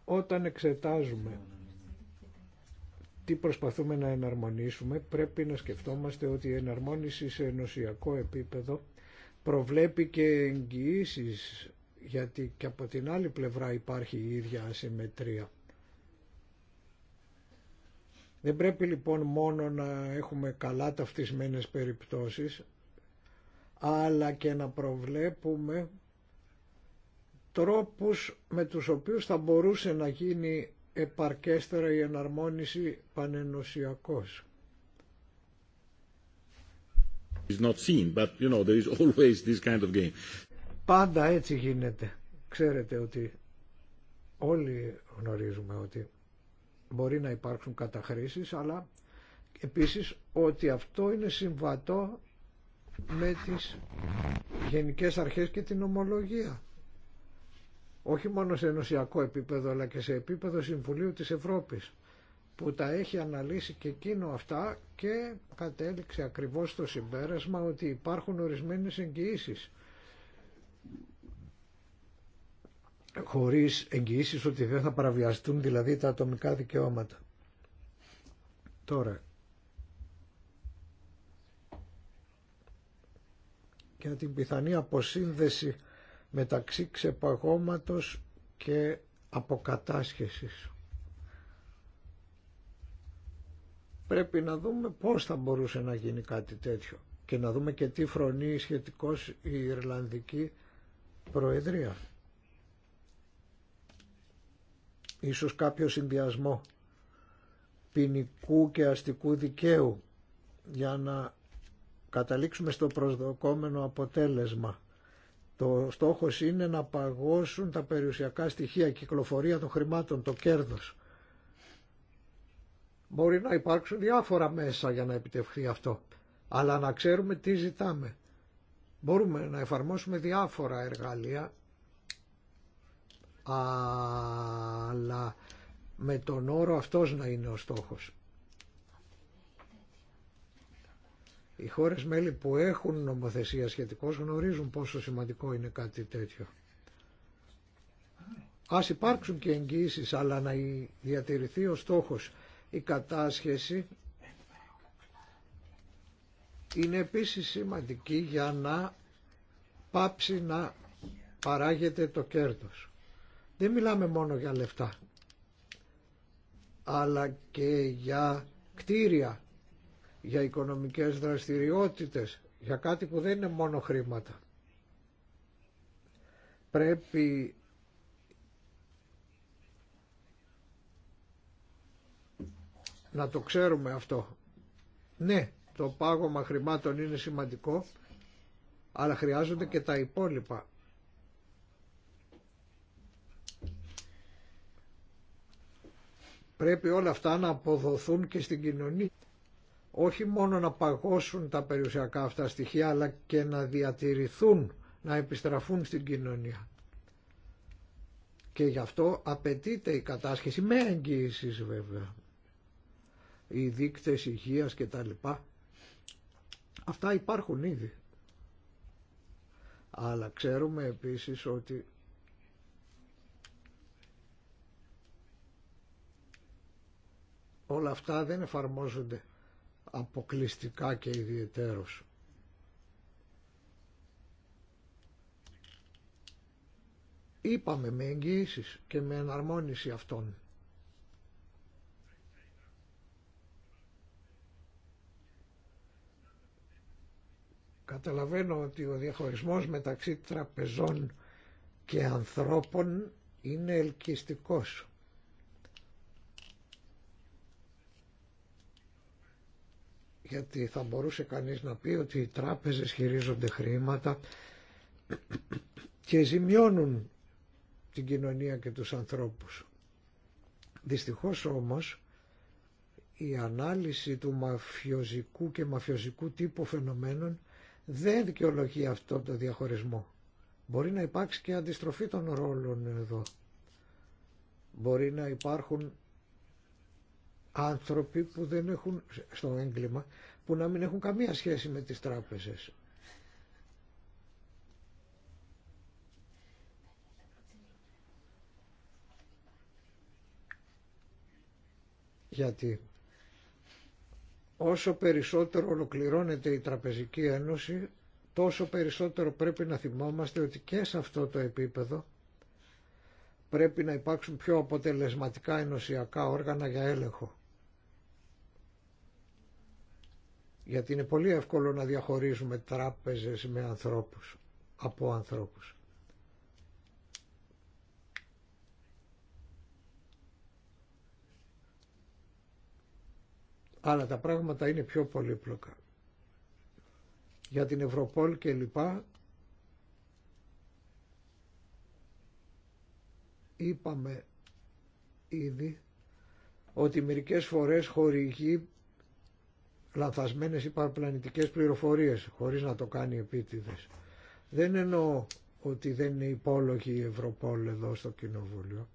Όταν εξετάζουμε τι προσπαθούμε να εναρμονίσουμε, πρέπει να σκεφτόμαστε ότι η εναρμόνιση σε ενωσιακό επίπεδο προβλέπει και εγγυήσει γιατί και από την άλλη πλευρά υπάρχει η ίδια ασυμμετρία. Δεν πρέπει λοιπόν μόνο να έχουμε καλά ταυτισμένες περιπτώσεις, αλλά και να προβλέπουμε τρόπους με τους οποίους θα μπορούσε να γίνει επαρκέστερα η εναρμόνιση πανενοσιακός. Πάντα έτσι γίνεται. Ξέρετε ότι όλοι γνωρίζουμε ότι μπορεί να υπάρξουν καταχρήσεις, αλλά επίσης ότι αυτό είναι συμβατό με τις γενικές αρχές και την ομολογία όχι μόνο σε ενωσιακό επίπεδο αλλά και σε επίπεδο Συμβουλίου της Ευρώπης που τα έχει αναλύσει και εκείνο αυτά και κατέληξε ακριβώς στο συμπέρασμα ότι υπάρχουν ορισμένες εγγυήσεις χωρίς εγγυήσεις ότι δεν θα παραβιαστούν δηλαδή τα ατομικά δικαιώματα. Τώρα, για την πιθανή αποσύνδεση μεταξύ ξεπαγώματος και αποκατάσχεσης. Πρέπει να δούμε πώς θα μπορούσε να γίνει κάτι τέτοιο και να δούμε και τι φρονεί σχετικώς η Ιρλανδική Προεδρία. Ίσως κάποιο συνδυασμό ποινικού και αστικού δικαίου για να καταλήξουμε στο προσδοκόμενο αποτέλεσμα. Το στόχος είναι να παγώσουν τα περιουσιακά στοιχεία, η κυκλοφορία των χρημάτων, το κέρδος. Μπορεί να υπάρξουν διάφορα μέσα για να επιτευχθεί αυτό, αλλά να ξέρουμε τι ζητάμε. Μπορούμε να εφαρμόσουμε διάφορα εργαλεία, αλλά με τον όρο αυτός να είναι ο στόχος. Οι χώρες μέλη που έχουν νομοθεσία σχετικώς γνωρίζουν πόσο σημαντικό είναι κάτι τέτοιο. Ας υπάρξουν και εγγύησεις, αλλά να διατηρηθεί ο στόχος η κατάσχεση είναι επίσης σημαντική για να πάψει να παράγεται το κέρδος. Δεν μιλάμε μόνο για λεφτά, αλλά και για κτίρια, για οικονομικές δραστηριότητες, για κάτι που δεν είναι μόνο χρήματα. Πρέπει να το ξέρουμε αυτό. Ναι, το πάγωμα χρημάτων είναι σημαντικό, αλλά χρειάζονται και τα υπόλοιπα. Πρέπει όλα αυτά να αποδοθούν και στην κοινωνία όχι μόνο να παγώσουν τα περιουσιακά αυτά στοιχεία αλλά και να διατηρηθούν, να επιστραφούν στην κοινωνία. Και γι' αυτό απαιτείται η κατάσχεση με εγγύηση βέβαια. Οι δείκτες υγείας και τα λοιπά. Αυτά υπάρχουν ήδη. Αλλά ξέρουμε επίσης ότι όλα αυτά δεν εφαρμόζονται αποκλειστικά και ιδιαιτέρως. Είπαμε με εγγυήσει και με εναρμόνιση αυτών. Καταλαβαίνω ότι ο διαχωρισμός μεταξύ τραπεζών και ανθρώπων είναι ελκυστικός. γιατί θα μπορούσε κανείς να πει ότι οι τράπεζες χειρίζονται χρήματα και ζημιώνουν την κοινωνία και τους ανθρώπους. Δυστυχώς όμως η ανάλυση του μαφιοζικού και μαφιοζικού τύπου φαινομένων δεν δικαιολογεί αυτό το διαχωρισμό. Μπορεί να υπάρξει και αντιστροφή των ρόλων εδώ. Μπορεί να υπάρχουν άνθρωποι που δεν έχουν στο έγκλημα που να μην έχουν καμία σχέση με τις τράπεζες. Γιατί όσο περισσότερο ολοκληρώνεται η Τραπεζική Ένωση, τόσο περισσότερο πρέπει να θυμόμαστε ότι και σε αυτό το επίπεδο πρέπει να υπάρξουν πιο αποτελεσματικά ενωσιακά όργανα για έλεγχο. γιατί είναι πολύ εύκολο να διαχωρίζουμε τράπεζες με ανθρώπους, από ανθρώπους. Αλλά τα πράγματα είναι πιο πολύπλοκα. Για την Ευρωπόλ και λοιπά είπαμε ήδη ότι μερικές φορές χορηγεί Λανθασμένε ή παραπλανητικές πληροφορίες χωρίς να το κάνει επίτηδες. Δεν εννοώ ότι δεν είναι υπόλογη η Ευρωπόλ εδώ στο Κοινοβούλιο.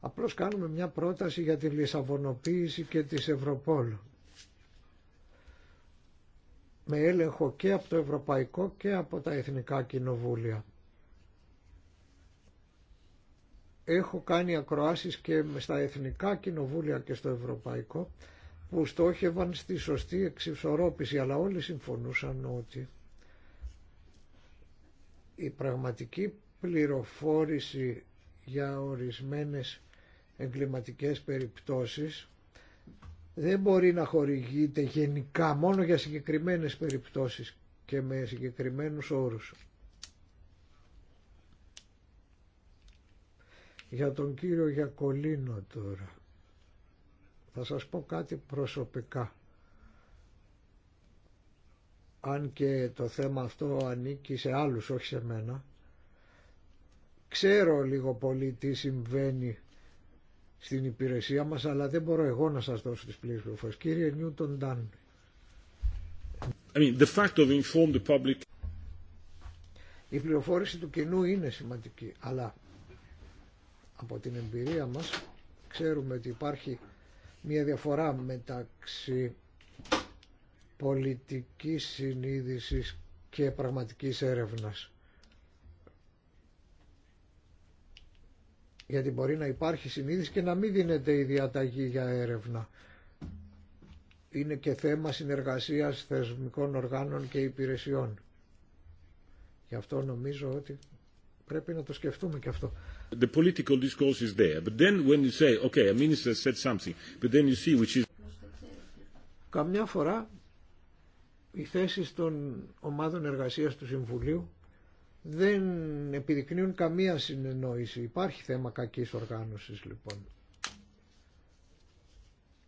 Απλώς κάνουμε μια πρόταση για τη λισαβονοποίηση και της Ευρωπόλ. Με έλεγχο και από το Ευρωπαϊκό και από τα Εθνικά Κοινοβούλια. Έχω κάνει ακροάσεις και στα Εθνικά Κοινοβούλια και στο Ευρωπαϊκό που στόχευαν στη σωστή εξισορρόπηση, αλλά όλοι συμφωνούσαν ότι η πραγματική πληροφόρηση για ορισμένες εγκληματικές περιπτώσεις δεν μπορεί να χορηγείται γενικά μόνο για συγκεκριμένες περιπτώσεις και με συγκεκριμένους όρους. Για τον κύριο Γιακολίνο τώρα. Θα σας πω κάτι προσωπικά. Αν και το θέμα αυτό ανήκει σε άλλους, όχι σε μένα. Ξέρω λίγο πολύ τι συμβαίνει στην υπηρεσία μας, αλλά δεν μπορώ εγώ να σας δώσω τις πλήρες πληροφορίες. Κύριε Νιούτον Ντάν. Η πληροφόρηση του κοινού είναι σημαντική, αλλά από την εμπειρία μας ξέρουμε ότι υπάρχει μια διαφορά μεταξύ πολιτικής συνείδησης και πραγματικής έρευνας. Γιατί μπορεί να υπάρχει συνείδηση και να μην δίνεται η διαταγή για έρευνα. Είναι και θέμα συνεργασίας θεσμικών οργάνων και υπηρεσιών. Γι' αυτό νομίζω ότι πρέπει να το σκεφτούμε και αυτό. The political discourse is there. But Καμιά φορά οι θέσεις των ομάδων εργασίας του Συμβουλίου δεν επιδεικνύουν καμία συνεννόηση. Υπάρχει θέμα κακής οργάνωσης λοιπόν.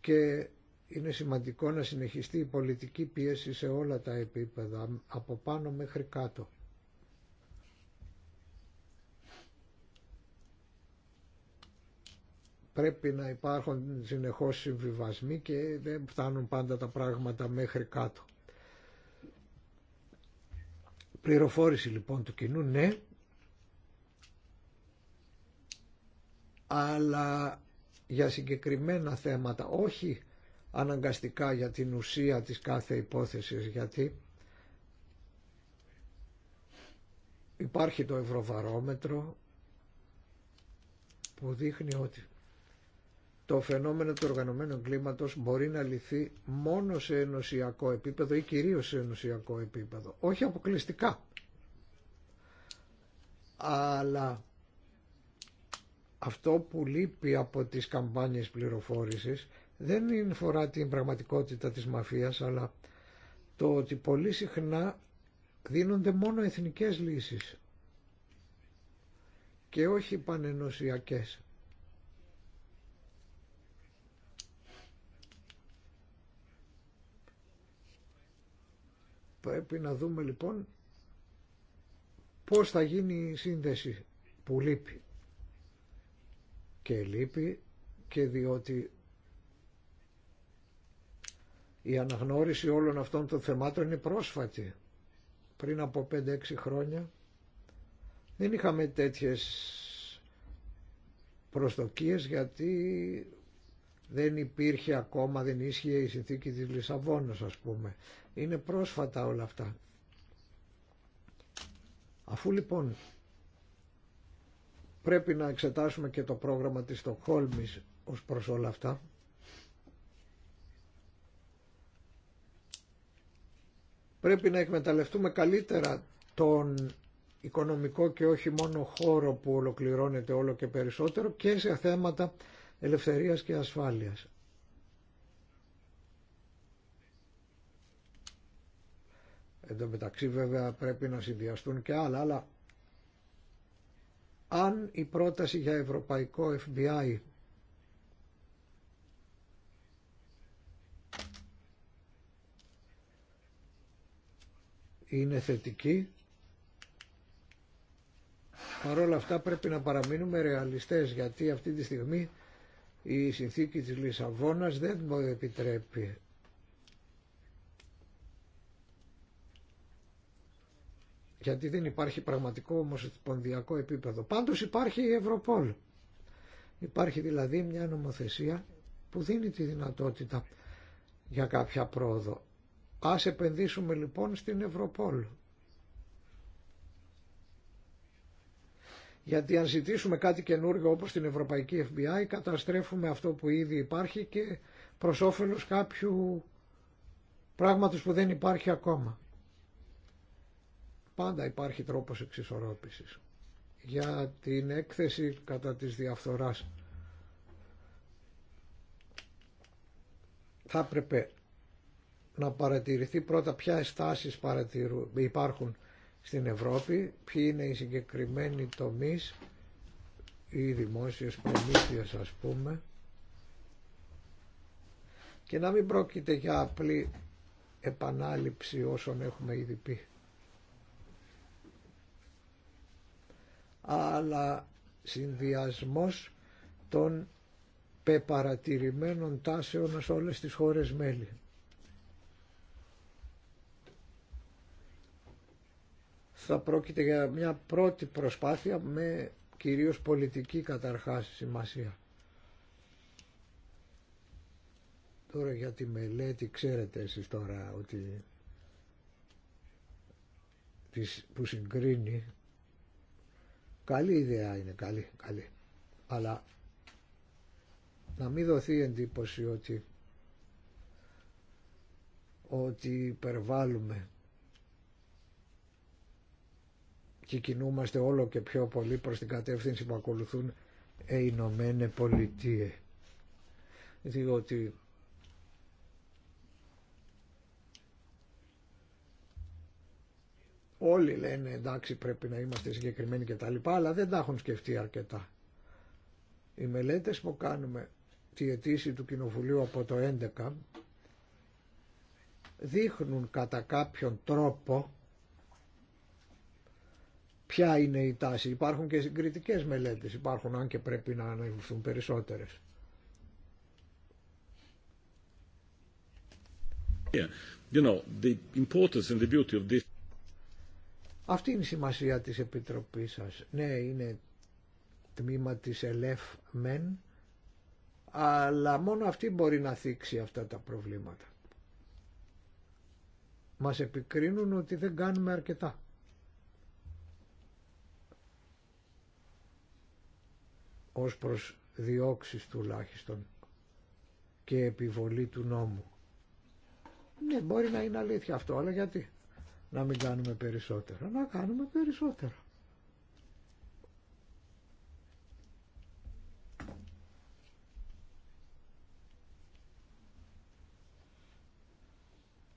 Και είναι σημαντικό να συνεχιστεί η πολιτική πίεση σε όλα τα επίπεδα, από πάνω μέχρι κάτω. πρέπει να υπάρχουν συνεχώς συμβιβασμοί και δεν φτάνουν πάντα τα πράγματα μέχρι κάτω. Πληροφόρηση λοιπόν του κοινού, ναι, αλλά για συγκεκριμένα θέματα, όχι αναγκαστικά για την ουσία της κάθε υπόθεσης, γιατί υπάρχει το ευρωβαρόμετρο που δείχνει ότι το φαινόμενο του οργανωμένου εγκλήματος μπορεί να λυθεί μόνο σε ενωσιακό επίπεδο ή κυρίως σε ενωσιακό επίπεδο. Όχι αποκλειστικά. Αλλά αυτό που λείπει από τις καμπάνιες πληροφόρησης δεν είναι φορά την πραγματικότητα της μαφίας αλλά το ότι πολύ συχνά δίνονται μόνο εθνικές λύσεις και όχι πανενωσιακές. Πρέπει να δούμε λοιπόν πώς θα γίνει η σύνδεση που λείπει. Και λείπει και διότι η αναγνώριση όλων αυτών των θεμάτων είναι πρόσφατη. Πριν από 5-6 χρόνια δεν είχαμε τέτοιες προσδοκίες γιατί δεν υπήρχε ακόμα, δεν ίσχυε η συνθήκη της Λισαβόνας ας πούμε. Είναι πρόσφατα όλα αυτά. Αφού λοιπόν πρέπει να εξετάσουμε και το πρόγραμμα της Στοκχόλμης ως προς όλα αυτά, πρέπει να εκμεταλλευτούμε καλύτερα τον οικονομικό και όχι μόνο χώρο που ολοκληρώνεται όλο και περισσότερο και σε θέματα ελευθερίας και ασφάλειας. Εν τω μεταξύ βέβαια πρέπει να συνδυαστούν και άλλα, αλλά αν η πρόταση για ευρωπαϊκό FBI είναι θετική, παρόλα αυτά πρέπει να παραμείνουμε ρεαλιστές γιατί αυτή τη στιγμή η συνθήκη της Λισαβόνας δεν μου επιτρέπει γιατί δεν υπάρχει πραγματικό ομοσπονδιακό επίπεδο. Πάντως υπάρχει η Ευρωπόλ. Υπάρχει δηλαδή μια νομοθεσία που δίνει τη δυνατότητα για κάποια πρόοδο. Ας επενδύσουμε λοιπόν στην Ευρωπόλ. Γιατί αν ζητήσουμε κάτι καινούργιο όπως την Ευρωπαϊκή FBI καταστρέφουμε αυτό που ήδη υπάρχει και προς όφελος κάποιου πράγματος που δεν υπάρχει ακόμα. Πάντα υπάρχει τρόπος εξισορρόπησης. Για την έκθεση κατά της διαφθοράς θα έπρεπε να παρατηρηθεί πρώτα ποια στάσεις υπάρχουν στην Ευρώπη, ποιοι είναι οι συγκεκριμένοι τομείς ή δημόσιες προμήθειες ας πούμε και να μην πρόκειται για απλή επανάληψη όσων έχουμε ήδη πει. αλλά συνδυασμός των πεπαρατηρημένων τάσεων σε όλες τις χώρες μέλη. Θα πρόκειται για μια πρώτη προσπάθεια με κυρίως πολιτική καταρχάς σημασία. Τώρα για τη μελέτη ξέρετε εσείς τώρα ότι που συγκρίνει Καλή ιδέα είναι, καλή, καλή. Αλλά να μην δοθεί εντύπωση ότι, ότι υπερβάλλουμε και κινούμαστε όλο και πιο πολύ προς την κατεύθυνση που ακολουθούν οι Ηνωμένε Πολιτείε. Διότι Όλοι λένε εντάξει πρέπει να είμαστε συγκεκριμένοι και τα λοιπά, αλλά δεν τα έχουν σκεφτεί αρκετά. Οι μελέτες που κάνουμε τη αιτήση του Κοινοβουλίου από το 11 δείχνουν κατά κάποιον τρόπο ποια είναι η τάση. Υπάρχουν και συγκριτικές μελέτες, υπάρχουν αν και πρέπει να αναγνωριστούν περισσότερες. You know, the importance and the beauty of this... Αυτή είναι η σημασία της Επιτροπής σας. Ναι, είναι τμήμα της ΕΛΕΦ ΜΕΝ, αλλά μόνο αυτή μπορεί να θίξει αυτά τα προβλήματα. Μας επικρίνουν ότι δεν κάνουμε αρκετά. ως προς διώξεις τουλάχιστον και επιβολή του νόμου. Ναι, μπορεί να είναι αλήθεια αυτό, αλλά γιατί να μην κάνουμε περισσότερα. Να κάνουμε περισσότερα.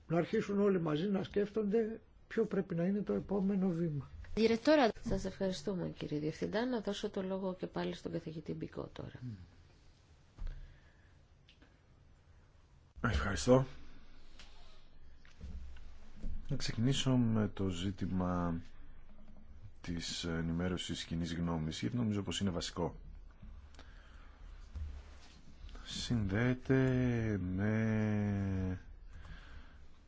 Να αρχίσουν όλοι μαζί να σκέφτονται ποιο πρέπει να είναι το επόμενο βήμα. Διρετόρα, σας ευχαριστούμε κύριε Διευθυντά. Να δώσω το λόγο και πάλι στον καθηγητή Μπικό τώρα. Ευχαριστώ. Να ξεκινήσω με το ζήτημα της ενημέρωσης κοινή γνώμης, γιατί νομίζω πως είναι βασικό. Συνδέεται με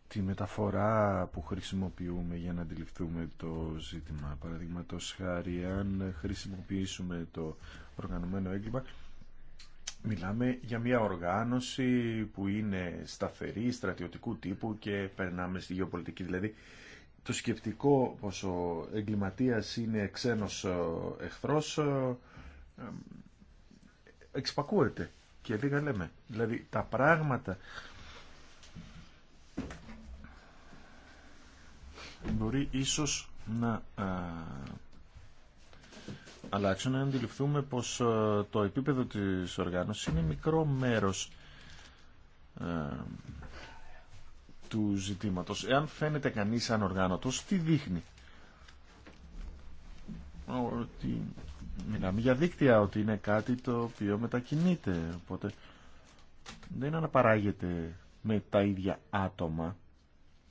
τη μεταφορά που χρησιμοποιούμε για να αντιληφθούμε το ζήτημα. Παραδείγματος χάρη, αν χρησιμοποιήσουμε το οργανωμένο έγκλημα, Μιλάμε για μια οργάνωση που είναι σταθερή, στρατιωτικού τύπου και περνάμε στη γεωπολιτική. Δηλαδή, το σκεπτικό πως ο εγκληματίας είναι ξένος ε, εχθρός ε, ε, εξπακούεται και λίγα λέμε. Δηλαδή, τα πράγματα μπορεί ίσως να αλλάξουν, να αντιληφθούμε πως ε, το επίπεδο της οργάνωσης είναι μικρό μέρος ε, του ζητήματος. Εάν φαίνεται κανείς ανοργάνωτος, τι δείχνει. Ότι μιλάμε για δίκτυα, ότι είναι κάτι το οποίο μετακινείται. Οπότε δεν αναπαράγεται με τα ίδια άτομα.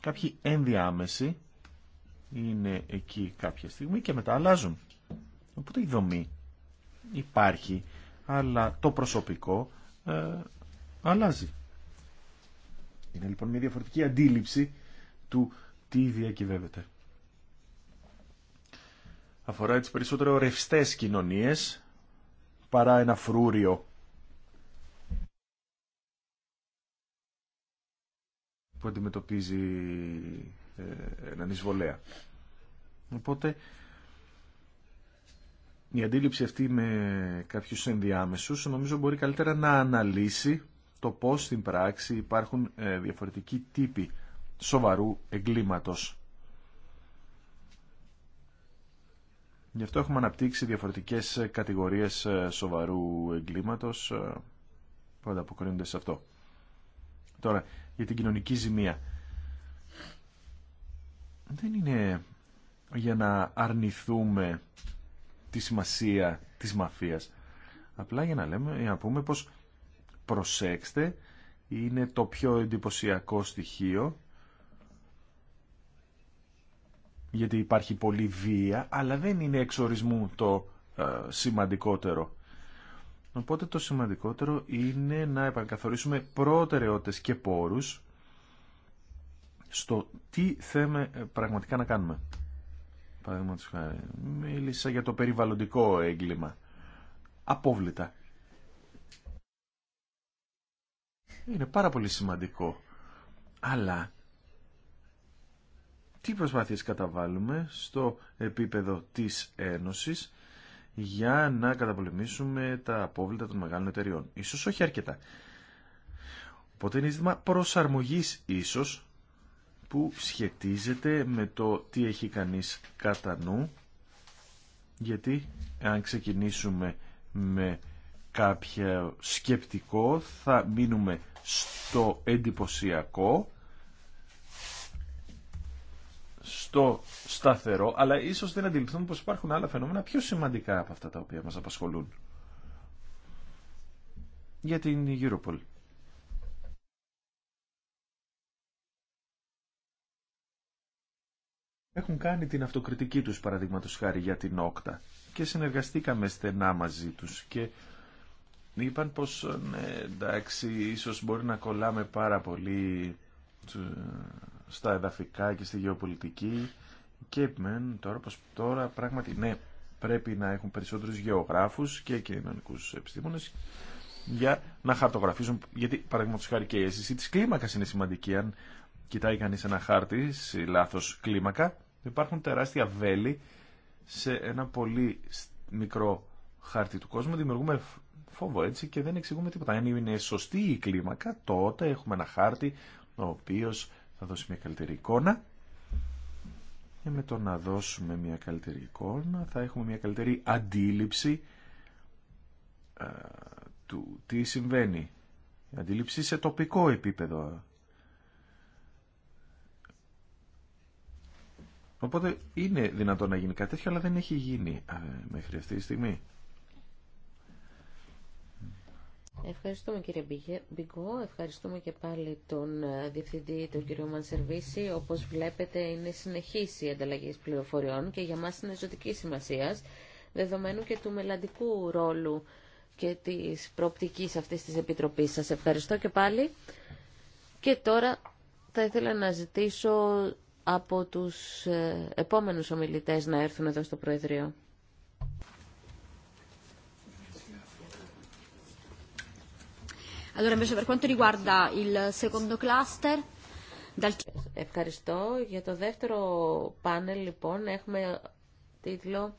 Κάποιοι ενδιάμεση είναι εκεί κάποια στιγμή και μετά αλλάζουν. Οπότε η δομή υπάρχει, αλλά το προσωπικό ε, αλλάζει. Είναι λοιπόν μια διαφορετική αντίληψη του τι διακυβεύεται. Αφορά έτσι περισσότερο ρευστές κοινωνίες παρά ένα φρούριο. που αντιμετωπίζει ε, έναν εισβολέα. Οπότε η αντίληψη αυτή με κάποιους ενδιάμεσους νομίζω μπορεί καλύτερα να αναλύσει το πώς στην πράξη υπάρχουν ε, διαφορετικοί τύποι σοβαρού εγκλήματος. Γι' αυτό έχουμε αναπτύξει διαφορετικές κατηγορίες ε, σοβαρού εγκλήματος ε, που ανταποκρίνονται σε αυτό. Τώρα, για την κοινωνική ζημία. Δεν είναι για να αρνηθούμε τη σημασία της μαφίας. Απλά για να, λέμε, για να πούμε πως προσέξτε είναι το πιο εντυπωσιακό στοιχείο γιατί υπάρχει πολλή βία αλλά δεν είναι εξορισμού το ε, σημαντικότερο. Οπότε το σημαντικότερο είναι να επανακαθορίσουμε προτεραιότητες και πόρους στο τι θέμε ε, πραγματικά να κάνουμε. Παραδείγματος χάρη, μίλησα για το περιβαλλοντικό έγκλημα. Απόβλητα. Είναι πάρα πολύ σημαντικό. Αλλά τι προσπάθειες καταβάλουμε στο επίπεδο της Ένωσης για να καταπολεμήσουμε τα απόβλητα των μεγάλων εταιριών. Ίσως όχι αρκετά. Οπότε είναι ζήτημα προσαρμογής ίσως που σχετίζεται με το τι έχει κανείς κατά νου γιατί αν ξεκινήσουμε με κάποιο σκεπτικό θα μείνουμε στο εντυπωσιακό στο σταθερό αλλά ίσως δεν αντιληφθούμε πως υπάρχουν άλλα φαινόμενα πιο σημαντικά από αυτά τα οποία μας απασχολούν για την Europol έχουν κάνει την αυτοκριτική τους παραδείγματο χάρη για την όκτα και συνεργαστήκαμε στενά μαζί τους και είπαν πως ε, ναι, εντάξει ίσως μπορεί να κολλάμε πάρα πολύ ε, στα εδαφικά και στη γεωπολιτική και τώρα πως τώρα πράγματι ναι πρέπει να έχουν περισσότερους γεωγράφους και κοινωνικού επιστήμονες για να χαρτογραφίζουν γιατί παραδείγματος χάρη και η αίσθηση της κλίμακας είναι σημαντική αν κοιτάει κανείς ένα χάρτη σε λάθος κλίμακα, υπάρχουν τεράστια βέλη σε ένα πολύ μικρό χάρτη του κόσμου. Δημιουργούμε φόβο έτσι και δεν εξηγούμε τίποτα. Αν είναι σωστή η κλίμακα, τότε έχουμε ένα χάρτη ο οποίος θα δώσει μια καλύτερη εικόνα και με το να δώσουμε μια καλύτερη εικόνα θα έχουμε μια καλύτερη αντίληψη α, ε, του τι συμβαίνει. Αντίληψη σε τοπικό επίπεδο Οπότε είναι δυνατόν να γίνει κάτι τέτοιο, αλλά δεν έχει γίνει ε, μέχρι αυτή τη στιγμή. Ευχαριστούμε κύριε Μπιγκό, ευχαριστούμε και πάλι τον ε, Διευθυντή, τον κύριο Μανσερβίση. Όπως βλέπετε είναι συνεχής η ανταλλαγή πληροφοριών και για μας είναι ζωτική σημασία, δεδομένου και του μελλαντικού ρόλου και της προοπτικής αυτής της Επιτροπής. Σας ευχαριστώ και πάλι. Και τώρα θα ήθελα να ζητήσω από τους ε, επόμενους ομιλητές να έρθουν εδώ στο Προεδρείο. Ευχαριστώ. Για το δεύτερο πάνελ, λοιπόν, έχουμε τίτλο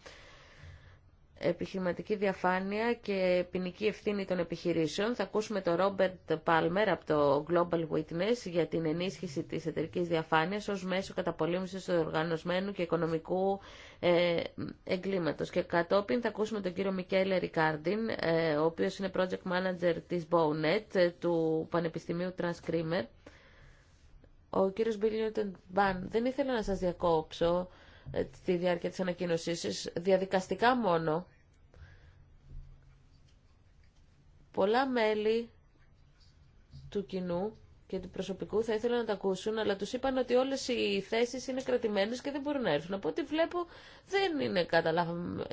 επιχειρηματική διαφάνεια και ποινική ευθύνη των επιχειρήσεων. Θα ακούσουμε τον Ρόμπερτ Πάλμερ από το Global Witness για την ενίσχυση της εταιρική διαφάνειας ως μέσο καταπολέμησης του οργανωσμένου και οικονομικού ε, εγκλήματος. Και κατόπιν θα ακούσουμε τον κύριο Μικέλε Ρικάρντιν, ε, ο οποίος είναι project manager της Bownet ε, του Πανεπιστημίου Transcreamer. Ο κύριος Μπίλιοντεν Μπαν, δεν ήθελα να σας διακόψω τη διάρκεια της ανακοίνωσής σας, διαδικαστικά μόνο. Πολλά μέλη του κοινού και του προσωπικού θα ήθελαν να τα ακούσουν, αλλά τους είπαν ότι όλες οι θέσεις είναι κρατημένες και δεν μπορούν να έρθουν. Από ό,τι βλέπω δεν είναι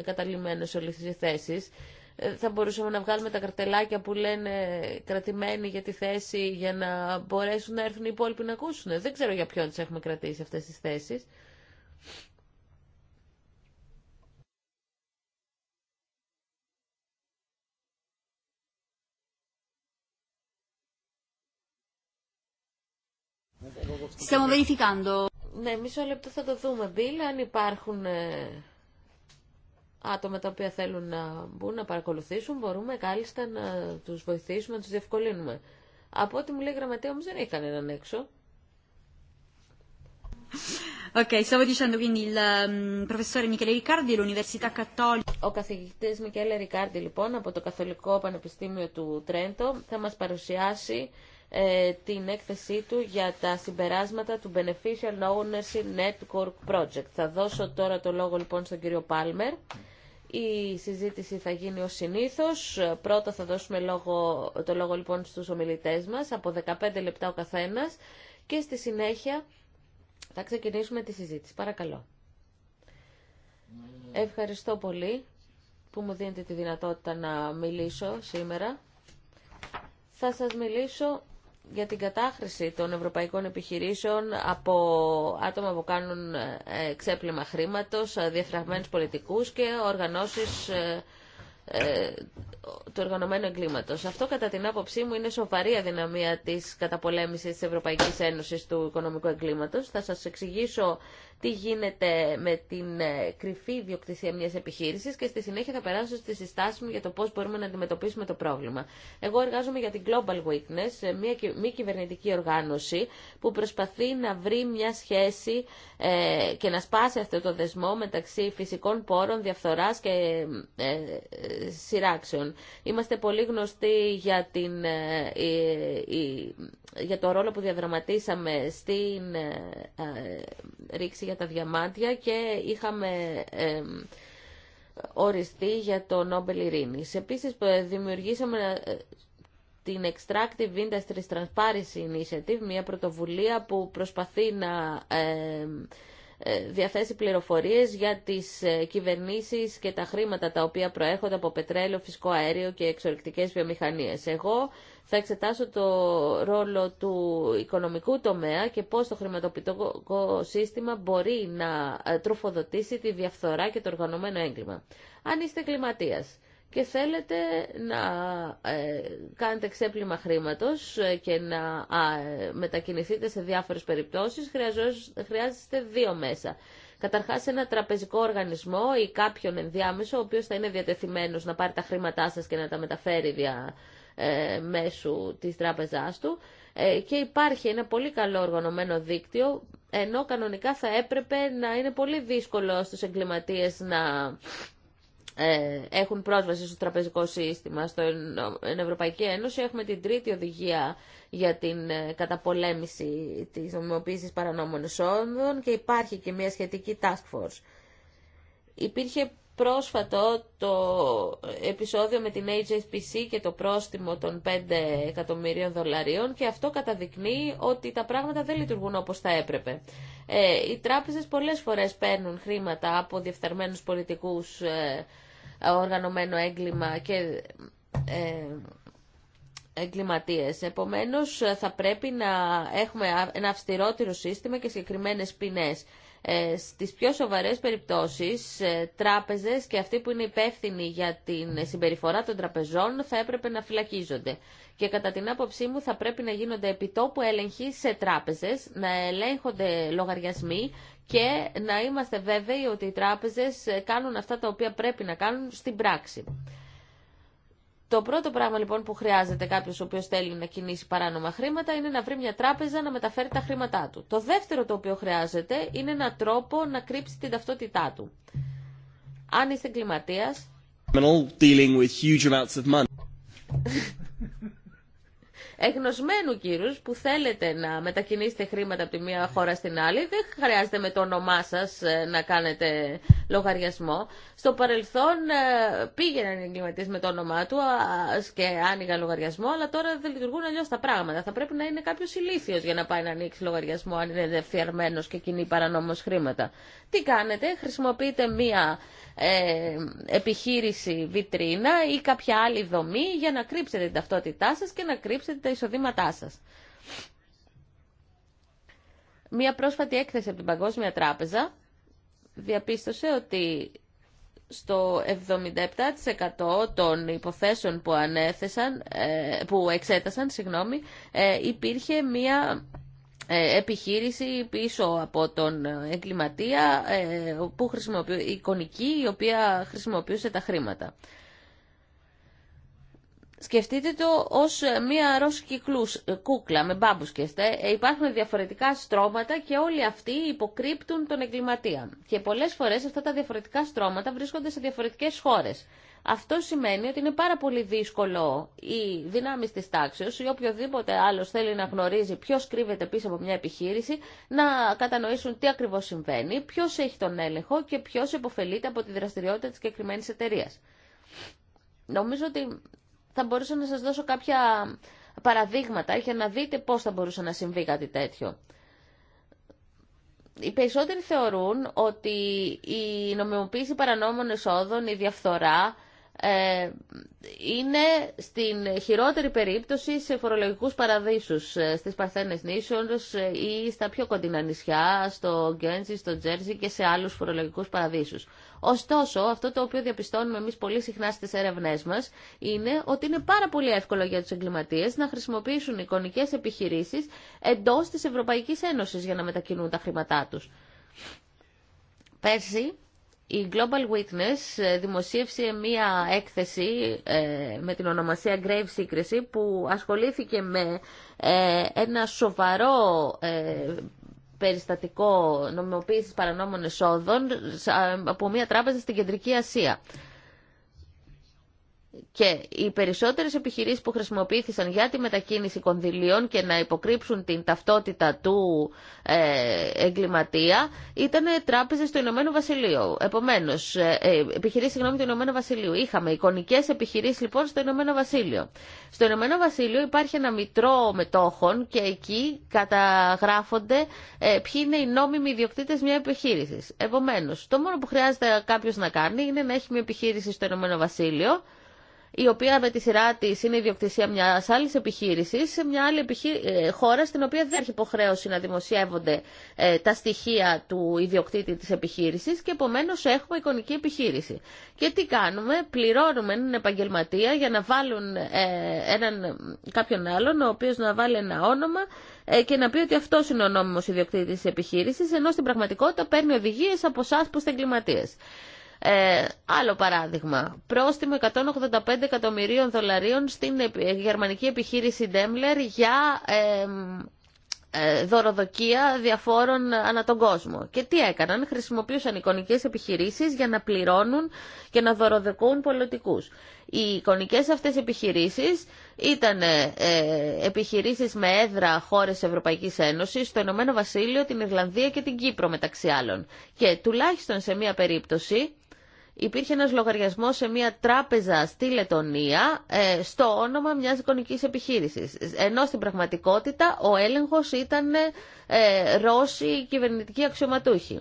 καταλημμένες όλες οι θέσεις. Ε, θα μπορούσαμε να βγάλουμε τα καρτελάκια που λένε κρατημένοι για τη θέση για να μπορέσουν να έρθουν οι υπόλοιποι να ακούσουν. Δεν ξέρω για ποιον τις έχουμε κρατήσει αυτές τις θέσεις. verificando. Ναι, μισό λεπτό θα το δούμε, Μπίλ, αν υπάρχουν ε, άτομα τα οποία θέλουν να μπουν, να παρακολουθήσουν, μπορούμε κάλλιστα να τους βοηθήσουμε, να τους διευκολύνουμε. Από ό,τι μου λέει η γραμματέα όμως δεν έχει κανέναν έξω. Ok, stavo dicendo quindi il um, professore Michele Riccardi dell'Università Cattolica. Ο καθηγητής Μικέλε Ρικάρντι λοιπόν από το Καθολικό Πανεπιστήμιο του Τρέντο θα μας παρουσιάσει ε, την έκθεσή του για τα συμπεράσματα του Beneficial Ownership Network Project. Θα δώσω τώρα το λόγο λοιπόν στον κύριο Πάλμερ. Η συζήτηση θα γίνει ως συνήθως. Πρώτα θα δώσουμε λόγο, το λόγο λοιπόν στους ομιλητές μας, από 15 λεπτά ο καθένας και στη συνέχεια θα ξεκινήσουμε τη συζήτηση. Παρακαλώ. Ευχαριστώ πολύ που μου δίνετε τη δυνατότητα να μιλήσω σήμερα. Θα σας μιλήσω για την κατάχρηση των ευρωπαϊκών επιχειρήσεων από άτομα που κάνουν ε, ξέπλυμα χρήματος, ε, διαφραγμένους πολιτικούς και οργανώσεις ε, του οργανωμένου εγκλήματο. Αυτό κατά την άποψή μου είναι σοβαρή αδυναμία τη καταπολέμηση τη Ευρωπαϊκή Ένωση του οικονομικού εγκλήματο. Θα σα εξηγήσω τι γίνεται με την ε, κρυφή ιδιοκτησία μια επιχείρηση και στη συνέχεια θα περάσω στη συστάση μου για το πώ μπορούμε να αντιμετωπίσουμε το πρόβλημα. Εγώ εργάζομαι για την Global Witness, ε, μια μη κυβερνητική οργάνωση που προσπαθεί να βρει μια σχέση ε, και να σπάσει αυτό το δεσμό μεταξύ φυσικών πόρων, διαφθοράς και σειράξεων. Είμαστε πολύ γνωστοί για, την, ε, ε, ε, για το ρόλο που διαδραματίσαμε στην ρήξη για τα διαμάντια και είχαμε οριστεί για το Νόμπελ Ειρήνης. Επίσης δημιουργήσαμε την Extractive Industries Transparency Initiative, μια πρωτοβουλία που προσπαθεί να ε, διαθέσει πληροφορίες για τις ε, κυβερνήσεις και τα χρήματα τα οποία προέρχονται από πετρέλαιο, φυσικό αέριο και εξορυκτικές βιομηχανίες. Εγώ θα εξετάσω το ρόλο του οικονομικού τομέα και πώς το χρηματοπιτωτικό σύστημα μπορεί να ε, τροφοδοτήσει τη διαφθορά και το οργανωμένο έγκλημα. Αν είστε κλιματίας, και θέλετε να ε, κάνετε ξέπλυμα χρήματος ε, και να ε, μετακινηθείτε σε διάφορες περιπτώσεις, χρειάζεστε δύο μέσα. Καταρχάς ένα τραπεζικό οργανισμό ή κάποιον ενδιάμεσο, ο οποίος θα είναι διατεθειμένος να πάρει τα χρήματά σας και να τα μεταφέρει δια ε, μέσου της τράπεζάς του. Και υπάρχει ένα πολύ καλό οργανωμένο δίκτυο, ενώ κανονικά θα έπρεπε να είναι πολύ δύσκολο στους εγκληματίες να ε, έχουν πρόσβαση στο τραπεζικό σύστημα. Στην Ευρωπαϊκή Ένωση έχουμε την τρίτη οδηγία για την ε, καταπολέμηση της νομιμοποίησης παρανόμων εισόδων και υπάρχει και μια σχετική task force. Υπήρχε πρόσφατο το επεισόδιο με την HSBC και το πρόστιμο των 5 εκατομμυρίων δολαρίων και αυτό καταδεικνύει ότι τα πράγματα δεν λειτουργούν όπως θα έπρεπε. Ε, οι τράπεζες πολλές φορές παίρνουν χρήματα από διεφθαρμένους πολιτικούς οργανωμένο έγκλημα και ε, εγκληματίες. Επομένως, θα πρέπει να έχουμε ένα αυστηρότερο σύστημα και συγκεκριμένες ποινές. Ε, στις πιο σοβαρές περιπτώσεις ε, τράπεζες και αυτοί που είναι υπεύθυνοι για την συμπεριφορά των τραπεζών θα έπρεπε να φυλακίζονται. Και κατά την άποψή μου θα πρέπει να γίνονται επιτόπου έλεγχοι σε τράπεζες, να ελέγχονται λογαριασμοί και να είμαστε βέβαιοι ότι οι τράπεζες ε, κάνουν αυτά τα οποία πρέπει να κάνουν στην πράξη. Το πρώτο πράγμα λοιπόν που χρειάζεται κάποιο ο οποίο θέλει να κινήσει παράνομα χρήματα είναι να βρει μια τράπεζα να μεταφέρει τα χρήματά του. Το δεύτερο το οποίο χρειάζεται είναι ένα τρόπο να κρύψει την ταυτότητά του. Αν είστε εγκληματία. εγνωσμένου κύρους που θέλετε να μετακινήσετε χρήματα από τη μία χώρα στην άλλη. Δεν χρειάζεται με το όνομά σας ε, να κάνετε λογαριασμό. Στο παρελθόν ε, πήγαιναν οι εγκληματίες με το όνομά του και άνοιγαν λογαριασμό, αλλά τώρα δεν λειτουργούν αλλιώς τα πράγματα. Θα πρέπει να είναι κάποιο ηλίθιος για να πάει να ανοίξει λογαριασμό, αν είναι δεφιαρμένο και κινεί παρανόμως χρήματα. Τι κάνετε, χρησιμοποιείτε μία ε, επιχείρηση βιτρίνα ή κάποια άλλη δομή για να κρύψετε την ταυτότητά σας και να κρύψετε τα εισοδήματά σας. Μία πρόσφατη έκθεση από την Παγκόσμια Τράπεζα διαπίστωσε ότι στο 77% των υποθέσεων που, ανέθεσαν, ε, που εξέτασαν συγγνώμη, ε, υπήρχε μία ε, επιχείρηση πίσω από τον ε, εγκληματία ε, που χρησιμοποιεί, εικονική η οποία χρησιμοποιούσε τα χρήματα. Σκεφτείτε το ως μία ρώσικη κούκλα με ε, Υπάρχουν διαφορετικά στρώματα και όλοι αυτοί υποκρύπτουν τον εγκληματία. Και πολλές φορές αυτά τα διαφορετικά στρώματα βρίσκονται σε διαφορετικές χώρες. Αυτό σημαίνει ότι είναι πάρα πολύ δύσκολο οι δυνάμει τη τάξεω ή οποιοδήποτε άλλο θέλει να γνωρίζει ποιο κρύβεται πίσω από μια επιχείρηση, να κατανοήσουν τι ακριβώ συμβαίνει, ποιο έχει τον έλεγχο και ποιο υποφελείται από τη δραστηριότητα τη συγκεκριμένη εταιρεία. Νομίζω ότι θα μπορούσα να σα δώσω κάποια παραδείγματα για να δείτε πώ θα μπορούσε να συμβεί κάτι τέτοιο. Οι περισσότεροι θεωρούν ότι η νομιμοποίηση παρανόμων εσόδων, η διαφθορά, ε, είναι στην χειρότερη περίπτωση σε φορολογικούς παραδείσους, ε, στις Παρθένες Νήσιονς ε, ή στα πιο κοντινά νησιά, στο Γκέντζι, στο Τζέρζι και σε άλλους φορολογικούς παραδείσους. Ωστόσο, αυτό το οποίο διαπιστώνουμε εμείς πολύ συχνά στις έρευνές μας είναι ότι είναι πάρα πολύ εύκολο για τους εγκληματίες να χρησιμοποιήσουν εικονικές επιχειρήσεις εντός της Ευρωπαϊκής Ένωσης για να μετακινούν τα χρήματά τους. Πέρσι, η Global Witness ε, δημοσίευσε μία έκθεση ε, με την ονομασία Grave Secrecy που ασχολήθηκε με ε, ένα σοβαρό περιστατικό νομιμοποίησης παρανόμων εσόδων από μία τράπεζα στην Κεντρική Ασία και οι περισσότερες επιχειρήσεις που χρησιμοποιήθησαν για τη μετακίνηση κονδυλίων και να υποκρύψουν την ταυτότητα του ε, εγκληματία ήταν τράπεζες του Ηνωμένου Βασιλείου. Επομένως, ε, ε, επιχειρήσεις συγγνώμη, του Ηνωμένου Βασιλείου. Είχαμε εικονικές επιχειρήσεις λοιπόν στο Ηνωμένο Βασίλειο. Στο Ηνωμένο Βασίλειο υπάρχει ένα μητρό μετόχων και εκεί καταγράφονται ε, ποιοι είναι οι νόμιμοι ιδιοκτήτε μια επιχείρηση. Επομένως, το μόνο που χρειάζεται κάποιο να κάνει είναι να έχει μια επιχείρηση στο Ηνωμένο Βασίλειο η οποία με τη σειρά τη είναι ιδιοκτησία μια άλλη επιχείρηση σε μια άλλη ε, χώρα στην οποία δεν έχει υποχρέωση να δημοσιεύονται ε, τα στοιχεία του ιδιοκτήτη τη επιχείρηση και επομένω έχουμε εικονική επιχείρηση. Και τι κάνουμε, πληρώνουμε έναν επαγγελματία για να βάλουν ε, έναν, κάποιον άλλον, ο οποίο να βάλει ένα όνομα ε, και να πει ότι αυτό είναι ο νόμιμο ιδιοκτήτη τη επιχείρηση, ενώ στην πραγματικότητα παίρνει οδηγίε από εσά που είστε εγκληματίε. Ε, άλλο παράδειγμα, πρόστιμο 185 εκατομμυρίων δολαρίων στην ε, γερμανική επιχείρηση Daimler για ε, δωροδοκία διαφόρων ανά τον κόσμο. Και τι έκαναν, χρησιμοποιούσαν εικονικές επιχειρήσεις για να πληρώνουν και να δωροδοκούν πολιτικούς. Οι εικονικές αυτές επιχειρήσεις ήταν ε, επιχειρήσεις με έδρα χώρες Ευρωπαϊκής Ένωσης, το Ηνωμένο Βασίλειο, την Ιρλανδία και την Κύπρο μεταξύ άλλων. Και τουλάχιστον σε μία περίπτωση υπήρχε ένας λογαριασμός σε μια τράπεζα στη Λετωνία ε, στο όνομα μιας εικονικής επιχείρησης. Ενώ στην πραγματικότητα ο έλεγχος ήταν ε, Ρώσοι κυβερνητικοί αξιωματούχοι.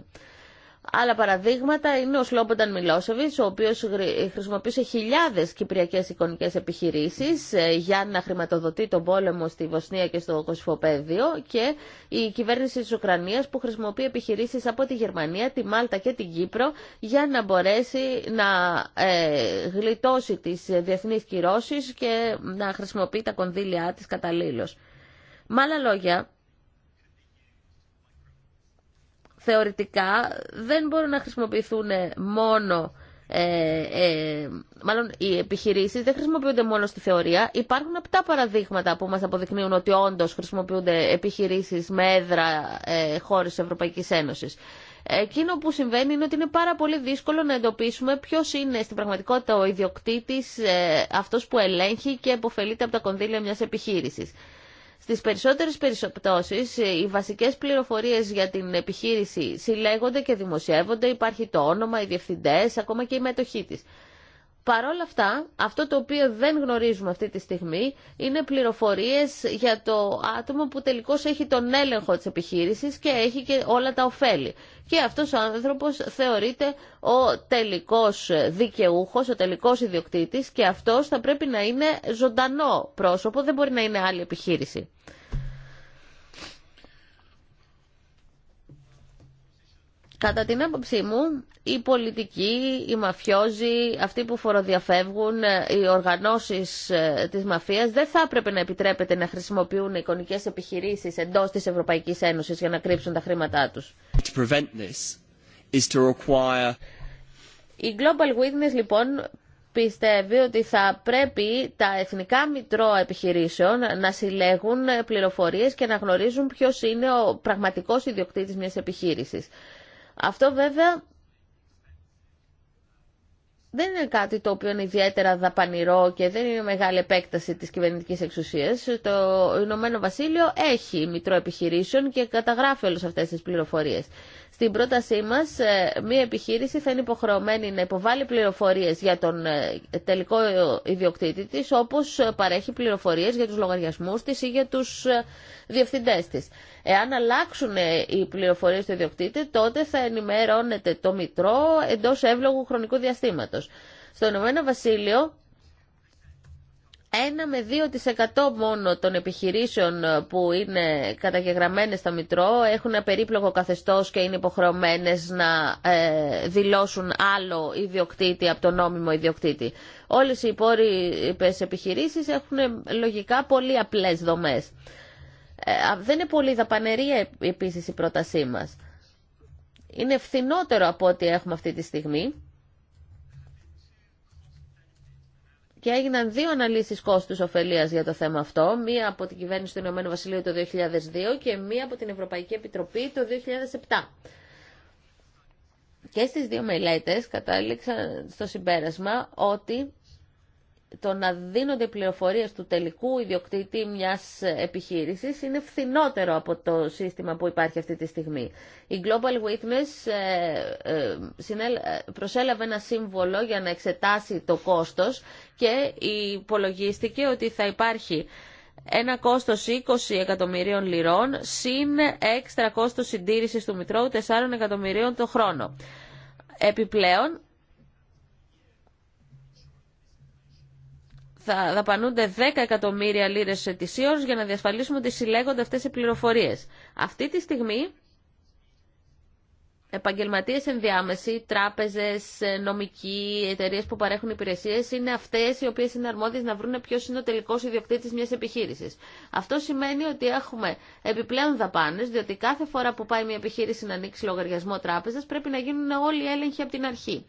Άλλα παραδείγματα είναι ο Σλόμπονταν Μιλόσεβιτ, ο οποίο χρησιμοποιούσε χιλιάδε κυπριακέ εικονικέ επιχειρήσει ε, για να χρηματοδοτεί τον πόλεμο στη Βοσνία και στο Κωσφοπέδιο και η κυβέρνηση τη Ουκρανία που χρησιμοποιεί επιχειρήσει από τη Γερμανία, τη Μάλτα και την Κύπρο για να μπορέσει να ε, γλιτώσει τι διεθνεί κυρώσει και να χρησιμοποιεί τα κονδύλια τη καταλήλω. Με άλλα λόγια, θεωρητικά δεν μπορούν να χρησιμοποιηθούν μόνο ε, ε, μάλλον οι επιχειρήσεις δεν χρησιμοποιούνται μόνο στη θεωρία. Υπάρχουν απτά παραδείγματα που μας αποδεικνύουν ότι όντως χρησιμοποιούνται επιχειρήσεις με έδρα ε, χώρες της Ευρωπαϊκής Ένωσης. Εκείνο που συμβαίνει είναι ότι είναι πάρα πολύ δύσκολο να εντοπίσουμε ποιο είναι στην πραγματικότητα ο ιδιοκτήτη, ε, αυτό που ελέγχει και επωφελείται από τα κονδύλια μια επιχείρηση. Στις περισσότερες περιπτώσεις ε, οι βασικές πληροφορίες για την επιχείρηση συλλέγονται και δημοσιεύονται, υπάρχει το όνομα, οι διευθυντές, ακόμα και η μετοχή της. Παρ' όλα αυτά, αυτό το οποίο δεν γνωρίζουμε αυτή τη στιγμή είναι πληροφορίες για το άτομο που τελικώς έχει τον έλεγχο της επιχείρησης και έχει και όλα τα ωφέλη. Και αυτός ο άνθρωπος θεωρείται ο τελικός δικαιούχος, ο τελικός ιδιοκτήτης και αυτός θα πρέπει να είναι ζωντανό πρόσωπο, δεν μπορεί να είναι άλλη επιχείρηση. Κατά την άποψή μου, οι πολιτικοί, οι μαφιόζοι, αυτοί που φοροδιαφεύγουν, ε, οι οργανώσεις ε, της μαφίας δεν θα έπρεπε να επιτρέπεται να χρησιμοποιούν εικονικές επιχειρήσεις εντός της Ευρωπαϊκής Ένωσης για να κρύψουν τα χρήματά τους. Η Global Witness λοιπόν πιστεύει ότι θα πρέπει τα εθνικά μητρώα επιχειρήσεων να συλλέγουν πληροφορίες και να γνωρίζουν ποιος είναι ο πραγματικός ιδιοκτήτης μιας επιχείρησης. Αυτό βέβαια δεν είναι κάτι το οποίο είναι ιδιαίτερα δαπανηρό και δεν είναι μεγάλη επέκταση της κυβερνητικής εξουσίας. Το Ηνωμένο Βασίλειο έχει μητρό επιχειρήσεων και καταγράφει όλες αυτές τις πληροφορίες. Στην πρότασή μα, ε, μία επιχείρηση θα είναι υποχρεωμένη να υποβάλει πληροφορίες για τον ε, τελικό ιδιοκτήτη τη, όπως ε, παρέχει πληροφορίες για τους λογαριασμού της ή για τους διευθυντέ τη. Εάν αλλάξουν οι πληροφορίε του ιδιοκτήτη, τότε θα ενημερώνεται το Μητρό εντό εύλογου χρονικού διαστήματος. Στο Ηνωμένο Βασίλειο, ένα με 2% μόνο των επιχειρήσεων ε, που είναι καταγεγραμμένες στα Μητρό έχουν ένα περίπλοκο καθεστώς και είναι υποχρεωμένες να ε, δηλώσουν άλλο ιδιοκτήτη από τον νόμιμο ιδιοκτήτη. Όλες οι υπόλοιπες επιχειρήσεις έχουν ε, λογικά πολύ απλές δομές. δεν είναι πολύ δαπανερία επίσης η πρότασή μας. Είναι φθηνότερο από ό,τι έχουμε αυτή τη στιγμή και έγιναν δύο αναλύσεις κόστους ωφελία για το θέμα αυτό, μία από την κυβέρνηση του Ηνωμένου Βασιλείου το 2002 και μία από την Ευρωπαϊκή Επιτροπή το 2007. Και στις δύο μελέτες κατάληξαν στο συμπέρασμα ότι το να δίνονται πληροφορίες του τελικού ιδιοκτήτη μιας επιχείρησης είναι φθηνότερο από το σύστημα που υπάρχει αυτή τη στιγμή. Η Global Witness ε, ε, ε, προσέλαβε ένα σύμβολο για να εξετάσει το κόστος και υπολογίστηκε ότι θα υπάρχει ένα κόστος 20 εκατομμυρίων λιρών συν έξτρα κόστος συντήρησης του Μητρώου 4 εκατομμυρίων το χρόνο. Επιπλέον, θα δαπανούνται 10 εκατομμύρια λίρε ετησίω για να διασφαλίσουμε ότι συλλέγονται αυτέ οι πληροφορίε. Αυτή τη στιγμή επαγγελματίε ενδιάμεση, τράπεζε, νομικοί, εταιρείε που παρέχουν υπηρεσίε είναι αυτέ οι οποίε είναι αρμόδιε να βρουν ποιο είναι ο τελικό ιδιοκτήτη μια επιχείρηση. Αυτό σημαίνει ότι έχουμε επιπλέον δαπάνε, διότι κάθε φορά που πάει μια επιχείρηση να ανοίξει λογαριασμό τράπεζα, πρέπει να γίνουν όλοι οι έλεγχοι από την αρχή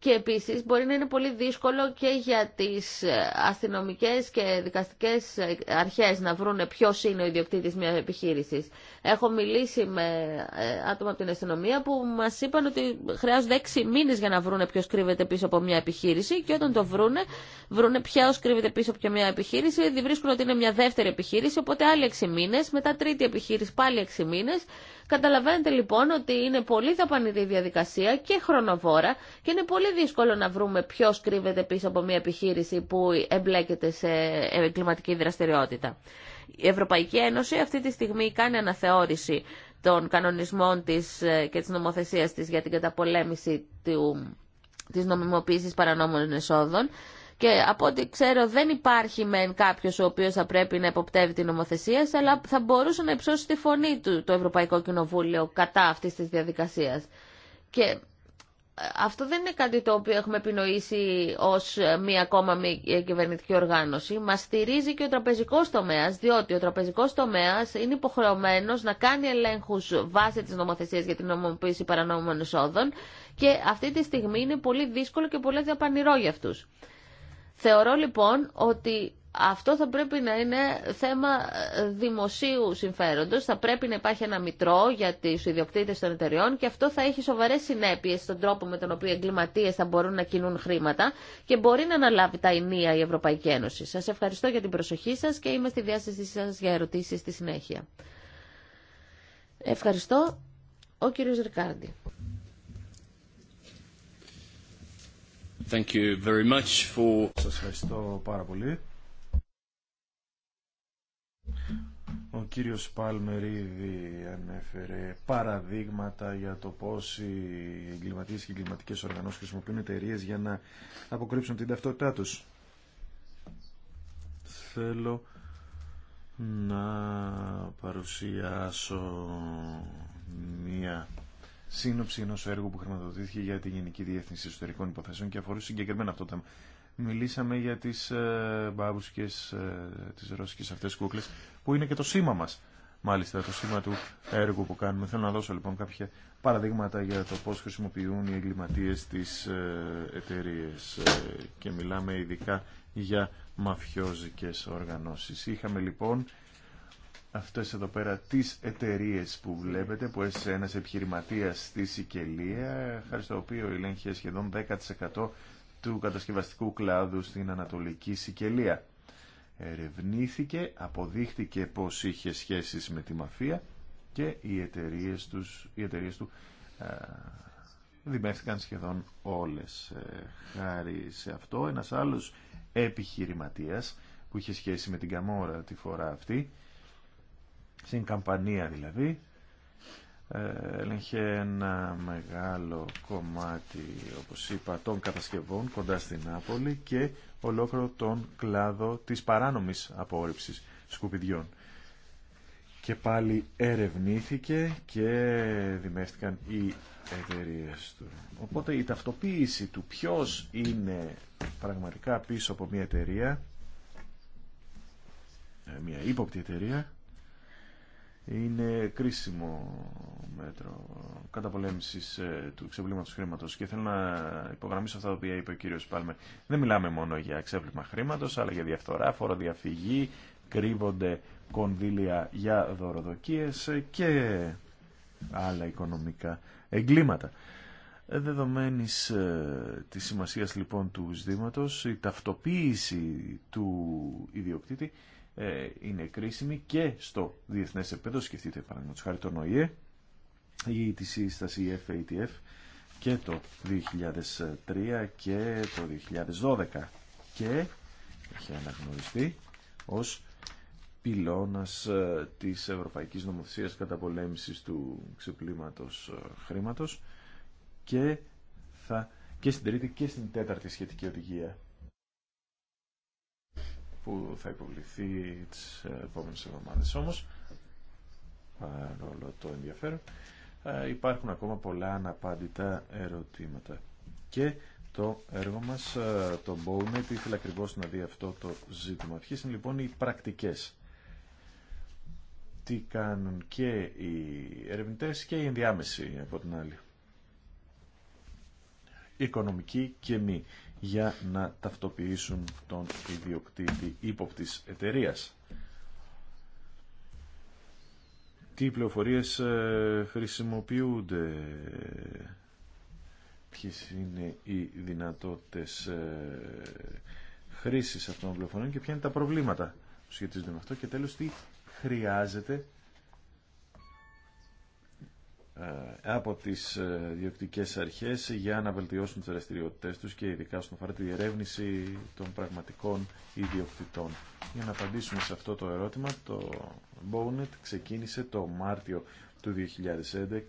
και επίσης μπορεί να είναι πολύ δύσκολο και για τις ε, αστυνομικές και δικαστικές ε, αρχές να βρούνε ποιος είναι ο ιδιοκτήτης μιας επιχείρησης. Έχω μιλήσει με ε, άτομα από την αστυνομία που μας είπαν ότι χρειάζονται έξι μήνες για να βρούνε ποιος κρύβεται πίσω από μια επιχείρηση και όταν το βρούνε, βρούνε ποιος κρύβεται πίσω από μια επιχείρηση, διβρίσκουν ότι είναι μια δεύτερη επιχείρηση, οπότε άλλοι έξι μήνες, μετά τρίτη επιχείρηση πάλι έξι μήνες Καταλαβαίνετε λοιπόν ότι είναι πολύ δαπανηρή διαδικασία και χρονοβόρα και είναι πολύ δύσκολο να βρούμε ποιο κρύβεται πίσω από μια επιχείρηση που εμπλέκεται σε ε, κλιματική δραστηριότητα. Η Ευρωπαϊκή Ένωση αυτή τη στιγμή κάνει αναθεώρηση των κανονισμών της ε, και της νομοθεσίας της για την καταπολέμηση του, της νομιμοποίησης παρανόμων εσόδων και από ό,τι ξέρω δεν υπάρχει μεν κάποιο ο οποίος θα πρέπει να εποπτεύει την νομοθεσία, αλλά θα μπορούσε να υψώσει τη φωνή του το Ευρωπαϊκό Κοινοβούλιο κατά αυτή τη διαδικασία. Και ε, αυτό δεν είναι κάτι το οποίο έχουμε επινοήσει ως μία ακόμα μη κυβερνητική οργάνωση. Μα στηρίζει και ο τραπεζικός τομέας, διότι ο τραπεζικός τομέας είναι υποχρεωμένος να κάνει ελέγχους βάσει της νομοθεσίας για την νομοποίηση παρανόμων εσόδων και αυτή τη στιγμή είναι πολύ δύσκολο και πολύ διαπανηρό για αυτούς. Θεωρώ λοιπόν ότι αυτό θα πρέπει να είναι θέμα ε, δημοσίου συμφέροντος. Θα πρέπει να υπάρχει ένα μητρό για τις ιδιοκτήτες των εταιριών και αυτό θα έχει σοβαρές συνέπειες στον τρόπο με τον οποίο εγκληματίες θα μπορούν να κινούν χρήματα και μπορεί να αναλάβει τα ενία η Ευρωπαϊκή Ένωση. Σας ευχαριστώ για την προσοχή σας και είμαι στη διάστησή σας για ερωτήσεις στη συνέχεια. Ευχαριστώ. Ο κύριος Ρικάρντι. Thank you very much for... Σας ευχαριστώ πάρα πολύ. Ο κύριος Παλμερίδη ανέφερε παραδείγματα για το πώς οι εγκληματίες και εγκληματικές οργανώσεις χρησιμοποιούν εταιρείε για να αποκρύψουν την ταυτότητά τους. Θέλω να παρουσιάσω μία σύνοψη ενό έργου που χρηματοδοτήθηκε για τη Γενική Διεύθυνση Εσωτερικών Υποθέσεων και αφορούσε συγκεκριμένα αυτό το θέμα. Μιλήσαμε για τι ε, μπάμπουσκε, ε, τι ρώσικε αυτέ κούκλε, που είναι και το σήμα μα. Μάλιστα, το σήμα του έργου που κάνουμε. Θέλω να δώσω λοιπόν κάποια παραδείγματα για το πώ χρησιμοποιούν οι εγκληματίε τι ε, εταιρείε ε, και μιλάμε ειδικά για μαφιόζικες οργανώσεις. Είχαμε λοιπόν αυτές εδώ πέρα τις εταιρείε που βλέπετε που έσαι ένας επιχειρηματίας στη Σικελία χάρη στο οποίο ελέγχει σχεδόν 10% του κατασκευαστικού κλάδου στην Ανατολική Σικελία. Ερευνήθηκε, αποδείχτηκε πως είχε σχέσεις με τη μαφία και οι εταιρείε τους, οι του δημεύτηκαν σχεδόν όλες. Ε, χάρη σε αυτό ένας άλλος επιχειρηματίας που είχε σχέση με την Καμόρα τη φορά αυτή στην καμπανία δηλαδή ε, έλεγχε ένα μεγάλο κομμάτι όπως είπα των κατασκευών κοντά στην Νάπολη και ολόκληρο τον κλάδο της παράνομης απόρριψης σκουπιδιών και πάλι ερευνήθηκε και δημεύτηκαν οι εταιρείε του. Οπότε η ταυτοποίηση του ποιος είναι πραγματικά πίσω από μια εταιρεία, ε, μια ύποπτη εταιρεία, είναι κρίσιμο μέτρο καταπολέμησης ε, του ξεπλήματος χρήματος και θέλω να υπογραμμίσω αυτά τα οποία είπε ο κύριος Πάλμε. Δεν μιλάμε μόνο για ξέπλημα χρήματος, αλλά για διαφθορά, φοροδιαφυγή, κρύβονται κονδύλια για δωροδοκίες και άλλα οικονομικά εγκλήματα. Δεδομένης ε, της σημασίας λοιπόν του ζητήματος, η ταυτοποίηση του ιδιοκτήτη ε, είναι κρίσιμη και στο Διεθνέ επίπεδο. Σκεφτείτε παραδείγματο χάρη τον ΟΗΕ ή τη σύσταση FATF και το 2003 και το 2012 και έχει αναγνωριστεί ως πυλώνας ε, της Ευρωπαϊκής Νομοθεσίας καταπολέμησης του ξεπλήματος ε, χρήματος και, θα, και στην τρίτη και στην τέταρτη σχετική οδηγία που θα υποβληθεί τις επόμενες εβδομάδες. Όμως, παρόλο το ενδιαφέρον, ε, υπάρχουν ακόμα πολλά αναπάντητα ερωτήματα. Και το έργο μας, ε, το Bownet, ήθελε ακριβώ να δει αυτό το ζήτημα. Αρχές είναι λοιπόν οι πρακτικές. Τι κάνουν και οι ερευνητέ και οι ενδιάμεση από την άλλη. Οικονομική και μη για να ταυτοποιήσουν τον ιδιοκτήτη ύποπτης εταιρεία. Τι πληροφορίες ε, χρησιμοποιούνται, ποιες είναι οι δυνατότητες ε, χρήσης αυτών των πληροφοριών και ποια είναι τα προβλήματα που σχετίζονται με αυτό και τέλος τι χρειάζεται ε, από τις ε, διοικητικές αρχές για να βελτιώσουν τις δραστηριότητε τους και ειδικά στον αφορά τη διερεύνηση των πραγματικών ιδιοκτητών. Για να απαντήσουμε σε αυτό το ερώτημα, το Bonet ξεκίνησε το Μάρτιο του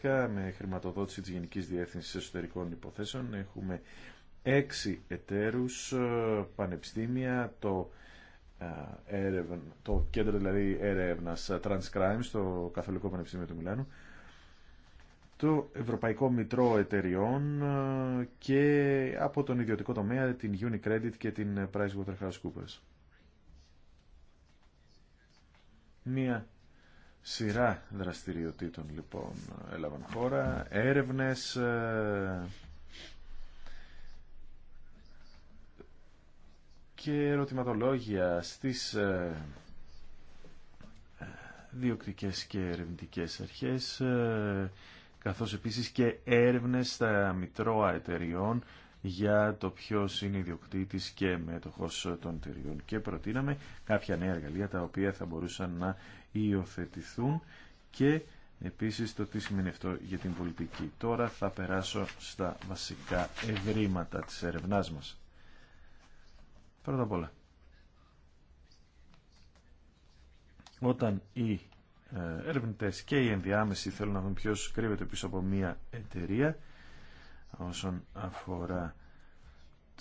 2011 με χρηματοδότηση της Γενικής Διεύθυνσης Εσωτερικών Υποθέσεων. Έχουμε έξι εταίρους, ε, πανεπιστήμια, το, το κέντρο δηλαδή έρευνας Transcrime στο Καθολικό Πανεπιστήμιο του Μιλάνου, το Ευρωπαϊκό Μητρό Εταιριών ε, και από τον ιδιωτικό τομέα την Unicredit και την PricewaterhouseCoopers. Μία σειρά δραστηριοτήτων λοιπόν έλαβαν χώρα, έρευνες, ε, και ερωτηματολόγια στις ε, διοκτικές και ερευνητικές αρχές καθώς επίσης και έρευνες στα μητρώα εταιριών για το ποιο είναι ιδιοκτήτης και μέτοχος των εταιριών. Και προτείναμε κάποια νέα εργαλεία τα οποία θα μπορούσαν να υιοθετηθούν και επίσης το τι σημαίνει αυτό για την πολιτική. Τώρα θα περάσω στα βασικά ευρήματα της ερευνάς μας. Πρώτα απ' όλα, όταν η ε, ερευνητές και οι ενδιάμεσοι θέλουν να δουν ποιος κρύβεται πίσω από μια εταιρεία όσον αφορά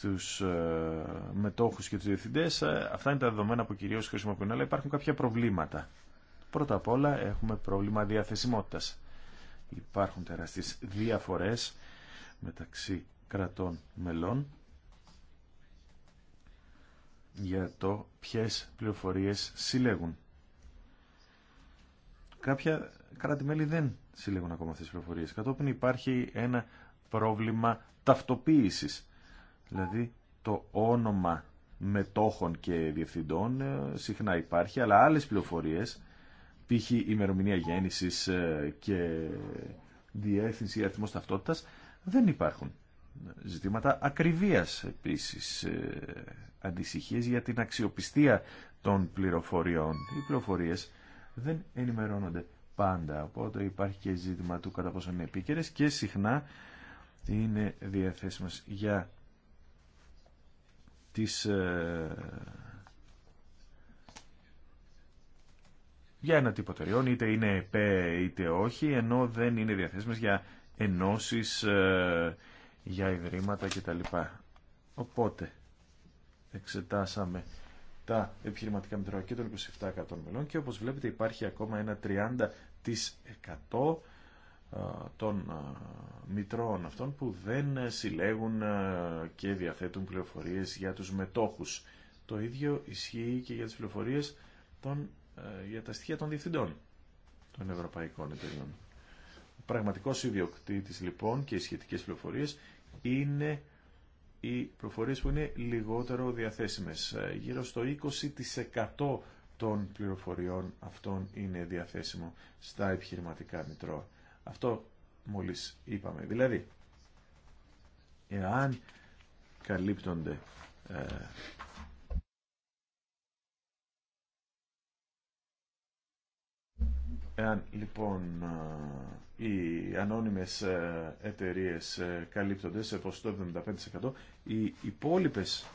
τους ε, μετόχους και τους διευθυντές. Ε, αυτά είναι τα δεδομένα που κυρίως χρησιμοποιούν, αλλά υπάρχουν κάποια προβλήματα. Πρώτα απ' όλα έχουμε πρόβλημα διαθεσιμότητας. Υπάρχουν τεράστιες διαφορές μεταξύ κρατών μελών για το ποιες πληροφορίες συλλέγουν. Κάποια κράτη-μέλη δεν συλλέγουν ακόμα αυτές τις πληροφορίες. Κατόπιν υπάρχει ένα πρόβλημα ταυτοποίησης. Δηλαδή το όνομα μετόχων και διευθυντών ε, συχνά υπάρχει, αλλά άλλες πληροφορίες, π.χ. ημερομηνία γέννησης ε, και διεύθυνση αριθμός ταυτότητας, δεν υπάρχουν. Ζητήματα ακριβίας επίσης, ε, αντισυχίες για την αξιοπιστία των πληροφοριών. Οι πληροφορίες δεν ενημερώνονται πάντα. Οπότε υπάρχει και ζήτημα του κατά πόσο είναι επίκαιρε και συχνά είναι διαθέσιμες για τις ε, για ένα τύπο τεριών είτε είναι ΕΠΕ είτε όχι, ενώ δεν είναι διαθέσιμες για ενώσεις, ε, για ιδρύματα κτλ. Οπότε, εξετάσαμε τα επιχειρηματικά μητρώα και των 27 μελών και όπως βλέπετε υπάρχει ακόμα ένα 30% των μητρώων αυτών που δεν συλλέγουν και διαθέτουν πληροφορίες για τους μετόχους. Το ίδιο ισχύει και για τις πληροφορίες των, για τα στοιχεία των διευθυντών των ευρωπαϊκών εταιριών. Ο πραγματικός ιδιοκτήτης λοιπόν και οι σχετικές πληροφορίες είναι οι πληροφορίες που είναι λιγότερο διαθέσιμες. Ε, γύρω στο 20% των πληροφοριών αυτών είναι διαθέσιμο στα επιχειρηματικά μητρώα. Αυτό μόλις είπαμε. Δηλαδή, εάν καλύπτονται ε, Εάν λοιπόν οι ανώνυμες ε, εταιρείες ε, καλύπτονται σε ποσοστό 75%, οι υπόλοιπες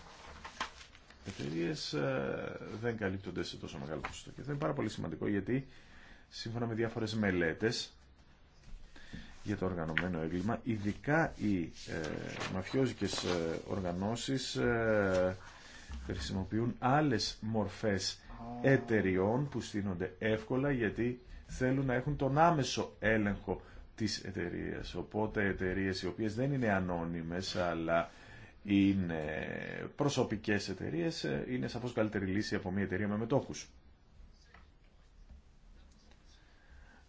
εταιρείες ε, δεν καλύπτονται σε τόσο μεγάλο ποσοστό. Και αυτό είναι πάρα πολύ σημαντικό γιατί σύμφωνα με διάφορες μελέτες για το οργανωμένο έγκλημα, ειδικά οι ε, μαφιόζικες οργανώσεις χρησιμοποιούν άλλες μορφές εταιριών που στείνονται εύκολα γιατί θέλουν να έχουν τον άμεσο έλεγχο της εταιρεία. Οπότε εταιρείε οι οποίες δεν είναι ανώνυμες αλλά είναι προσωπικές εταιρείε ε, είναι σαφώς καλύτερη λύση από μια εταιρεία με μετόχους.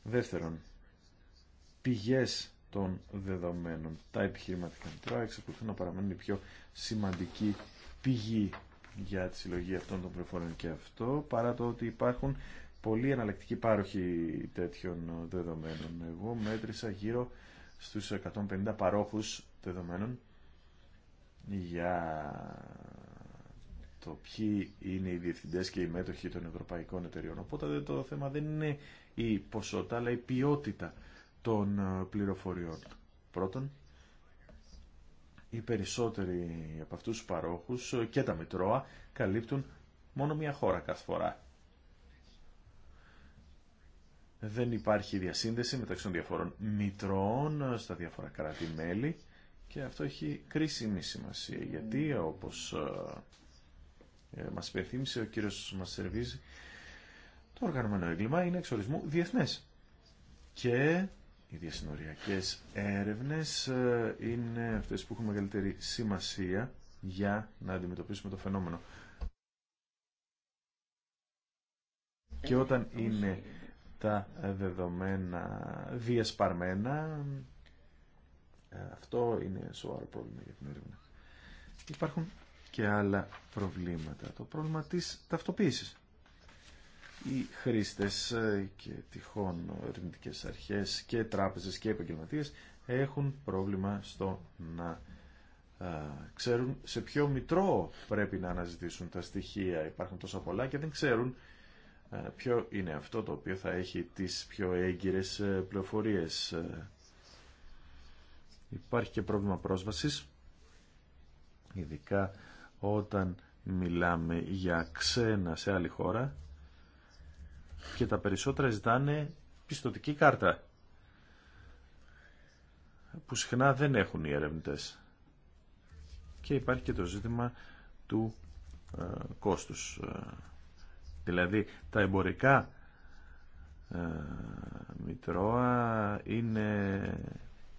Δεύτερον, πηγές των δεδομένων. Τα επιχειρηματικά μητρώα εξακολουθούν να παραμένουν η πιο σημαντική πηγή για τη συλλογή αυτών των πληροφοριών και αυτό, παρά το ότι υπάρχουν πολύ εναλλακτικοί πάροχοι τέτοιων δεδομένων. Εγώ μέτρησα γύρω στους 150 παρόχους δεδομένων για το ποιοι είναι οι διευθυντές και οι μέτοχοι των ευρωπαϊκών εταιριών. Οπότε το θέμα δεν είναι η ποσότητα, αλλά η ποιότητα των ε, πληροφοριών. Πρώτον, οι περισσότεροι από αυτούς τους παρόχους και τα Μητρώα καλύπτουν μόνο μία χώρα κάθε φορά. Δεν υπάρχει διασύνδεση μεταξύ των διαφορών μητρώων στα διάφορα κράτη-μέλη και αυτό έχει κρίσιμη σημασία γιατί όπως ε, ε, μας υπερθύμισε ο κύριος μας σερβίζει το οργανωμένο έγκλημα είναι εξορισμού διεθνές και οι διασυνοριακές έρευνες ε, είναι αυτές που έχουν μεγαλύτερη σημασία για να αντιμετωπίσουμε το φαινόμενο. Και όταν είναι τα δεδομένα διασπαρμένα, ε, αυτό είναι σοβαρό πρόβλημα για την έρευνα. Υπάρχουν και άλλα προβλήματα. Το πρόβλημα της ταυτοποίησης οι χρήστες ε, και τυχόν ερευνητικές αρχές και τράπεζες και επαγγελματίες έχουν πρόβλημα στο να ε, ξέρουν σε ποιο μητρό πρέπει να αναζητήσουν τα στοιχεία. Υπάρχουν τόσα πολλά και δεν ξέρουν ε, ποιο είναι αυτό το οποίο θα έχει τις πιο έγκυρες πληροφορίες. Υπάρχει και πρόβλημα πρόσβασης, ειδικά όταν μιλάμε για ξένα σε άλλη χώρα και τα περισσότερα ζητάνε πιστοτική κάρτα που συχνά δεν έχουν οι ερευνητές. Και υπάρχει και το ζήτημα του ε, κόστους. Ε, δηλαδή τα εμπορικά ε, μητρώα είναι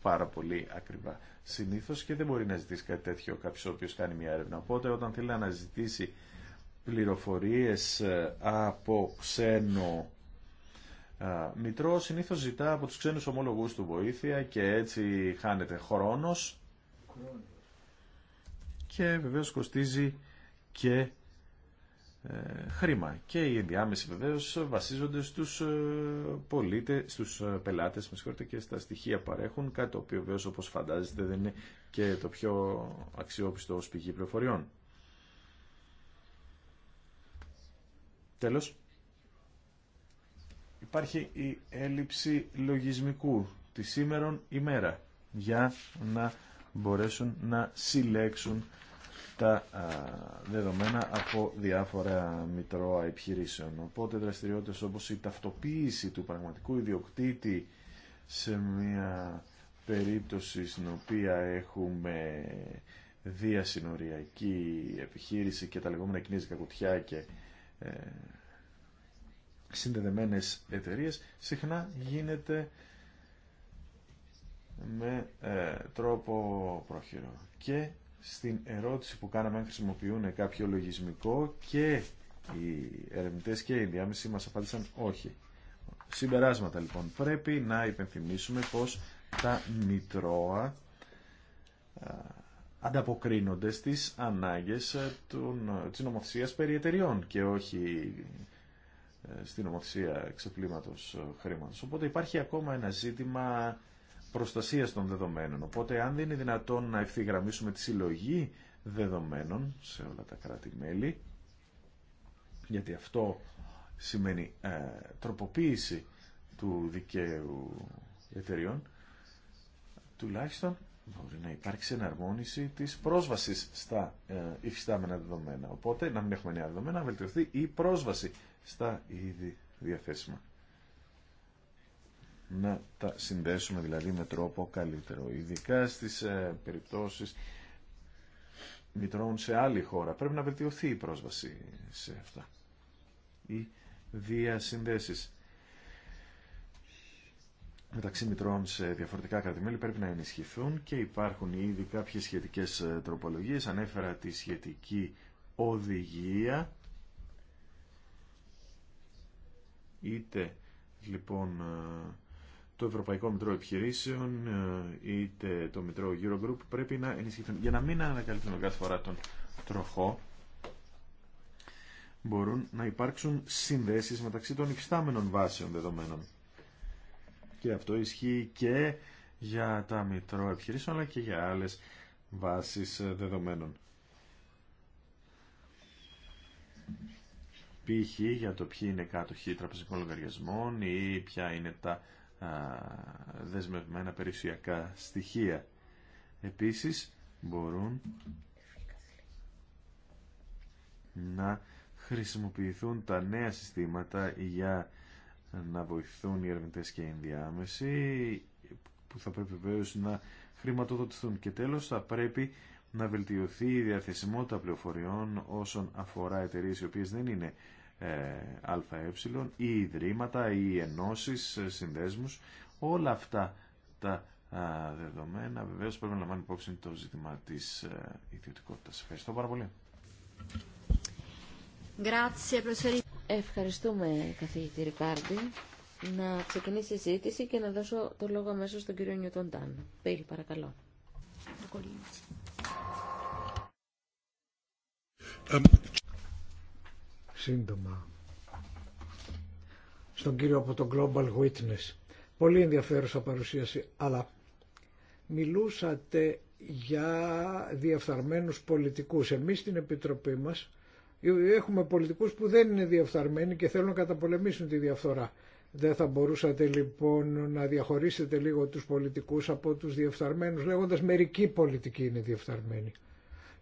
πάρα πολύ ακριβά συνήθως και δεν μπορεί να ζητήσει κάτι τέτοιο κάποιος ο οποίος κάνει μια έρευνα. Οπότε όταν θέλει να αναζητήσει πληροφορίες ε, από ξένο μητρό συνήθως ζητά από τους ξένους ομολογούς του βοήθεια και έτσι χάνεται χρόνος και βεβαίως κοστίζει και ε, χρήμα. Και οι ενδιάμεσοι βεβαίως βασίζονται στους ε, πολίτες, στους πελάτες με και στα στοιχεία που παρέχουν, κάτι το οποίο βεβαίως όπως φαντάζεστε δεν είναι και το πιο αξιόπιστο ως πηγή πληροφοριών. Τέλος, υπάρχει η έλλειψη λογισμικού τη σήμερον ημέρα για να μπορέσουν να συλλέξουν τα δεδομένα από διάφορα μητρώα επιχειρήσεων. Οπότε δραστηριότητες όπως η ταυτοποίηση του πραγματικού ιδιοκτήτη σε μια περίπτωση στην οποία έχουμε διασυνοριακή επιχείρηση και τα λεγόμενα κινέζικα κουτιά και ε, συνδεδεμένες εταιρείες συχνά γίνεται με ε, τρόπο πρόχειρο. Και στην ερώτηση που κάναμε αν χρησιμοποιούν κάποιο λογισμικό και οι ερευνητές και οι διάμεσοι μας απάντησαν όχι. Συμπεράσματα λοιπόν. Πρέπει να υπενθυμίσουμε πως τα μητρώα ανταποκρίνονται στις ανάγκες ε, των, ε, της νομοθεσίας περί εταιριών και όχι ε, στην νομοθεσία εξοπλήματος χρήματος. Οπότε υπάρχει ακόμα ένα ζήτημα προστασίας των δεδομένων. Οπότε αν δεν είναι δυνατόν να ευθυγραμμίσουμε τη συλλογή δεδομένων σε όλα τα κράτη-μέλη, γιατί αυτό σημαίνει ε, τροποποίηση του δικαίου εταιριών, τουλάχιστον μπορεί να υπάρξει εναρμόνιση της πρόσβασης στα ε, υφιστάμενα δεδομένα. Οπότε, να μην έχουμε νέα δεδομένα, να βελτιωθεί η πρόσβαση στα ήδη διαθέσιμα. Να τα συνδέσουμε δηλαδή με τρόπο καλύτερο. Ειδικά στις ε, περιπτώσεις μητρών σε άλλη χώρα. Πρέπει να βελτιωθεί η πρόσβαση σε αυτά. Οι διασυνδέσεις μεταξύ μητρών σε διαφορετικά κρατημέλη πρέπει να ενισχυθούν και υπάρχουν ήδη κάποιες σχετικές ε, τροπολογίες. Ανέφερα τη σχετική οδηγία. Είτε λοιπόν ε, το Ευρωπαϊκό Μητρό Επιχειρήσεων ε, είτε το Μητρό Eurogroup πρέπει να ενισχυθούν. Για να μην ανακαλύπτουν κάθε φορά τον τροχό μπορούν να υπάρξουν συνδέσεις μεταξύ των υφιστάμενων βάσεων δεδομένων και αυτό ισχύει και για τα μητρό επιχειρήσεων αλλά και για άλλες βάσεις ε, δεδομένων. Π.χ. για το ποιοι είναι κάτοχοι τραπεζικών λογαριασμών ή ποια είναι τα δεσμευμένα περιουσιακά στοιχεία. Επίσης μπορούν να χρησιμοποιηθούν τα νέα συστήματα για να βοηθούν οι ερευνητέ και οι ενδιάμεσοι που θα πρέπει βεβαίω να χρηματοδοτηθούν. Και τέλος θα πρέπει να βελτιωθεί η διαθεσιμότητα πληροφοριών όσον αφορά εταιρείε, οι οποίε δεν είναι ε, ΑΕ ή ιδρύματα ή ενώσει, ε, συνδέσμους. Όλα αυτά τα δεδομένα βεβαίω πρέπει να λαμβάνει υπόψη το ζήτημα τη ε, ιδιωτικότητα. Ευχαριστώ πάρα πολύ. Ευχαριστούμε, καθηγητή Ρικάρντι. Να ξεκινήσει η συζήτηση και να δώσω το λόγο αμέσως στον κύριο Νιούτον Τάν. παρακαλώ. Σύντομα. Στον κύριο από το Global Witness. Πολύ ενδιαφέρουσα παρουσίαση, αλλά μιλούσατε για διαφθαρμένους πολιτικούς. Εμείς στην Επιτροπή μας ε, έχουμε πολιτικούς που δεν είναι διεφθαρμένοι και θέλουν να καταπολεμήσουν τη διαφθορά. Δεν θα μπορούσατε λοιπόν να διαχωρίσετε λίγο τους πολιτικούς από τους διεφθαρμένους λέγοντας μερική πολιτική είναι διεφθαρμένη.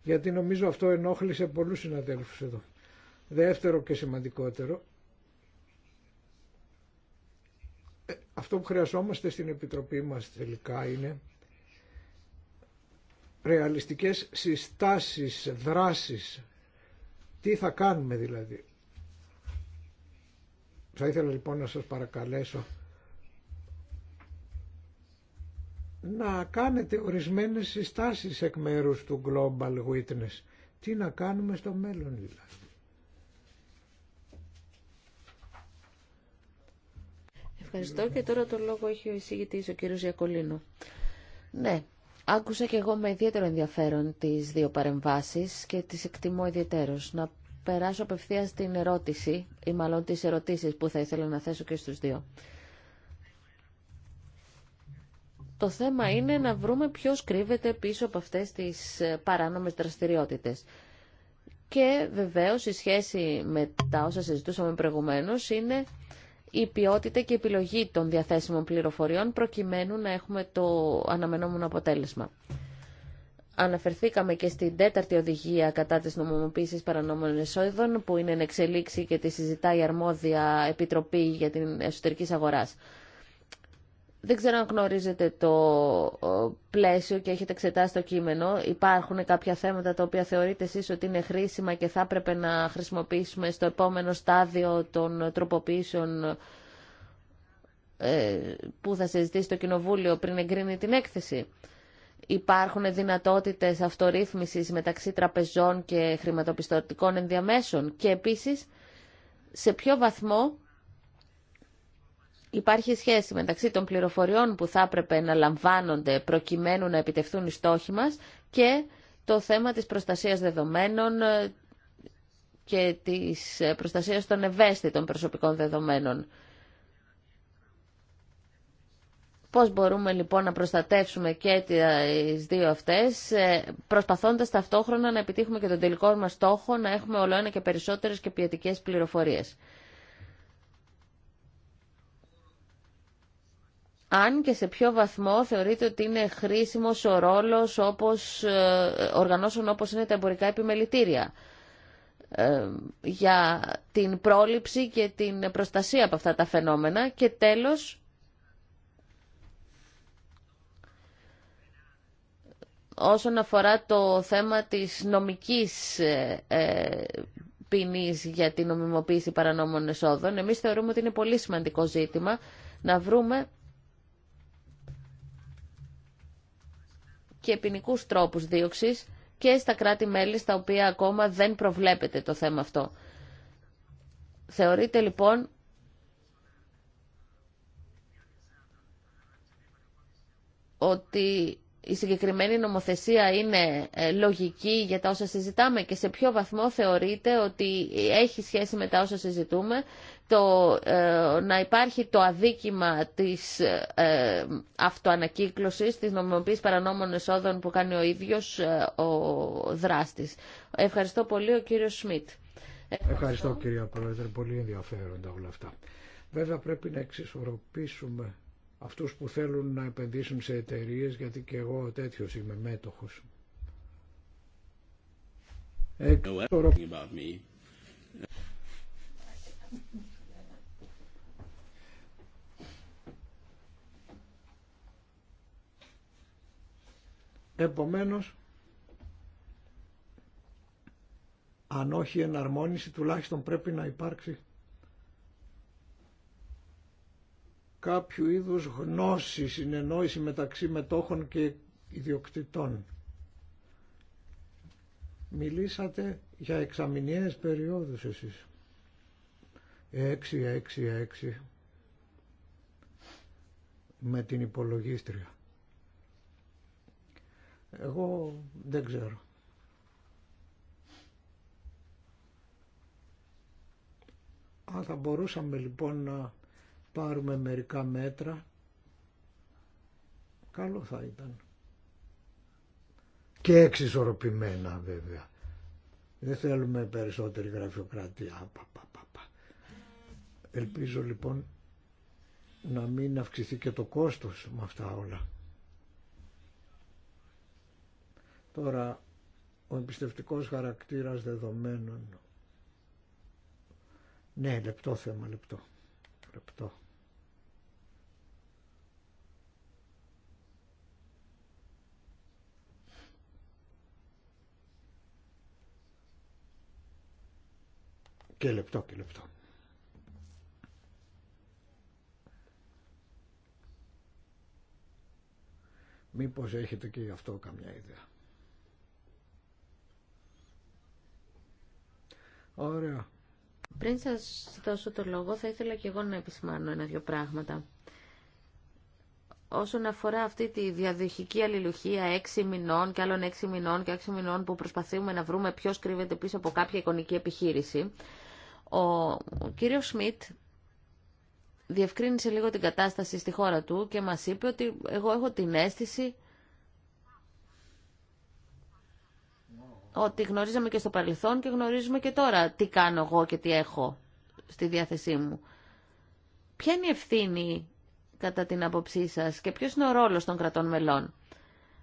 Γιατί νομίζω αυτό ενόχλησε πολλούς συναδέλφους εδώ. Δεύτερο και σημαντικότερο, ε, αυτό που χρειαζόμαστε στην Επιτροπή μας τελικά είναι ρεαλιστικές συστάσεις, δράσεις τι θα κάνουμε δηλαδή. Θα ήθελα λοιπόν να σας παρακαλέσω να κάνετε ορισμένες συστάσεις εκ μέρους του Global Witness. Τι να κάνουμε στο μέλλον δηλαδή. Ευχαριστώ και τώρα το λόγο έχει ο εισηγητής ο κύριος Γιακολίνο. Ναι, Άκουσα και εγώ με ιδιαίτερο ενδιαφέρον τις δύο παρεμβάσεις και τις εκτιμώ ιδιαίτερως. Να περάσω απευθείας την ερώτηση ή μάλλον τις ερωτήσεις που θα ήθελα να θέσω και στους δύο. Το θέμα είναι να βρούμε ποιος κρύβεται πίσω από αυτές τις ε, παράνομες δραστηριότητες. Και βεβαίως η σχέση με τα όσα συζητούσαμε προηγουμένως είναι η ποιότητα και η επιλογή των διαθέσιμων πληροφοριών προκειμένου να έχουμε το αναμενόμενο αποτέλεσμα. Αναφερθήκαμε και στην τέταρτη οδηγία κατά της νομιμοποίησης παρανόμων εσόδων που είναι εν εξελίξη και τη συζητάει η αρμόδια Επιτροπή για την Εσωτερική Αγοράς. Δεν ξέρω αν γνωρίζετε το ε, πλαίσιο και έχετε εξετάσει το κείμενο. Υπάρχουν κάποια θέματα τα οποία θεωρείτε εσείς ότι είναι χρήσιμα και θα έπρεπε να χρησιμοποιήσουμε στο επόμενο στάδιο των τροποποιήσεων ε, που θα συζητήσει το Κοινοβούλιο πριν εγκρίνει την έκθεση. Υπάρχουν δυνατότητες αυτορύθμισης μεταξύ τραπεζών και χρηματοπιστωτικών ενδιαμέσων και επίσης σε ποιο βαθμό υπάρχει σχέση μεταξύ των πληροφοριών που θα έπρεπε να λαμβάνονται προκειμένου να επιτευθούν οι στόχοι μας και το θέμα της προστασίας δεδομένων ε, και της ε, προστασίας των ευαίσθητων προσωπικών δεδομένων. Πώς μπορούμε λοιπόν να προστατεύσουμε και τις δύο αυτές, ε, προσπαθώντας ταυτόχρονα να επιτύχουμε και τον τελικό μας στόχο, να έχουμε όλο ένα και περισσότερες και ποιοτικές πληροφορίες. αν και σε ποιο βαθμό θεωρείτε ότι είναι χρήσιμος ο ρόλος όπως, ε, οργανώσεων όπως είναι τα εμπορικά επιμελητήρια ε, για την πρόληψη και την προστασία από αυτά τα φαινόμενα και τέλος όσον αφορά το θέμα της νομικής ε, ποινής για την νομιμοποίηση παρανόμων εσόδων εμείς θεωρούμε ότι είναι πολύ σημαντικό ζήτημα να βρούμε και ποινικού τρόπου δίωξη και στα κράτη-μέλη στα οποία ακόμα δεν προβλέπεται το θέμα αυτό. Θεωρείται λοιπόν ότι η συγκεκριμένη νομοθεσία είναι ε, λογική για τα όσα συζητάμε και σε ποιο βαθμό θεωρείτε ότι έχει σχέση με τα όσα συζητούμε το ε, να υπάρχει το αδίκημα της ε, αυτοανακύκλωσης, της νομιμοποίησης παρανόμων εσόδων που κάνει ο ίδιος ε, ο δράστης. Ευχαριστώ πολύ ο κύριος Σμιτ. Ευχαριστώ, Ευχαριστώ κυρία Πρόεδρε, πολύ ενδιαφέροντα όλα αυτά. Βέβαια πρέπει να εξισορροπήσουμε αυτούς που θέλουν να επενδύσουν σε εταιρείε γιατί και εγώ τέτοιο είμαι μέτοχος. Επομένως, αν όχι εναρμόνιση, τουλάχιστον πρέπει να υπάρξει κάποιο είδους γνώση, συνεννόηση μεταξύ μετόχων και ιδιοκτητών. Μιλήσατε για εξαμηνιαίες περιόδους εσείς έξι, με την υπολογίστρια. Εγώ δεν ξέρω. Αν θα μπορούσαμε λοιπόν να πάρουμε μερικά μέτρα, καλό θα ήταν. Και εξισορροπημένα βέβαια. Δεν θέλουμε περισσότερη γραφειοκρατία. Πα, Ελπίζω λοιπόν να μην αυξηθεί και το κόστος με αυτά όλα. Τώρα, ο εμπιστευτικός χαρακτήρας δεδομένων. Ναι, λεπτό θέμα, λεπτό. Λεπτό. Και λεπτό και λεπτό. Μήπως έχετε και γι' αυτό καμιά ιδέα. Ωραία. Πριν σας δώσω το λόγο, θα ήθελα και εγώ να επισημάνω ένα-δυο πράγματα. Όσον αφορά αυτή τη διαδοχική αλληλουχία έξι μηνών και άλλων έξι μηνών και έξι μηνών που προσπαθούμε να βρούμε ποιος κρύβεται πίσω από κάποια εικονική επιχείρηση, ο κύριος Σμιτ διευκρίνησε λίγο την κατάσταση στη χώρα του και μας είπε ότι εγώ έχω την αίσθηση ότι γνωρίζαμε και στο παρελθόν και γνωρίζουμε και τώρα τι κάνω εγώ και τι έχω στη διάθεσή μου. Ποια είναι η ευθύνη κατά την άποψή σας και ποιος είναι ο ρόλος των κρατών μελών.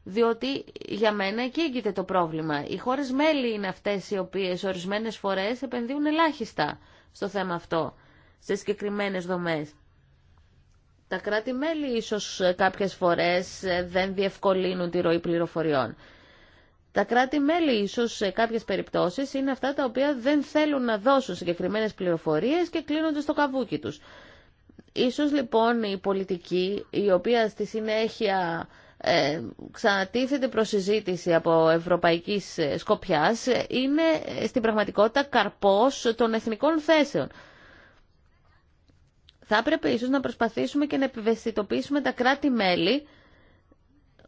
Διότι για μένα εκεί έγκυται το πρόβλημα. Οι χώρες μέλη είναι αυτές οι οποίες ορισμένες φορές επενδύουν ελάχιστα στο θέμα αυτό, σε συγκεκριμένες δομές. Τα κράτη-μέλη ίσως ε, κάποιες φορές ε, δεν διευκολύνουν τη ροή πληροφοριών. Τα κράτη-μέλη ίσως σε κάποιες περιπτώσεις είναι αυτά τα οποία δεν θέλουν να δώσουν συγκεκριμένες πληροφορίες και κλείνονται στο καβούκι τους. Ίσως λοιπόν η πολιτική η οποία στη συνέχεια ε, ξανατίθεται προς από ευρωπαϊκής ε, σκοπιάς είναι στην πραγματικότητα καρπός των εθνικών θέσεων. Θα έπρεπε ίσως να προσπαθήσουμε και να επιβεστητοποιήσουμε τα κράτη-μέλη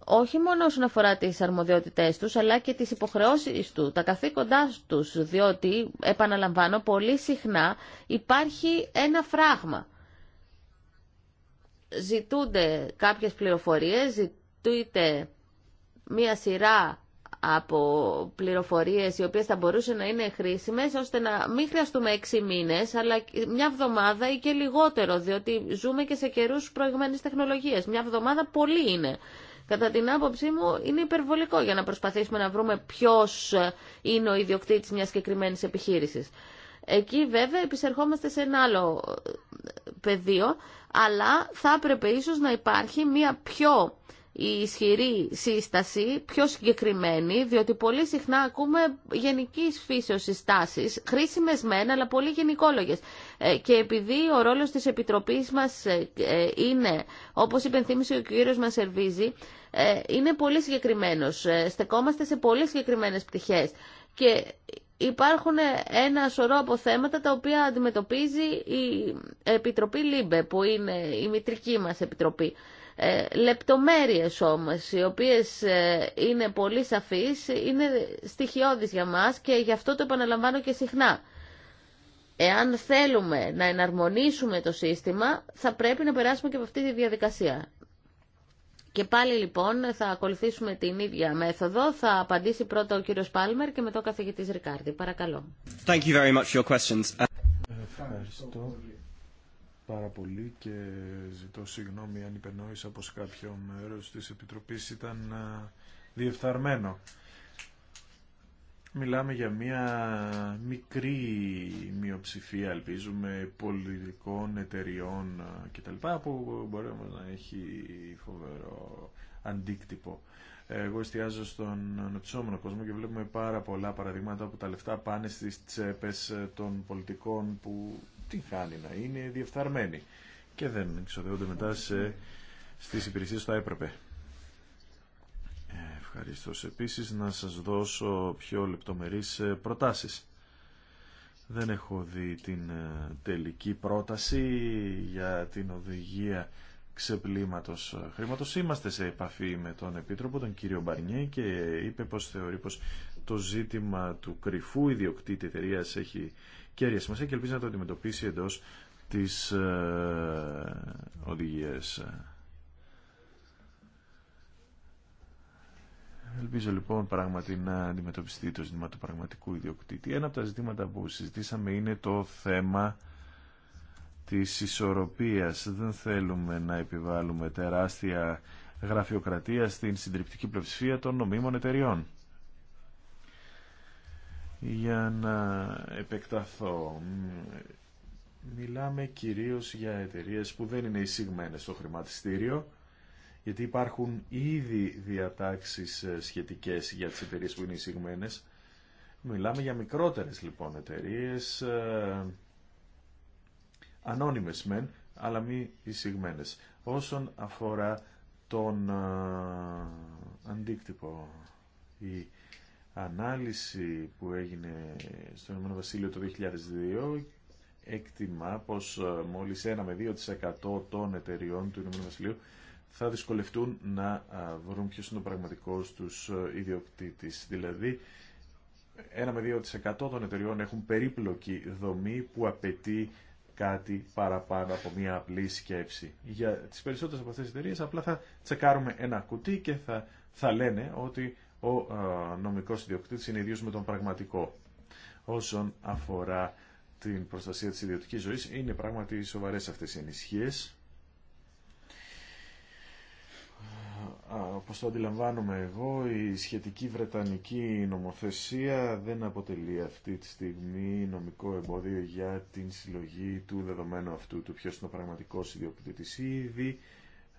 όχι μόνο όσον αφορά τις αρμοδιότητές τους, αλλά και τις υποχρεώσεις του, τα καθήκοντά τους, διότι, επαναλαμβάνω, πολύ συχνά υπάρχει ένα φράγμα. Ζητούνται κάποιες πληροφορίες, ζητούνται μία σειρά από πληροφορίες οι οποίες θα μπορούσαν να είναι χρήσιμες ώστε να μην χρειαστούμε έξι μήνες αλλά μια βδομάδα ή και λιγότερο διότι ζούμε και σε καιρούς προηγμένης τεχνολογίες. Μια βδομάδα πολύ είναι. Κατά την άποψή μου είναι υπερβολικό για να προσπαθήσουμε να βρούμε ποιος είναι ο ιδιοκτήτης μιας συγκεκριμένη επιχείρησης. Εκεί βέβαια επισερχόμαστε σε ένα άλλο πεδίο, αλλά θα έπρεπε ίσως να υπάρχει μια πιο η ισχυρή σύσταση, πιο συγκεκριμένη, διότι πολύ συχνά ακούμε γενική φύσεως συστάσεις, χρήσιμες μεν, αλλά πολύ γενικόλογε. Ε, και επειδή ο ρόλος της Επιτροπής μας ε, ε, είναι, όπως υπενθύμησε ο κύριο Μασερβίζη, είναι πολύ συγκεκριμένος. Στεκόμαστε σε πολύ συγκεκριμένες πτυχές. Και υπάρχουν ένα σωρό από θέματα τα οποία αντιμετωπίζει η Επιτροπή ΛΥΜΠΕ, που είναι η μητρική μας Επιτροπή. Ε, λεπτομέρειες όμως, οι οποίες ε, είναι πολύ σαφείς, είναι στοιχειώδεις για μας και γι' αυτό το επαναλαμβάνω και συχνά. Εάν θέλουμε να εναρμονίσουμε το σύστημα, θα πρέπει να περάσουμε και από αυτή τη διαδικασία. Και πάλι λοιπόν θα ακολουθήσουμε την ίδια μέθοδο. Θα απαντήσει πρώτα ο κύριος Πάλμερ και μετά ο καθηγητής Ρικάρδη. Παρακαλώ. Thank you very much for your πάρα πολύ και ζητώ συγγνώμη αν υπενόησα πως κάποιο μέρος της Επιτροπής ήταν διεφθαρμένο. Μιλάμε για μια μικρή μειοψηφία, ελπίζουμε, πολιτικών εταιριών κτλ. που μπορεί όμως να έχει φοβερό αντίκτυπο. Εγώ εστιάζω στον αναπτυσσόμενο κόσμο και βλέπουμε πάρα πολλά παραδείγματα που τα λεφτά πάνε στις τσέπες ε, των πολιτικών που τι χάνει να είναι διεφθαρμένοι και δεν εξοδεύονται μετά σε, στις υπηρεσίες που θα έπρεπε. Ε, ευχαριστώ επίσης να σας δώσω πιο λεπτομερείς ε, προτάσεις. Δεν έχω δει την ε, τελική πρόταση για την οδηγία ξεπλήματος χρήματος. Είμαστε σε επαφή με τον Επίτροπο, τον κύριο Μπαρνιέ και είπε πως θεωρεί πως το ζήτημα του κρυφού ιδιοκτήτη εταιρεία έχει κέρια σημασία και ελπίζω να το αντιμετωπίσει εντός της ε, οδηγίας. Ελπίζω λοιπόν πράγματι να αντιμετωπιστεί το ζήτημα του πραγματικού ιδιοκτήτη. Ένα από τα ζητήματα που συζητήσαμε είναι το θέμα της ισορροπίας. Δεν θέλουμε να επιβάλλουμε τεράστια γραφειοκρατία στην συντριπτική πλειοψηφία των νομίμων εταιριών για να επεκταθώ. Μιλάμε κυρίως για εταιρείες που δεν είναι εισηγμένες στο χρηματιστήριο, γιατί υπάρχουν ήδη διατάξεις ε, σχετικές για τις εταιρείες που είναι εισηγμένες. Μιλάμε για μικρότερες λοιπόν εταιρείες, ε, ανώνυμες μεν, αλλά μη εισηγμένες. Όσον αφορά τον ε, αντίκτυπο, ανάλυση που έγινε στο Ηνωμένο Βασίλειο το 2002 εκτιμά πως ε, μόλις 1 με 2% των εταιριών του Ηνωμένου Βασιλείου θα δυσκολευτούν να ε, βρουν ποιος είναι ο πραγματικός τους ε, ιδιοκτήτης. Δηλαδή, 1 με 2% των εταιριών έχουν περίπλοκη δομή που απαιτεί κάτι παραπάνω από μια απλή σκέψη. Για τις περισσότερες από αυτές τις εταιρείες απλά θα τσεκάρουμε ένα κουτί και θα, θα λένε ότι ο νομικός ιδιοκτήτης είναι ιδίως με τον πραγματικό. Όσον αφορά την προστασία της ιδιωτικής ζωής, είναι πράγματι σοβαρές αυτές οι ενισχύες. Όπως το αντιλαμβάνομαι εγώ, η σχετική βρετανική νομοθεσία δεν αποτελεί αυτή τη στιγμή νομικό εμπόδιο για την συλλογή του δεδομένου αυτού του ποιος είναι ο πραγματικός ιδιοκτήτης ήδη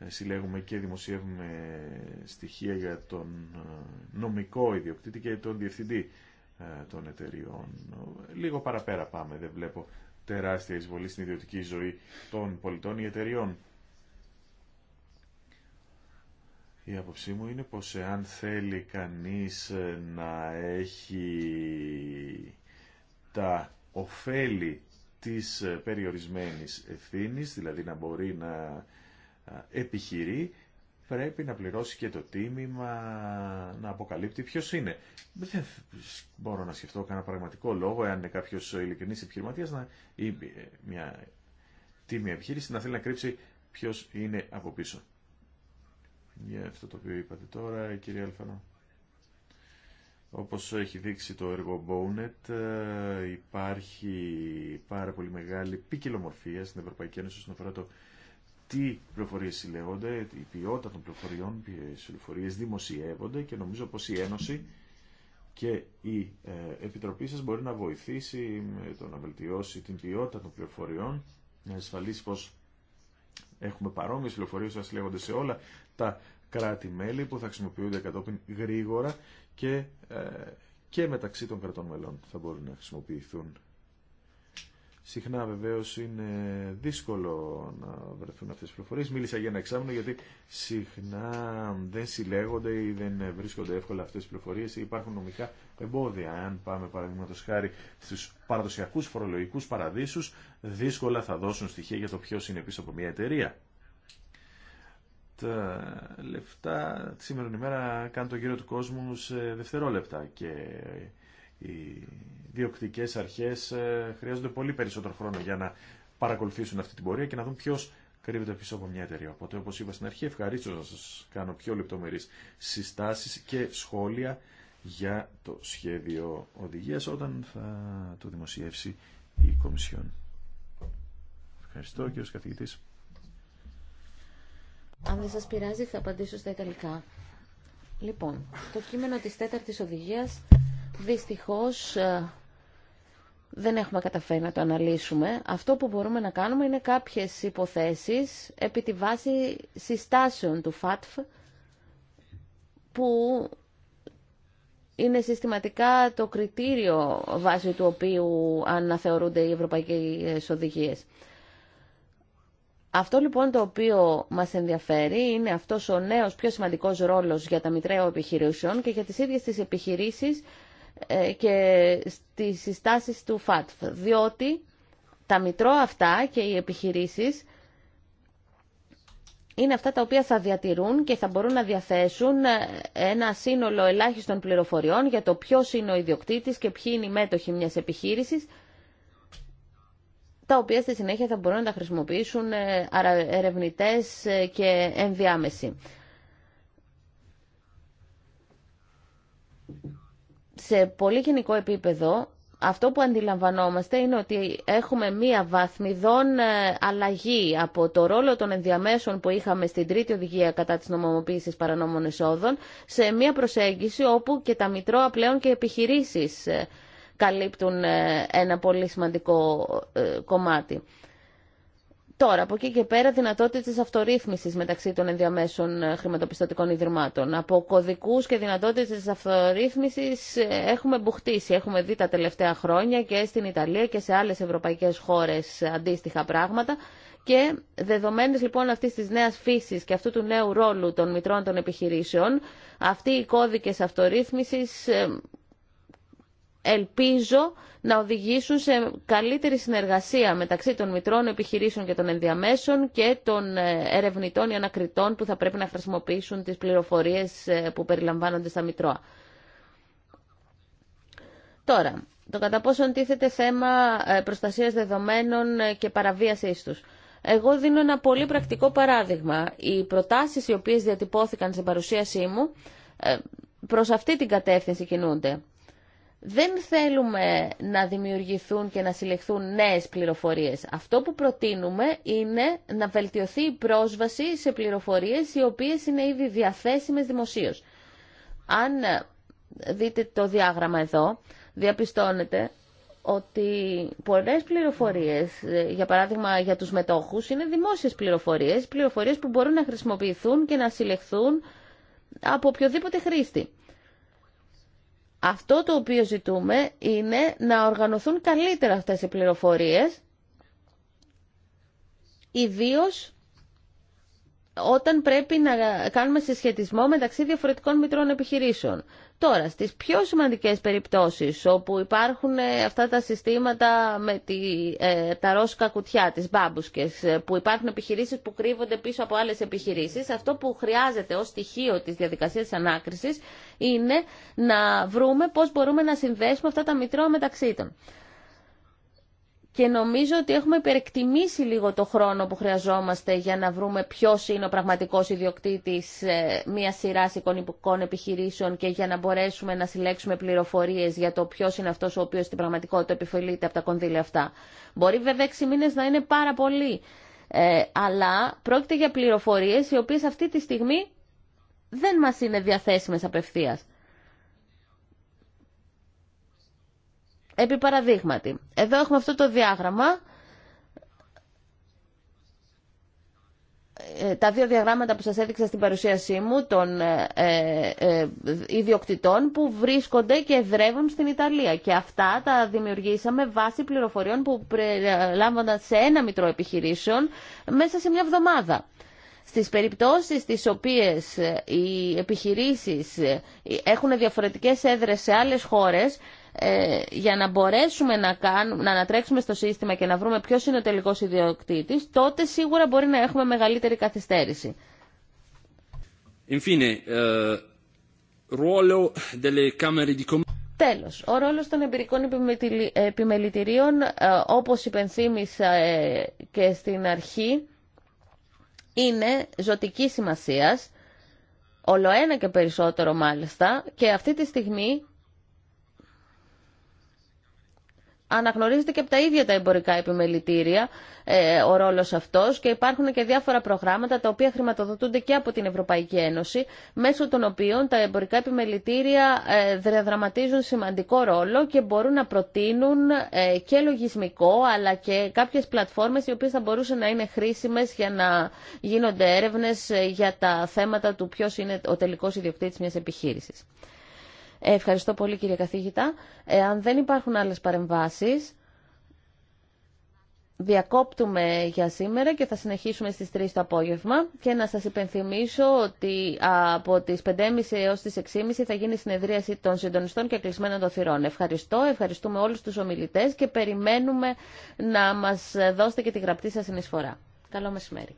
συλλέγουμε και δημοσιεύουμε στοιχεία για τον ε, νομικό ιδιοκτήτη και τον διευθυντή ε, των εταιριών. Λίγο παραπέρα πάμε, δεν βλέπω τεράστια εισβολή στην ιδιωτική ζωή των πολιτών ή εταιριών. Η άποψή μου είναι πως εάν θέλει κανείς ε, να έχει τα ωφέλη της περιορισμένης ευθύνης, δηλαδή να μπορεί να επιχειρεί πρέπει να πληρώσει και το τίμημα, να αποκαλύπτει ποιος είναι. Δεν μπορώ να σκεφτώ κανένα πραγματικό λόγο, εάν είναι κάποιος ειλικρινής επιχειρηματίας να... ή ε, μια τίμια επιχείρηση να θέλει να κρύψει ποιος είναι από πίσω. Για αυτό το οποίο είπατε τώρα, κύριε Αλφανό. Όπως έχει δείξει το έργο Bonet, ε, υπάρχει πάρα πολύ μεγάλη ποικιλομορφία στην Ευρωπαϊκή Ένωση όσον αφορά το τι πληροφορίε συλλέγονται, η ποιότητα των πληροφοριών, ποιες πληροφορίε δημοσιεύονται και νομίζω πω η Ένωση και η ε, Επιτροπή σα μπορεί να βοηθήσει με το να βελτιώσει την ποιότητα των πληροφοριών, να ασφαλίσει πως έχουμε παρόμοιε πληροφορίε, που συλλέγονται σε όλα τα κράτη-μέλη που θα χρησιμοποιούνται κατόπιν γρήγορα και, ε, και μεταξύ των κρατών μελών θα μπορούν να χρησιμοποιηθούν Συχνά βεβαίω είναι δύσκολο να βρεθούν αυτέ τι πληροφορίες. Μίλησα για ένα εξάμεινο γιατί συχνά δεν συλλέγονται ή δεν βρίσκονται εύκολα αυτέ τι πληροφορίε ή υπάρχουν νομικά εμπόδια. Αν πάμε παραδείγματος χάρη στου παραδοσιακού φορολογικού παραδείσους, δύσκολα θα δώσουν στοιχεία για το ποιο είναι πίσω από μια εταιρεία. Τα λεφτά σήμερα ημέρα κάνουν τον γύρο του κόσμου σε δευτερόλεπτα και οι διοκτικές αρχές ε, χρειάζονται πολύ περισσότερο χρόνο για να παρακολουθήσουν αυτή την πορεία και να δουν ποιο κρύβεται πίσω από μια εταιρεία. Οπότε, όπω είπα στην αρχή, ευχαρίστω να σα κάνω πιο λεπτομερεί συστάσει και σχόλια για το σχέδιο οδηγία όταν θα το δημοσιεύσει η Κομισιόν. Ευχαριστώ, κύριο καθηγητή. Αν δεν σα πειράζει, θα απαντήσω στα Ιταλικά. Λοιπόν, το κείμενο τη τέταρτη οδηγία δυστυχώς ε, δεν έχουμε καταφέρει να το αναλύσουμε. Αυτό που μπορούμε να κάνουμε είναι κάποιες υποθέσεις επί τη βάση συστάσεων του ΦΑΤΦ που είναι συστηματικά το κριτήριο βάσει του οποίου αναθεωρούνται οι ευρωπαϊκές οδηγίες. Αυτό λοιπόν το οποίο μας ενδιαφέρει είναι αυτός ο νέος πιο σημαντικός ρόλος για τα μητρέα επιχειρήσεων και για τις ίδιες τις επιχειρήσεις ε, και στις συστάσεις του ΦΑΤΦ, διότι τα μητρώα αυτά και οι επιχειρήσεις είναι αυτά τα οποία θα διατηρούν και θα μπορούν να διαθέσουν ε, ένα σύνολο ελάχιστων πληροφοριών για το ποιος είναι ο ιδιοκτήτης και ποιοι είναι οι μέτοχοι μιας επιχείρησης, τα οποία στη συνέχεια θα μπορούν να τα χρησιμοποιήσουν ε, ερευνητές και ενδιάμεση σε πολύ γενικό επίπεδο αυτό που αντιλαμβανόμαστε είναι ότι έχουμε μία βαθμιδόν ε, αλλαγή από το ρόλο των ενδιαμέσων που είχαμε στην τρίτη οδηγία κατά της νομοποίησης παρανόμων εσόδων σε μία προσέγγιση όπου και τα μητρώα πλέον και επιχειρήσεις ε, καλύπτουν ε, ένα πολύ σημαντικό κομμάτι. Τώρα, από εκεί και πέρα, δυνατότητε τη αυτορύθμιση μεταξύ των ενδιαμέσων ε, χρηματοπιστωτικών ιδρυμάτων. Από κωδικού και δυνατότητε τη αυτορύθμιση ε, έχουμε μπουχτίσει. Έχουμε δει τα τελευταία χρόνια και στην Ιταλία και σε άλλε ευρωπαϊκέ χώρε αντίστοιχα πράγματα. Και δεδομένε λοιπόν αυτή τη νέα φύση και αυτού του νέου ρόλου των μητρών των επιχειρήσεων, αυτοί οι κώδικε αυτορύθμιση ε, ελπίζω να οδηγήσουν σε καλύτερη συνεργασία μεταξύ των μητρών επιχειρήσεων και των ενδιαμέσων και των ε, ερευνητών ή ανακριτών που θα πρέπει να χρησιμοποιήσουν τις πληροφορίες ε, που περιλαμβάνονται στα μητρώα. Τώρα, το κατά πόσο αντίθεται θέμα ε, προστασίας δεδομένων και παραβίασής τους. Εγώ δίνω ένα πολύ πρακτικό παράδειγμα. Οι προτάσεις οι οποίες διατυπώθηκαν στην παρουσίασή μου προς αυτή την κατεύθυνση κινούνται. Δεν θέλουμε να δημιουργηθούν και να συλλεχθούν νέες πληροφορίες. Αυτό που προτείνουμε είναι να βελτιωθεί η πρόσβαση σε πληροφορίες οι οποίες είναι ήδη διαθέσιμες δημοσίως. Αν δείτε το διάγραμμα εδώ, διαπιστώνετε ότι πολλές πληροφορίες, για παράδειγμα για τους μετόχους, είναι δημόσιες πληροφορίες, πληροφορίες που μπορούν να χρησιμοποιηθούν και να συλλεχθούν από οποιοδήποτε χρήστη. Αυτό το οποίο ζητούμε είναι να οργανωθούν καλύτερα αυτές οι πληροφορίες, ιδίως όταν πρέπει να κάνουμε συσχετισμό μεταξύ διαφορετικών μητρών επιχειρήσεων. Τώρα, στις πιο σημαντικές περιπτώσεις όπου υπάρχουν ε, αυτά τα συστήματα με τη, ε, τα ρόσκα κουτιά, τις μπάμπουσκες, ε, που υπάρχουν επιχειρήσεις που κρύβονται πίσω από άλλες επιχειρήσεις, αυτό που χρειάζεται ως στοιχείο της διαδικασίας ανάκρισης είναι να βρούμε πώς μπορούμε να συνδέσουμε αυτά τα μητρώα μεταξύ των και νομίζω ότι έχουμε υπερεκτιμήσει λίγο το χρόνο που χρειαζόμαστε για να βρούμε ποιο είναι ο πραγματικό ιδιοκτήτη ε, μια σειρά εικονικών επιχειρήσεων και για να μπορέσουμε να συλλέξουμε πληροφορίε για το ποιο είναι αυτό ο οποίο στην πραγματικότητα επιφελείται από τα κονδύλια αυτά. Μπορεί βέβαια 6 μήνε να είναι πάρα πολύ, ε, αλλά πρόκειται για πληροφορίε, οι οποίε αυτή τη στιγμή δεν μα είναι διαθέσιμε απευθεία. Επί παραδείγματι, εδώ έχουμε αυτό το διάγραμμα, ε, τα δύο διαγράμματα που σας έδειξα στην παρουσίασή μου των ε, ε, ιδιοκτητών που βρίσκονται και εδρεύουν στην Ιταλία. Και αυτά τα δημιουργήσαμε βάσει πληροφοριών που λάμβαναν σε ένα μητρό επιχειρήσεων μέσα σε μια εβδομάδα. Στις περιπτώσεις τις οποίες οι επιχειρήσεις έχουν διαφορετικές έδρες σε άλλες χώρες, ε, για να μπορέσουμε να, κάνουμε, να ανατρέξουμε στο σύστημα και να βρούμε ποιος είναι ο τελικός ιδιοκτήτης, τότε σίγουρα μπορεί να έχουμε μεγαλύτερη καθυστέρηση. Infine, ruolo ε, delle Τέλος, ο ρόλος των εμπειρικών επιμελητηρίων, ε, όπως υπενθύμησα και στην αρχή, είναι ζωτική σημασίας, ολοένα και περισσότερο μάλιστα, και αυτή τη στιγμή αναγνωρίζεται και από τα ίδια τα εμπορικά επιμελητήρια ε, ο ρόλος αυτός και υπάρχουν και διάφορα προγράμματα τα οποία χρηματοδοτούνται και από την Ευρωπαϊκή Ένωση μέσω των οποίων τα εμπορικά επιμελητήρια ε, δραματίζουν σημαντικό ρόλο και μπορούν να προτείνουν ε, και λογισμικό αλλά και κάποιες πλατφόρμες οι οποίες θα μπορούσαν να είναι χρήσιμες για να γίνονται έρευνες για τα θέματα του ποιος είναι ο τελικός ιδιοκτήτης μιας επιχείρησης. Ευχαριστώ πολύ κύριε καθηγητά. Αν δεν υπάρχουν άλλες παρεμβάσεις, διακόπτουμε για σήμερα και θα συνεχίσουμε στις 3 το απόγευμα και να σας υπενθυμίσω ότι από τις 5.30 έως τις 6.30 θα γίνει συνεδρίαση των συντονιστών και κλεισμένων των θυρών. Ευχαριστώ, ευχαριστούμε όλους τους ομιλητές και περιμένουμε να μας δώσετε και τη γραπτή σας συνεισφορά. Καλό μεσημέρι.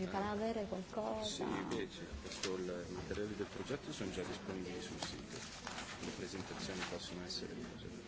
riparare qualcosa? Sì, invece, i materiali del progetto sono già disponibili sul sito, le presentazioni possono essere